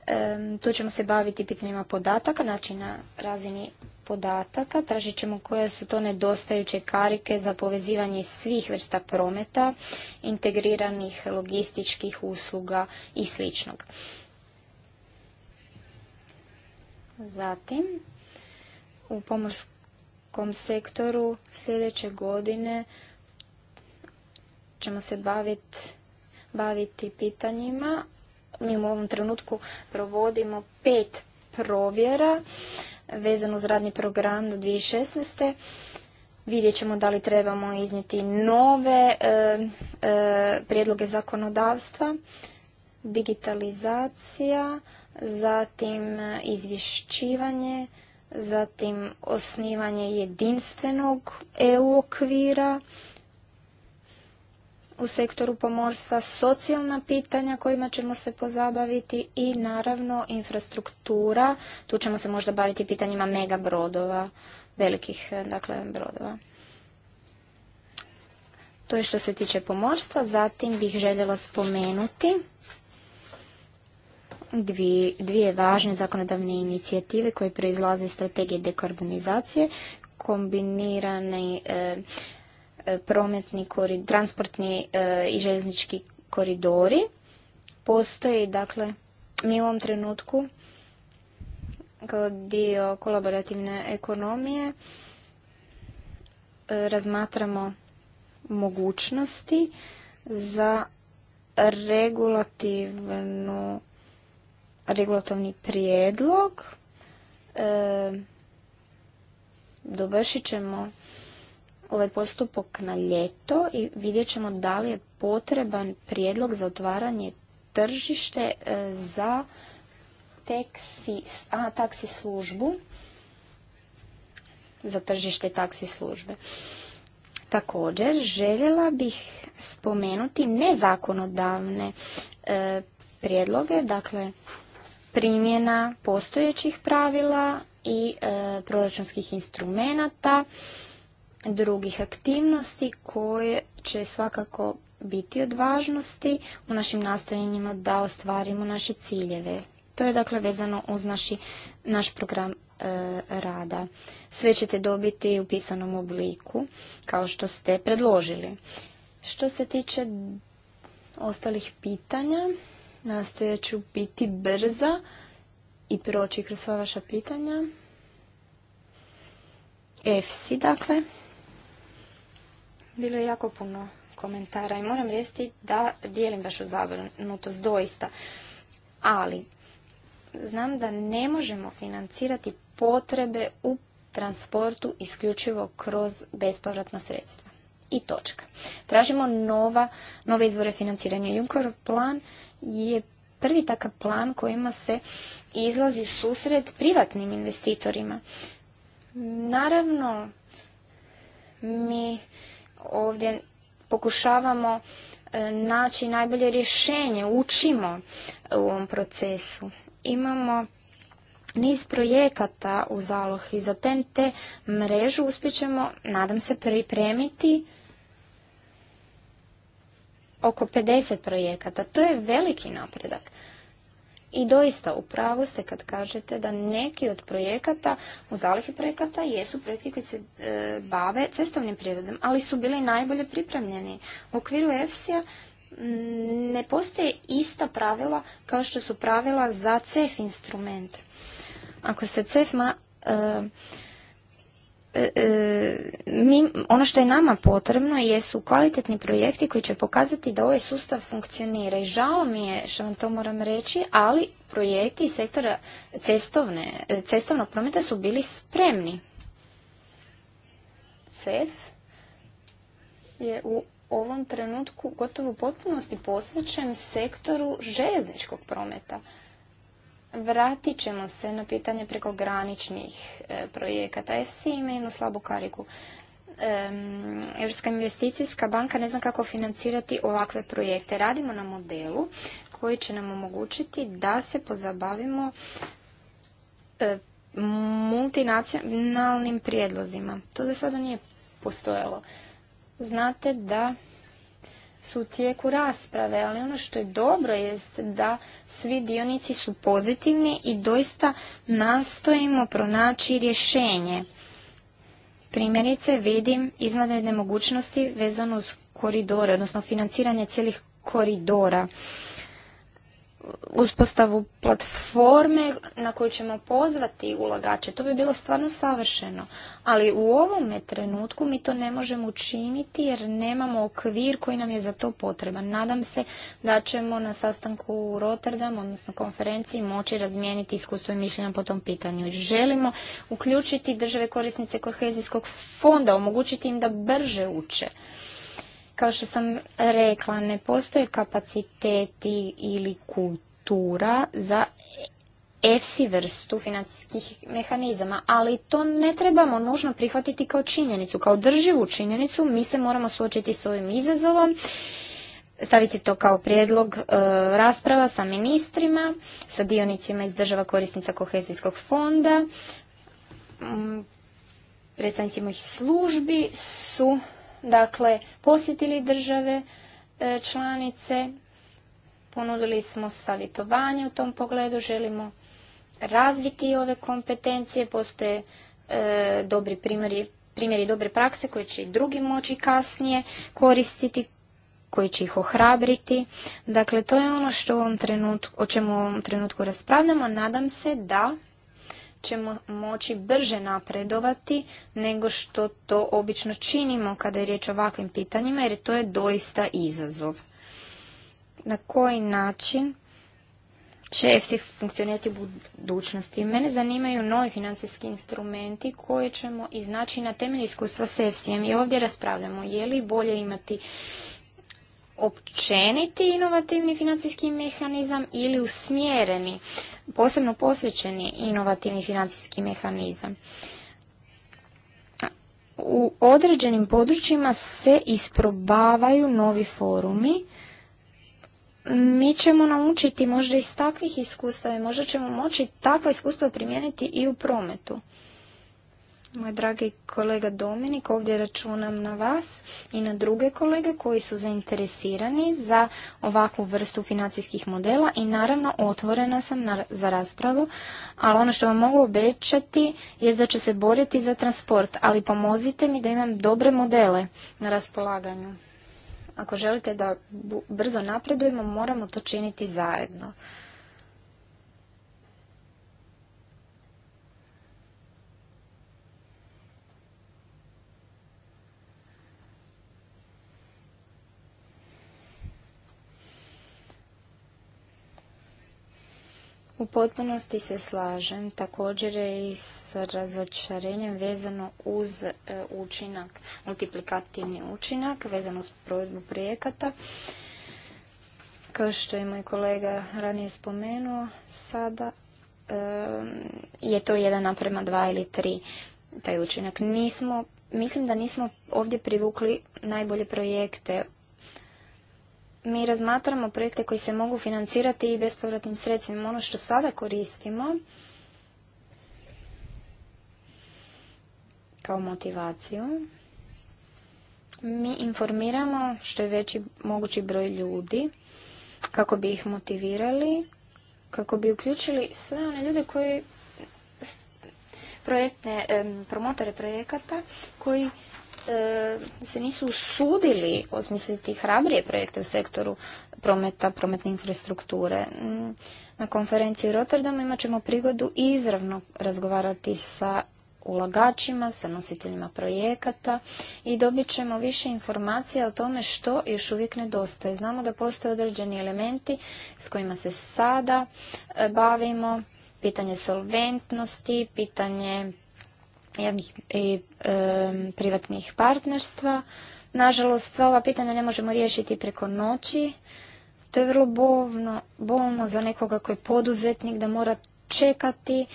E, tu ćemo se baviti pitanjima podataka, znači na razini podataka. Tražit ćemo koje su to nedostajuće karike za povezivanje svih vrsta prometa, integriranih logističkih usluga i sličnog. Zatim, u pomorskom sektoru sljedeće godine ćemo se baviti baviti pitanjima. Mi u ovom trenutku provodimo pet provjera vezano uz radni program do 2016. Vidjet ćemo da li trebamo iznijeti nove e, e, prijedloge zakonodavstva, digitalizacija, zatim eh, izvješćivanje, zatim osnivanje jedinstvenog EU okvira u sektoru pomorstva, socijalna pitanja kojima ćemo se pozabaviti i naravno infrastruktura. Tu ćemo se možda baviti pitanjima mega brodova, velikih eh, dakle, brodova. To je što se tiče pomorstva. Zatim bih željela spomenuti dvije, važne zakonodavne inicijative koje proizlaze iz strategije dekarbonizacije, kombinirani e, e, prometni transportni e, i željeznički koridori. Postoji, dakle, mi u ovom trenutku kao dio kolaborativne ekonomije razmatramo mogućnosti za regulativnu regulatorni prijedlog. E, dovršit ćemo ovaj postupak na ljeto i vidjet ćemo da li je potreban prijedlog za otvaranje tržište e, za a, taksi službu za tržište taksi službe. Također, željela bih spomenuti nezakonodavne e, prijedloge, dakle primjena postojećih pravila i e, proračunskih instrumenata, drugih aktivnosti koje će svakako biti od važnosti u našim nastojanjima da ostvarimo naše ciljeve. To je dakle vezano uz naši, naš program e, rada. Sve ćete dobiti u pisanom obliku kao što ste predložili. Što se tiče ostalih pitanja, Nastojat ću biti brza i proći kroz sva vaša pitanja. EFSI, dakle. Bilo je jako puno komentara i moram rijesti da dijelim vašu zabrinutost doista. Ali, znam da ne možemo financirati potrebe u transportu isključivo kroz bespovratna sredstva. I točka. Tražimo nova, nove izvore financiranja. Junkor plan je prvi takav plan kojima se izlazi susret privatnim investitorima. Naravno, mi ovdje pokušavamo e, naći najbolje rješenje, učimo u ovom procesu. Imamo niz projekata u zalohi za TNT mrežu uspjećemo, nadam se, pripremiti oko 50 projekata. To je veliki napredak. I doista u pravu ste kad kažete da neki od projekata, u zalihi projekata, jesu projekti koji se e, bave cestovnim prijevozom, ali su bili najbolje pripremljeni. U okviru EFSI-a ne postoje ista pravila kao što su pravila za CEF instrument. Ako se CEF ma, e, E, e, mi, ono što je nama potrebno jesu kvalitetni projekti koji će pokazati da ovaj sustav funkcionira i žao mi je što vam to moram reći, ali projekti sektora cestovne, e, cestovnog prometa su bili spremni. CEF je u ovom trenutku gotovo u potpunosti posvećen sektoru željezničkog prometa. Vratit ćemo se na pitanje prekograničnih graničnih e, projekata. FC ima jednu slabu kariku. Europska investicijska banka ne zna kako financirati ovakve projekte. Radimo na modelu koji će nam omogućiti da se pozabavimo e, multinacionalnim prijedlozima. To do sada nije postojalo. Znate da su u tijeku rasprave, ali ono što je dobro jest da svi dionici su pozitivni i doista nastojimo pronaći rješenje. Primjerice vidim iznadredne mogućnosti vezano uz koridore, odnosno financiranje cijelih koridora uspostavu platforme na koju ćemo pozvati ulagače. To bi bilo stvarno savršeno. Ali u ovome trenutku mi to ne možemo učiniti jer nemamo okvir koji nam je za to potreban. Nadam se da ćemo na sastanku u Rotterdam, odnosno konferenciji, moći razmijeniti iskustvo i mišljenja po tom pitanju. Želimo uključiti države korisnice kohezijskog fonda, omogućiti im da brže uče. Kao što sam rekla, ne postoje kapaciteti ili kultura za EFSI vrstu financijskih mehanizama, ali to ne trebamo nužno prihvatiti kao činjenicu. Kao drživu činjenicu mi se moramo suočiti s ovim izazovom, staviti to kao prijedlog e, rasprava sa ministrima, sa dionicima iz država korisnica kohezijskog fonda, mm, predstavnicima ih službi su dakle posjetili države e, članice, ponudili smo savjetovanje u tom pogledu, želimo razviti ove kompetencije, postoje e, dobri primjeri, primjeri dobre prakse koje će i drugi moći kasnije koristiti, koji će ih ohrabriti. Dakle, to je ono što u ovom trenutku, o čemu u ovom trenutku raspravljamo. Nadam se da ćemo moći brže napredovati nego što to obično činimo kada je riječ o ovakvim pitanjima, jer to je doista izazov. Na koji način će EFSI funkcionirati u budućnosti? Mene zanimaju novi financijski instrumenti koje ćemo iznaći na temelju iskustva s EFSI-em i ovdje raspravljamo je li bolje imati općeniti inovativni financijski mehanizam ili usmjereni, posebno posvećeni inovativni financijski mehanizam. U određenim područjima se isprobavaju novi forumi. Mi ćemo naučiti možda iz takvih iskustava i možda ćemo moći takva iskustva primijeniti i u prometu. Moj dragi kolega Dominik, ovdje računam na vas i na druge kolege koji su zainteresirani za ovakvu vrstu financijskih modela i naravno otvorena sam za raspravu, ali ono što vam mogu obećati je da ću se boriti za transport, ali pomozite mi da imam dobre modele na raspolaganju. Ako želite da brzo napredujemo, moramo to činiti zajedno. U potpunosti se slažem također je i s razočarenjem vezano uz e, učinak, multiplikativni učinak vezano uz provedbu projekata. Kao što je moj kolega ranije spomenuo, sada e, je to jedan naprema dva ili tri taj učinak. Nismo, mislim da nismo ovdje privukli najbolje projekte mi razmatramo projekte koji se mogu financirati i bespovratnim sredstvima. Ono što sada koristimo kao motivaciju, mi informiramo što je veći mogući broj ljudi kako bi ih motivirali, kako bi uključili sve one ljude koji projektne, promotore projekata koji E, se nisu usudili osmisliti hrabrije projekte u sektoru prometa, prometne infrastrukture. Mm, na konferenciji Rotterdam imat ćemo prigodu izravno razgovarati sa ulagačima, sa nositeljima projekata i dobit ćemo više informacija o tome što još uvijek nedostaje. Znamo da postoje određeni elementi s kojima se sada e, bavimo, pitanje solventnosti, pitanje javnih i privatnih partnerstva. Nažalost, sva ova pitanja ne možemo riješiti preko noći. To je vrlo bolno, za nekoga koji je poduzetnik da mora čekati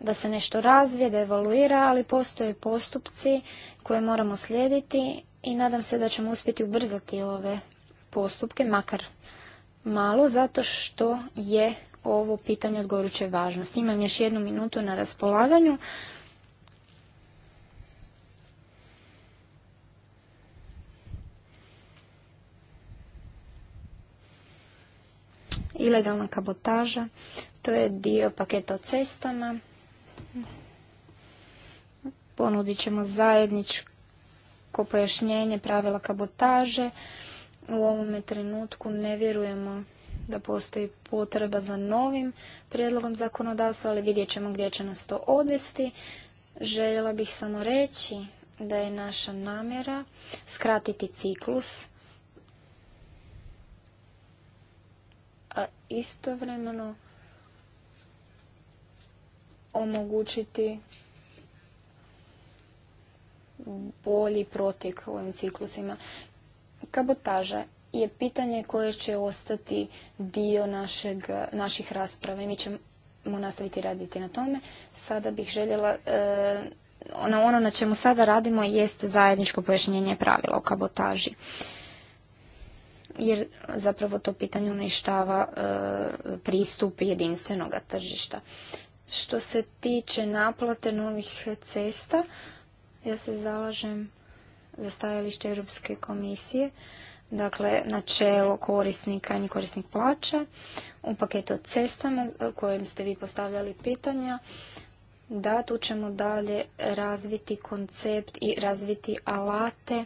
da se nešto razvije, da evoluira, ali postoje postupci koje moramo slijediti i nadam se da ćemo uspjeti ubrzati ove postupke, makar malo, zato što je ovo pitanje od goruće važnosti. Imam još jednu minutu na raspolaganju. ilegalna kabotaža, to je dio paketa o cestama. Ponudit ćemo zajedničko pojašnjenje pravila kabotaže. U ovome trenutku ne vjerujemo da postoji potreba za novim prijedlogom zakonodavstva, ali vidjet ćemo gdje će nas to odvesti. Željela bih samo reći da je naša namjera skratiti ciklus istovremeno omogućiti bolji protek u ovim ciklusima. Kabotaža je pitanje koje će ostati dio našeg, naših rasprave. i mi ćemo nastaviti raditi na tome. Sada bih željela, e, ono na čemu sada radimo jest zajedničko pojašnjenje pravila o kabotaži jer zapravo to pitanje uništava e, pristup jedinstvenog tržišta. Što se tiče naplate novih cesta, ja se zalažem za stajalište Europske komisije, dakle načelo korisnik, krajnji korisnik plaća, u paketu cestama e, kojem ste vi postavljali pitanja, da, tu ćemo dalje razviti koncept i razviti alate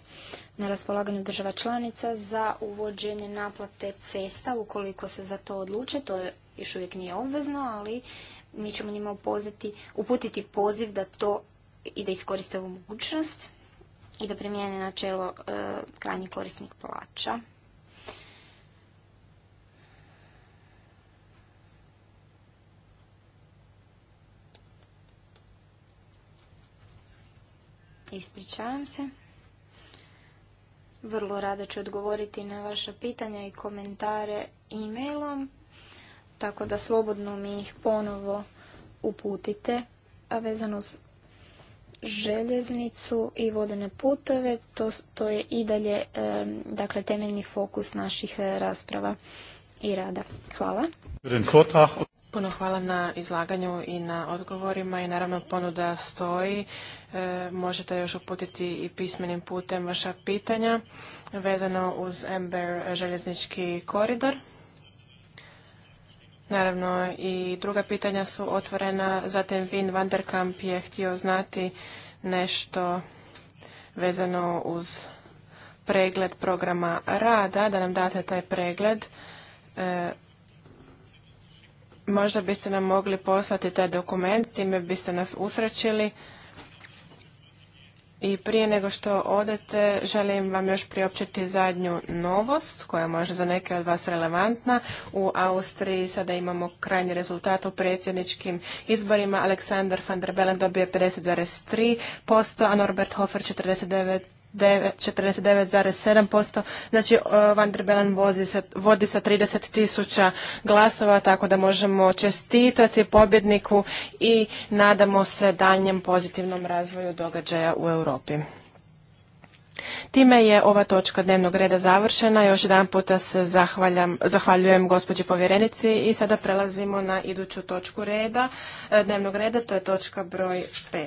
na raspolaganju država članica za uvođenje naplate cesta ukoliko se za to odluče. To još uvijek nije obvezno, ali mi ćemo njima upoziti, uputiti poziv da to i da iskoriste ovu mogućnost i da primijene načelo e, krajnji korisnik plaća. Ispričavam se. Vrlo rado ću odgovoriti na vaša pitanja i komentare e-mailom, tako da slobodno mi ih ponovo uputite, a vezano s željeznicu i vodene putove, to, to je i dalje dakle, temeljni fokus naših e, rasprava i rada. Hvala. Puno hvala na izlaganju i na odgovorima i naravno ponuda stoji. E, možete još uputiti i pismenim putem vaša pitanja vezano uz Ember željeznički koridor. Naravno i druga pitanja su otvorena. Zatim Vin Vanderkamp je htio znati nešto vezano uz pregled programa rada, da nam date taj pregled. E, Možda biste nam mogli poslati taj dokument, time biste nas usrećili. I prije nego što odete, želim vam još priopćiti zadnju novost, koja možda za neke od vas relevantna. U Austriji sada imamo krajnji rezultat u predsjedničkim izborima. Aleksandar van der Bellen dobio 50,3%, a Norbert Hofer 49%. 49,7%. Znači, e, Van der Bellen vozi vodi sa 30 tisuća glasova, tako da možemo čestitati pobjedniku i nadamo se daljnjem pozitivnom razvoju događaja u Europi. Time je ova točka dnevnog reda završena. Još jedan puta se zahvaljujem gospođi povjerenici i sada prelazimo na iduću točku reda, e, dnevnog reda, to je točka broj 5.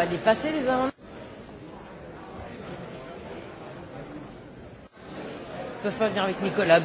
va dépasser les amendements. Ils peuvent pas venir avec Nicolas.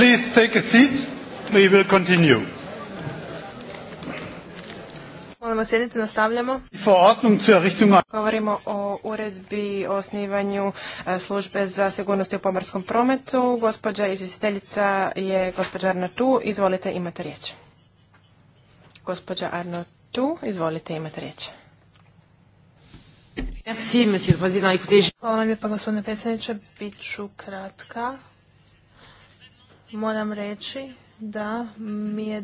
Please take a seat. We will continue. Molimo sjedite, nastavljamo. Govorimo o uredbi o osnivanju e, službe za sigurnost u pomorskom prometu. Gospođa izvjestiteljica je gospođa Tu. Izvolite, imate riječ. Gospođa Tu, izvolite, imate riječ. Hvala vam lijepa gospodine predsjedniče. Biću kratka moram reći da mi je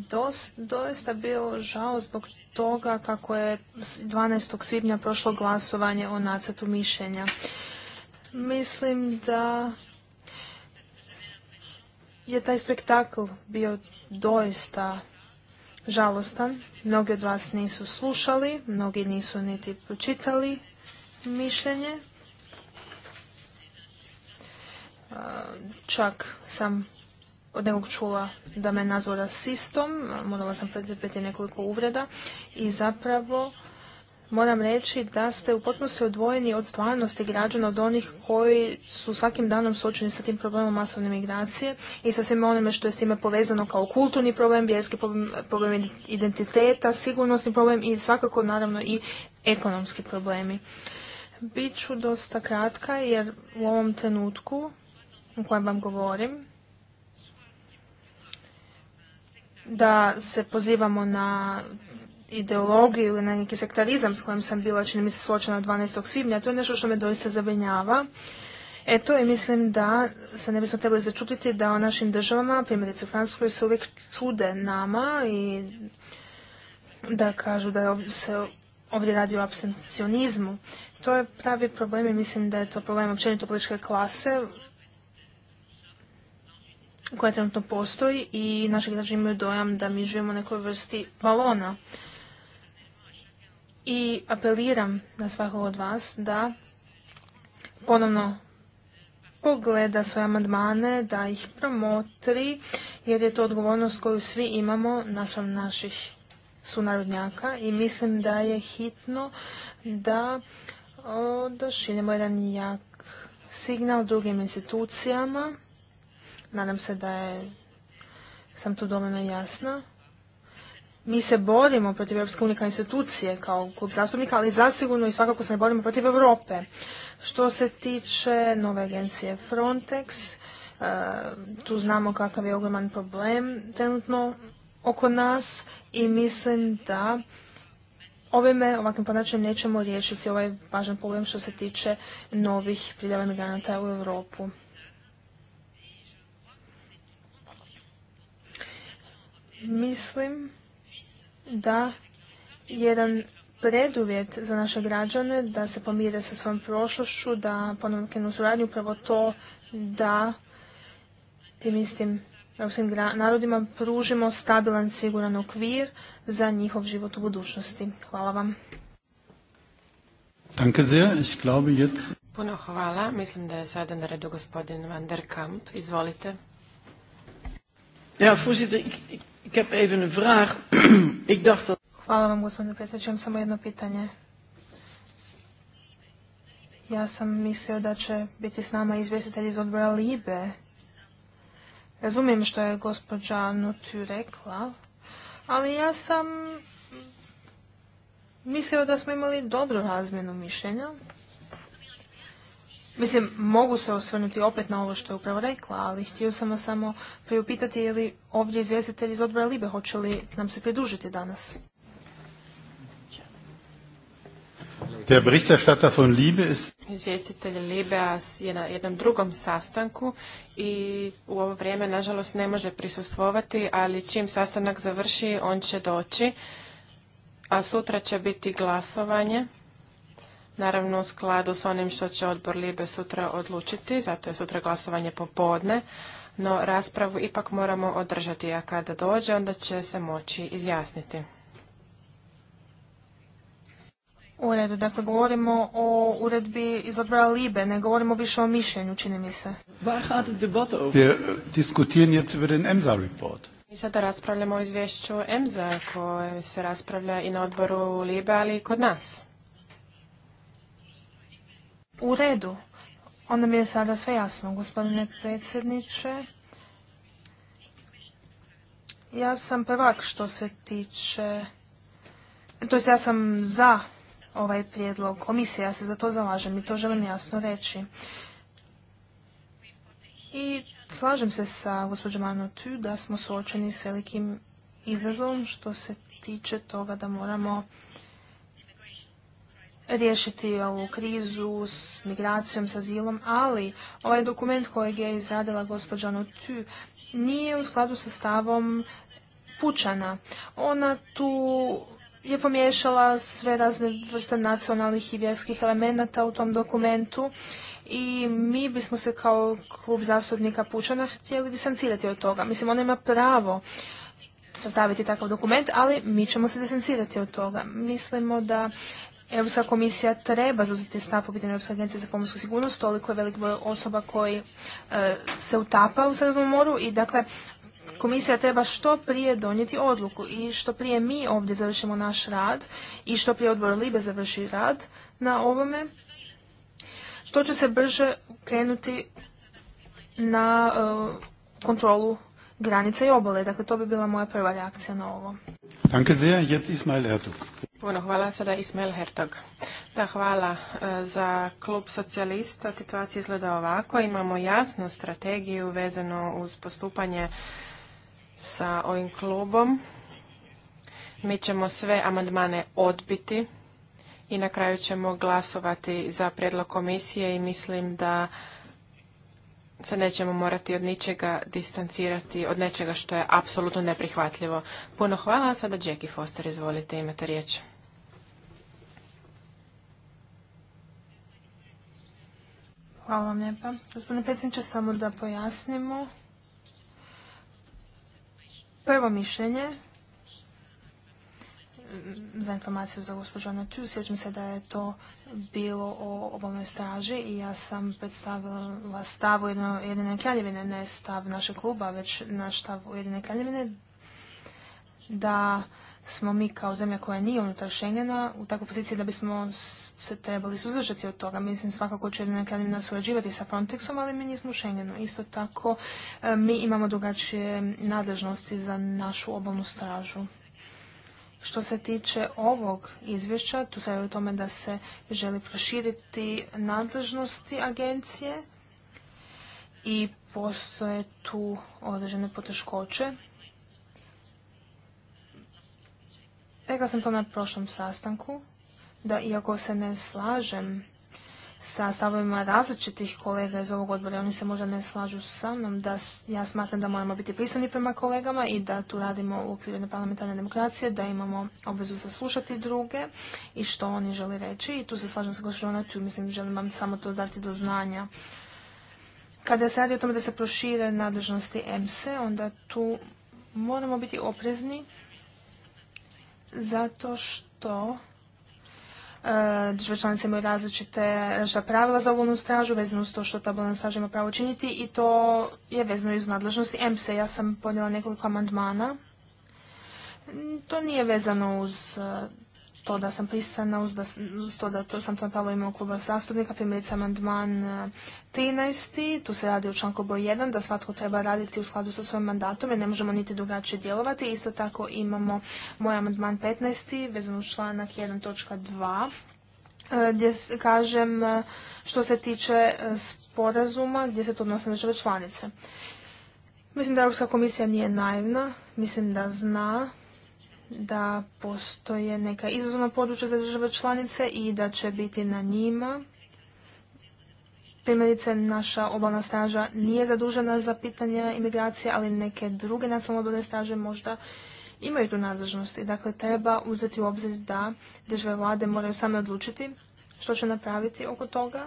doista bilo žao zbog toga kako je 12. svibnja prošlo glasovanje o nacrtu mišljenja. Mislim da je taj spektakl bio doista žalostan. Mnogi od vas nisu slušali, mnogi nisu niti pročitali mišljenje. Čak sam od nekog čula da me nazvao rasistom, morala sam pretrpjeti nekoliko uvreda i zapravo moram reći da ste u potpunosti odvojeni od stvarnosti građana, od onih koji su svakim danom suočeni sa tim problemom masovne migracije i sa svime onime što je s time povezano kao kulturni problem, vjerski problem, identiteta, sigurnosni problem i svakako naravno i ekonomski problemi. Biću dosta kratka jer u ovom trenutku u kojem vam govorim, da se pozivamo na ideologiju ili na neki sektarizam s kojim sam bila, čini mi se, suočena 12. svibnja. To je nešto što me doista zabrinjava. Eto, i mislim da se ne bismo trebali začutiti da o našim državama, primjerice u Francuskoj, se uvijek čude nama i da kažu da se ovdje radi o abstencionizmu. To je pravi problem i mislim da je to problem općenito političke klase koja trenutno postoji i naši građani imaju dojam da mi živimo u nekoj vrsti balona. I apeliram na svakog od vas da ponovno pogleda svoje amandmane, da ih promotri, jer je to odgovornost koju svi imamo svom naših sunarodnjaka i mislim da je hitno da šiljemo jedan jak signal drugim institucijama Nadam se da je, sam tu dovoljno jasna. Mi se borimo protiv Europske unije kao institucije, kao klub zastupnika, ali zasigurno i svakako se ne borimo protiv Europe. Što se tiče nove agencije Frontex, eh, tu znamo kakav je ogroman problem trenutno oko nas i mislim da ovime, ovakvim ponačajem, nećemo riješiti ovaj važan problem što se tiče novih priljeva migranata u Europu. Mislim da jedan preduvjet za naše građane da se pomire sa svojom prošlošću, da ponovno krenu suradnju, upravo to da tim istim europskim narodima pružimo stabilan, siguran okvir za njihov život u budućnosti. Hvala vam. Danke Puno hvala. Mislim da je sada na redu gospodin Van der Kamp. Izvolite. Ja, fuzite... Hvala vam, gospodine predsjedniče. Imam samo jedno pitanje. Ja sam mislio da će biti s nama izvjestitelj iz odbora Libe. Razumijem što je gospođa Nutu rekla, ali ja sam mislio da smo imali dobru razmjenu mišljenja. Mislim, mogu se osvrnuti opet na ovo što je upravo rekla, ali htio sam vas samo priupitati je li ovdje izvjestitelj iz odbora Libe, hoće li nam se pridružiti danas? Izvjestitelj Libe je na jednom drugom sastanku i u ovo vrijeme, nažalost, ne može prisustvovati, ali čim sastanak završi, on će doći. A sutra će biti glasovanje naravno u skladu s onim što će odbor Libe sutra odlučiti, zato je sutra glasovanje popodne, no raspravu ipak moramo održati, a kada dođe onda će se moći izjasniti. U redu, dakle govorimo o uredbi iz odbora Libe, ne govorimo više o mišljenju, čini mi se. Mi sada raspravljamo o izvješću EMSA koje se raspravlja i na odboru Libe, ali i kod nas. U redu. Onda mi je sada sve jasno, gospodine predsjedniče. Ja sam prvak što se tiče... To ja sam za ovaj prijedlog komisije, ja se za to zalažem i to želim jasno reći. I slažem se sa gospođom Anotu da smo suočeni s velikim izazovom što se tiče toga da moramo riješiti ovu krizu s migracijom, sa azilom, ali ovaj dokument kojeg je izradila gospođa Notu nije u skladu sa stavom pučana. Ona tu je pomiješala sve razne vrste nacionalnih i vjerskih elemenata u tom dokumentu i mi bismo se kao klub zastupnika pučana htjeli distancirati od toga. Mislim, ona ima pravo sastaviti takav dokument, ali mi ćemo se distancirati od toga. Mislimo da Europska komisija treba zauzeti stav po pitanju Europske agencije za pomorsku sigurnost, toliko je velik broj osoba koji e, se utapa u Sredozemnom moru i dakle komisija treba što prije donijeti odluku i što prije mi ovdje završimo naš rad i što prije odbor Libe završi rad na ovome, to će se brže krenuti na e, kontrolu granica i obale. Dakle, to bi bila moja prva reakcija na ovo. Danke sehr, Ismail Puno hvala. Sada Ismail Hertog. Da, hvala. E, za klub socijalista situacija izgleda ovako. Imamo jasnu strategiju vezano uz postupanje sa ovim klubom. Mi ćemo sve amandmane odbiti i na kraju ćemo glasovati za prijedlog komisije i mislim da se nećemo morati od ničega distancirati, od nečega što je apsolutno neprihvatljivo. Puno hvala, a sada Jackie Foster, izvolite, imate riječ. Hvala vam lijepa. Gospodine predsjedniče, samo da pojasnimo. Prvo mišljenje za informaciju za gospođu Anatiju. Sjećam se da je to bilo o obalnoj straži i ja sam predstavila stav Ujedinjene kraljevine, ne stav našeg kluba, već naš stav Ujedinjene kraljevine, da smo mi kao zemlja koja nije unutar Schengena u takvoj poziciji da bismo se trebali suzdržati od toga. Mislim svakako će jedina kraljevina surađivati sa Frontexom, ali mi nismo u Schengenu. Isto tako e, mi imamo drugačije nadležnosti za našu obalnu stražu. Što se tiče ovog izvješća, tu se je o tome da se želi proširiti nadležnosti agencije i postoje tu određene poteškoće. Rekla sam to na prošlom sastanku, da iako se ne slažem sa stavovima različitih kolega iz ovog odbora. Oni se možda ne slažu sa mnom da ja smatram da moramo biti pristani prema kolegama i da tu radimo u okviru parlamentarne demokracije, da imamo obvezu saslušati druge i što oni žele reći. I tu se slažem sa gospođom tu mislim želim vam samo to dati do znanja. Kada se radi o tome da se prošire nadležnosti EMSE, onda tu moramo biti oprezni zato što E, države članice imaju različite, e, pravila za ovolnu stražu vezano uz to što ta straža ima pravo činiti i to je vezano i uz nadležnosti EMSE. Ja sam podnijela nekoliko amandmana. To nije vezano uz e, to da sam pristana, uz, da, to da sam to napravila ime kluba zastupnika, primjerice amandman 13. E, tu se radi o članku broj 1, da svatko treba raditi u skladu sa svojim mandatom i ne možemo niti drugačije djelovati. Isto tako imamo moj amandman 15. vezan uz članak 1.2 e, gdje kažem e, što se tiče sporazuma gdje se to odnose na države članice. Mislim da Europska komisija nije naivna, mislim da zna da postoje neka izazovna područja za države članice i da će biti na njima. Primjerice, naša obalna straža nije zadužena za pitanja imigracije, ali neke druge nacionalne obalne straže možda imaju tu nadležnosti. dakle, treba uzeti u obzir da države vlade moraju same odlučiti što će napraviti oko toga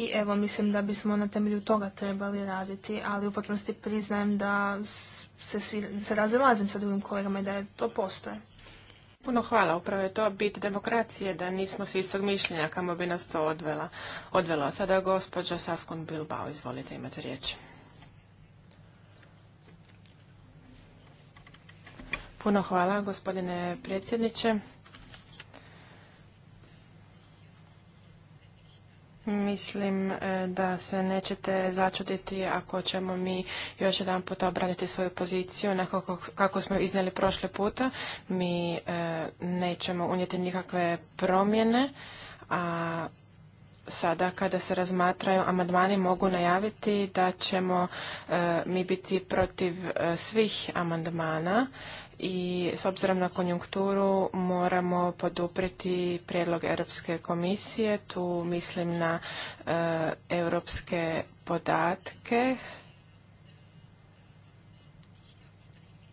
i evo, mislim da bismo na temelju toga trebali raditi, ali u potpunosti priznajem da se, svi, se razilazim sa drugim kolegama i da je to postoje. Puno hvala, upravo je to bit demokracije, da nismo svi istog mišljenja kamo bi nas to odvela. odvelo. Sada gospođa Saskun Bilbao, izvolite, imate riječ. Puno hvala, gospodine predsjedniče. Mislim e, da se nećete začuditi ako ćemo mi još jedan puta obraniti svoju poziciju onako kako smo iznijeli prošle puta. Mi e, nećemo unijeti nikakve promjene, a sada kada se razmatraju amandmani mogu najaviti da ćemo e, mi biti protiv svih amandmana i s obzirom na konjunkturu moramo poduprijeti prijedlog Europske komisije. Tu mislim na e, europske podatke.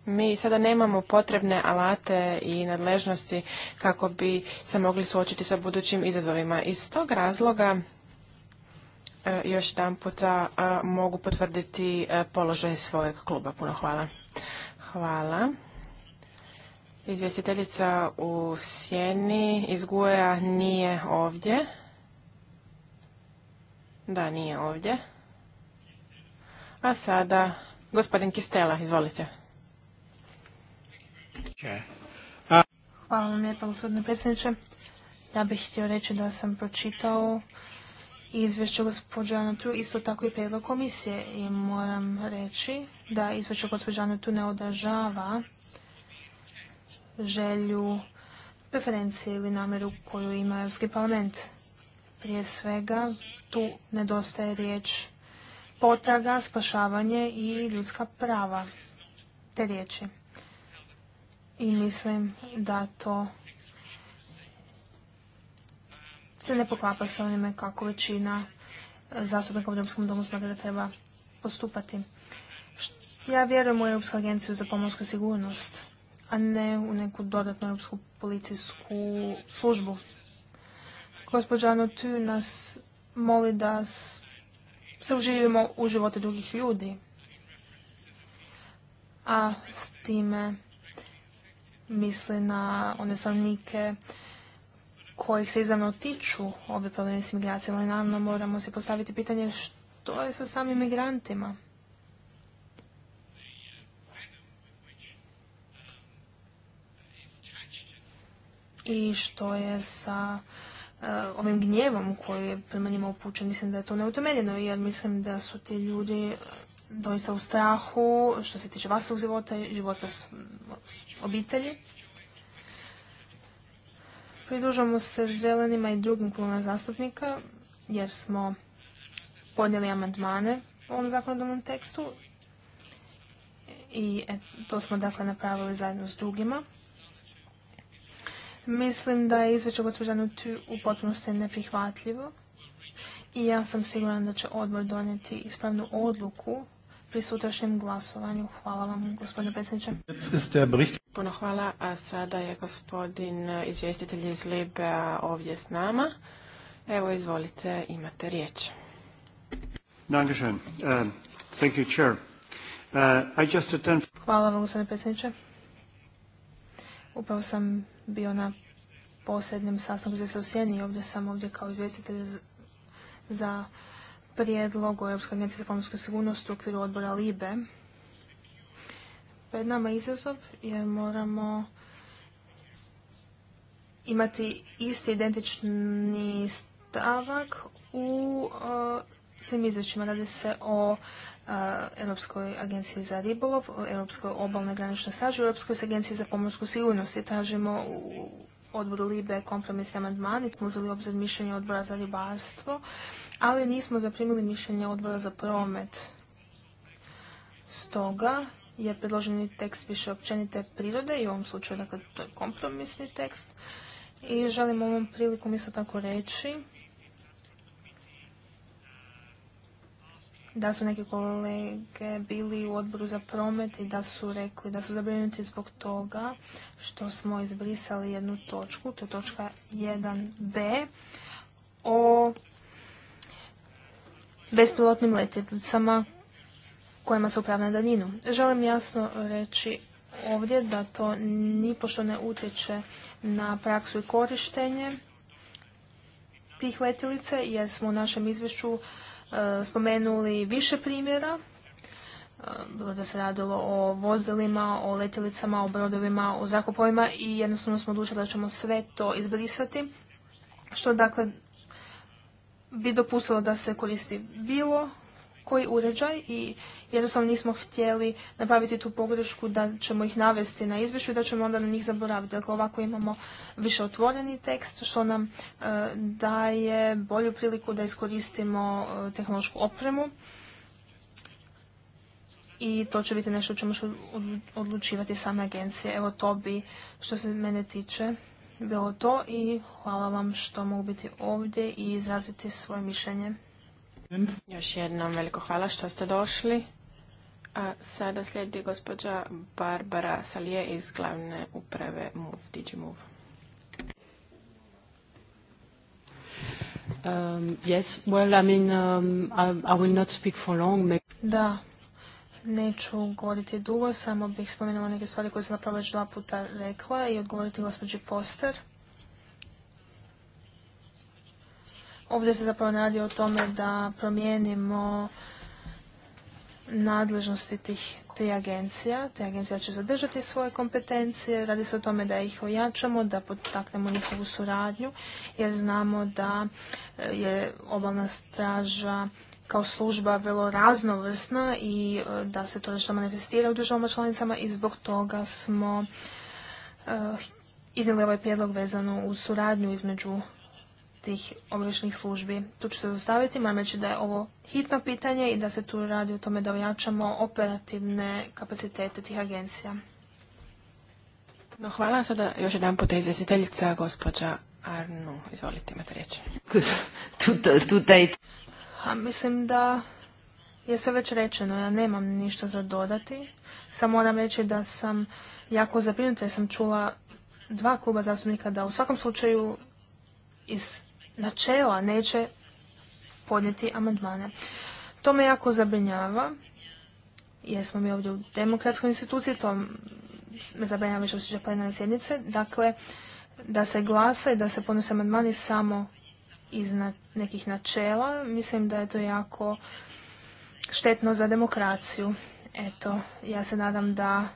Mi sada nemamo potrebne alate i nadležnosti kako bi se mogli suočiti sa budućim izazovima. Iz tog razloga e, još jedan puta e, mogu potvrditi položaj svojeg kluba. Puno hvala. Hvala. Izvjestiteljica u Sjeni iz Guja nije ovdje. Da, nije ovdje. A sada gospodin Kistela, izvolite. Hvala vam lijepa gospodine predsjedniče. Ja bih htio reći da sam pročitao izvješće gospođe Tu isto tako i prijedlog komisije i moram reći da izvješće gospođe tu ne odražava želju, preferencije ili namjeru koju ima Europski parlament. Prije svega tu nedostaje riječ potraga, spašavanje i ljudska prava. Te riječi. I mislim da to se ne poklapa sa onime kako većina zastupnika u Europskom domu smatra da treba postupati. Ja vjerujem u Europsku agenciju za pomorsku sigurnost a ne u neku dodatnu europsku policijsku službu. Gospođa Anotu nas moli da se uživimo u živote drugih ljudi. A s time misli na one stanovnike kojih se izravno tiču ove probleme s imigracijom, ali naravno moramo se postaviti pitanje što je sa samim migrantima. i što je sa e, ovim gnjevom koji je prema njima upućen. Mislim da je to neutemeljeno jer mislim da su ti ljudi e, doista u strahu što se tiče vasovog života i života obitelji. Pridružamo se zelenima i drugim klubima zastupnika jer smo podnijeli amandmane u ovom zakonodavnom tekstu i e, to smo dakle napravili zajedno s drugima. Mislim da je izveće gospođa u potpunosti neprihvatljivo i ja sam siguran da će odbor donijeti ispravnu odluku pri sutrašnjem glasovanju. Hvala vam, gospodine predsjedniče. Puno hvala, a sada je gospodin izvjestitelj iz Libea ovdje s nama. Evo, izvolite, imate riječ. Uh, uh, hvala vam, gospodine predsjedniče. Upravo sam bio na posljednjem sastanku za u Sjeni i ovdje sam ovdje kao izvjestitelj za prijedlog Europske agencije za pomorsku sigurnost u okviru odbora LIBE. Pred nama je izazov jer moramo imati isti identični stavak u e, svim izvješćima. Radi se o Europskoj agenciji za ribolov, Europskoj obalnoj graničnoj straži, Europskoj agenciji za pomorsku sigurnost i tražimo u odboru Libe kompromis amandman i smo uzeli obzir mišljenje odbora za ribarstvo, ali nismo zaprimili mišljenje odbora za promet. Stoga je predloženi tekst više općenite prirode i u ovom slučaju dakle, to je kompromisni tekst. I želim ovom prilikom isto tako reći da su neke kolege bili u odboru za promet i da su rekli da su zabrinuti zbog toga što smo izbrisali jednu točku, to je točka 1b o bespilotnim letjelicama kojima se upravlja na daljinu. Želim jasno reći ovdje da to nipošto ne utječe na praksu i korištenje tih letjelica jer smo u našem izvješću spomenuli više primjera, e, bilo da se radilo o vozilima, o letjelicama, o brodovima, o zakupovima i jednostavno smo odlučili da ćemo sve to izbrisati, što dakle bi dopustilo da se koristi bilo koji uređaj i jednostavno nismo htjeli napraviti tu pogrešku da ćemo ih navesti na izvješću i da ćemo onda na njih zaboraviti. Dakle, ovako imamo više otvoreni tekst što nam e, daje bolju priliku da iskoristimo e, tehnološku opremu i to će biti nešto o čemu odlučivati same agencije. Evo to bi što se mene tiče bilo to i hvala vam što mogu biti ovdje i izraziti svoje mišljenje. Još jednom veliko hvala što ste došli. A sada slijedi gospođa Barbara Salije iz glavne uprave MOVE, DigiMove. Um, yes, well, I Da, neću govoriti dugo, samo bih spomenula neke stvari koje sam napravo već dva puta rekla i odgovoriti gospođi Poster. Ovdje se zapravo radi o tome da promijenimo nadležnosti tih tri agencija. Te agencija će zadržati svoje kompetencije. Radi se o tome da ih ojačamo, da potaknemo njihovu suradnju, jer znamo da eh, je obalna straža kao služba vrlo raznovrsna i eh, da se to nešto manifestira u državama članicama i zbog toga smo eh, iznijeli ovaj prijedlog vezano uz suradnju između tih obavještajnih službi. Tu ću se zaustaviti, moram reći da je ovo hitno pitanje i da se tu radi o tome da ojačamo operativne kapacitete tih agencija. No, hvala sada još jedan puta izvjestiteljica, gospođa Arnu. Izvolite, imate riječ. A mislim da je sve već rečeno, ja nemam ništa za dodati. Samo moram reći da sam jako zabrinuta jer sam čula dva kluba zastupnika da u svakom slučaju iz načela neće podnijeti amandmane. To me jako zabrinjava, jer smo mi ovdje u demokratskoj instituciji, to me zabrinjava više osjeća plenarne sjednice, dakle, da se glasa i da se podnose amandmani samo iz nekih načela, mislim da je to jako štetno za demokraciju. Eto, ja se nadam da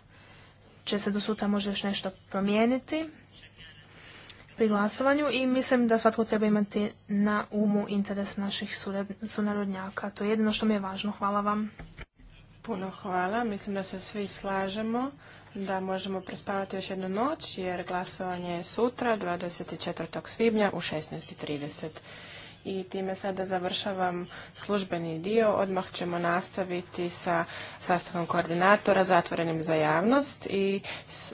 će se do sutra možda još nešto promijeniti pri glasovanju i mislim da svatko treba imati na umu interes naših sunarodnjaka. To je jedino što mi je važno. Hvala vam. Puno hvala. Mislim da se svi slažemo da možemo prespavati još jednu noć jer glasovanje je sutra 24. svibnja u 16.30 i time sada završavam službeni dio. Odmah ćemo nastaviti sa sastankom koordinatora zatvorenim za javnost i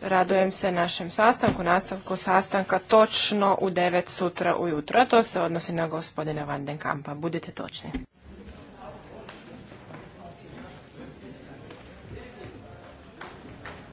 radujem se našem sastanku, nastavku sastanka točno u 9 sutra ujutro. A to se odnosi na gospodina Vandenkampa. Budite točni.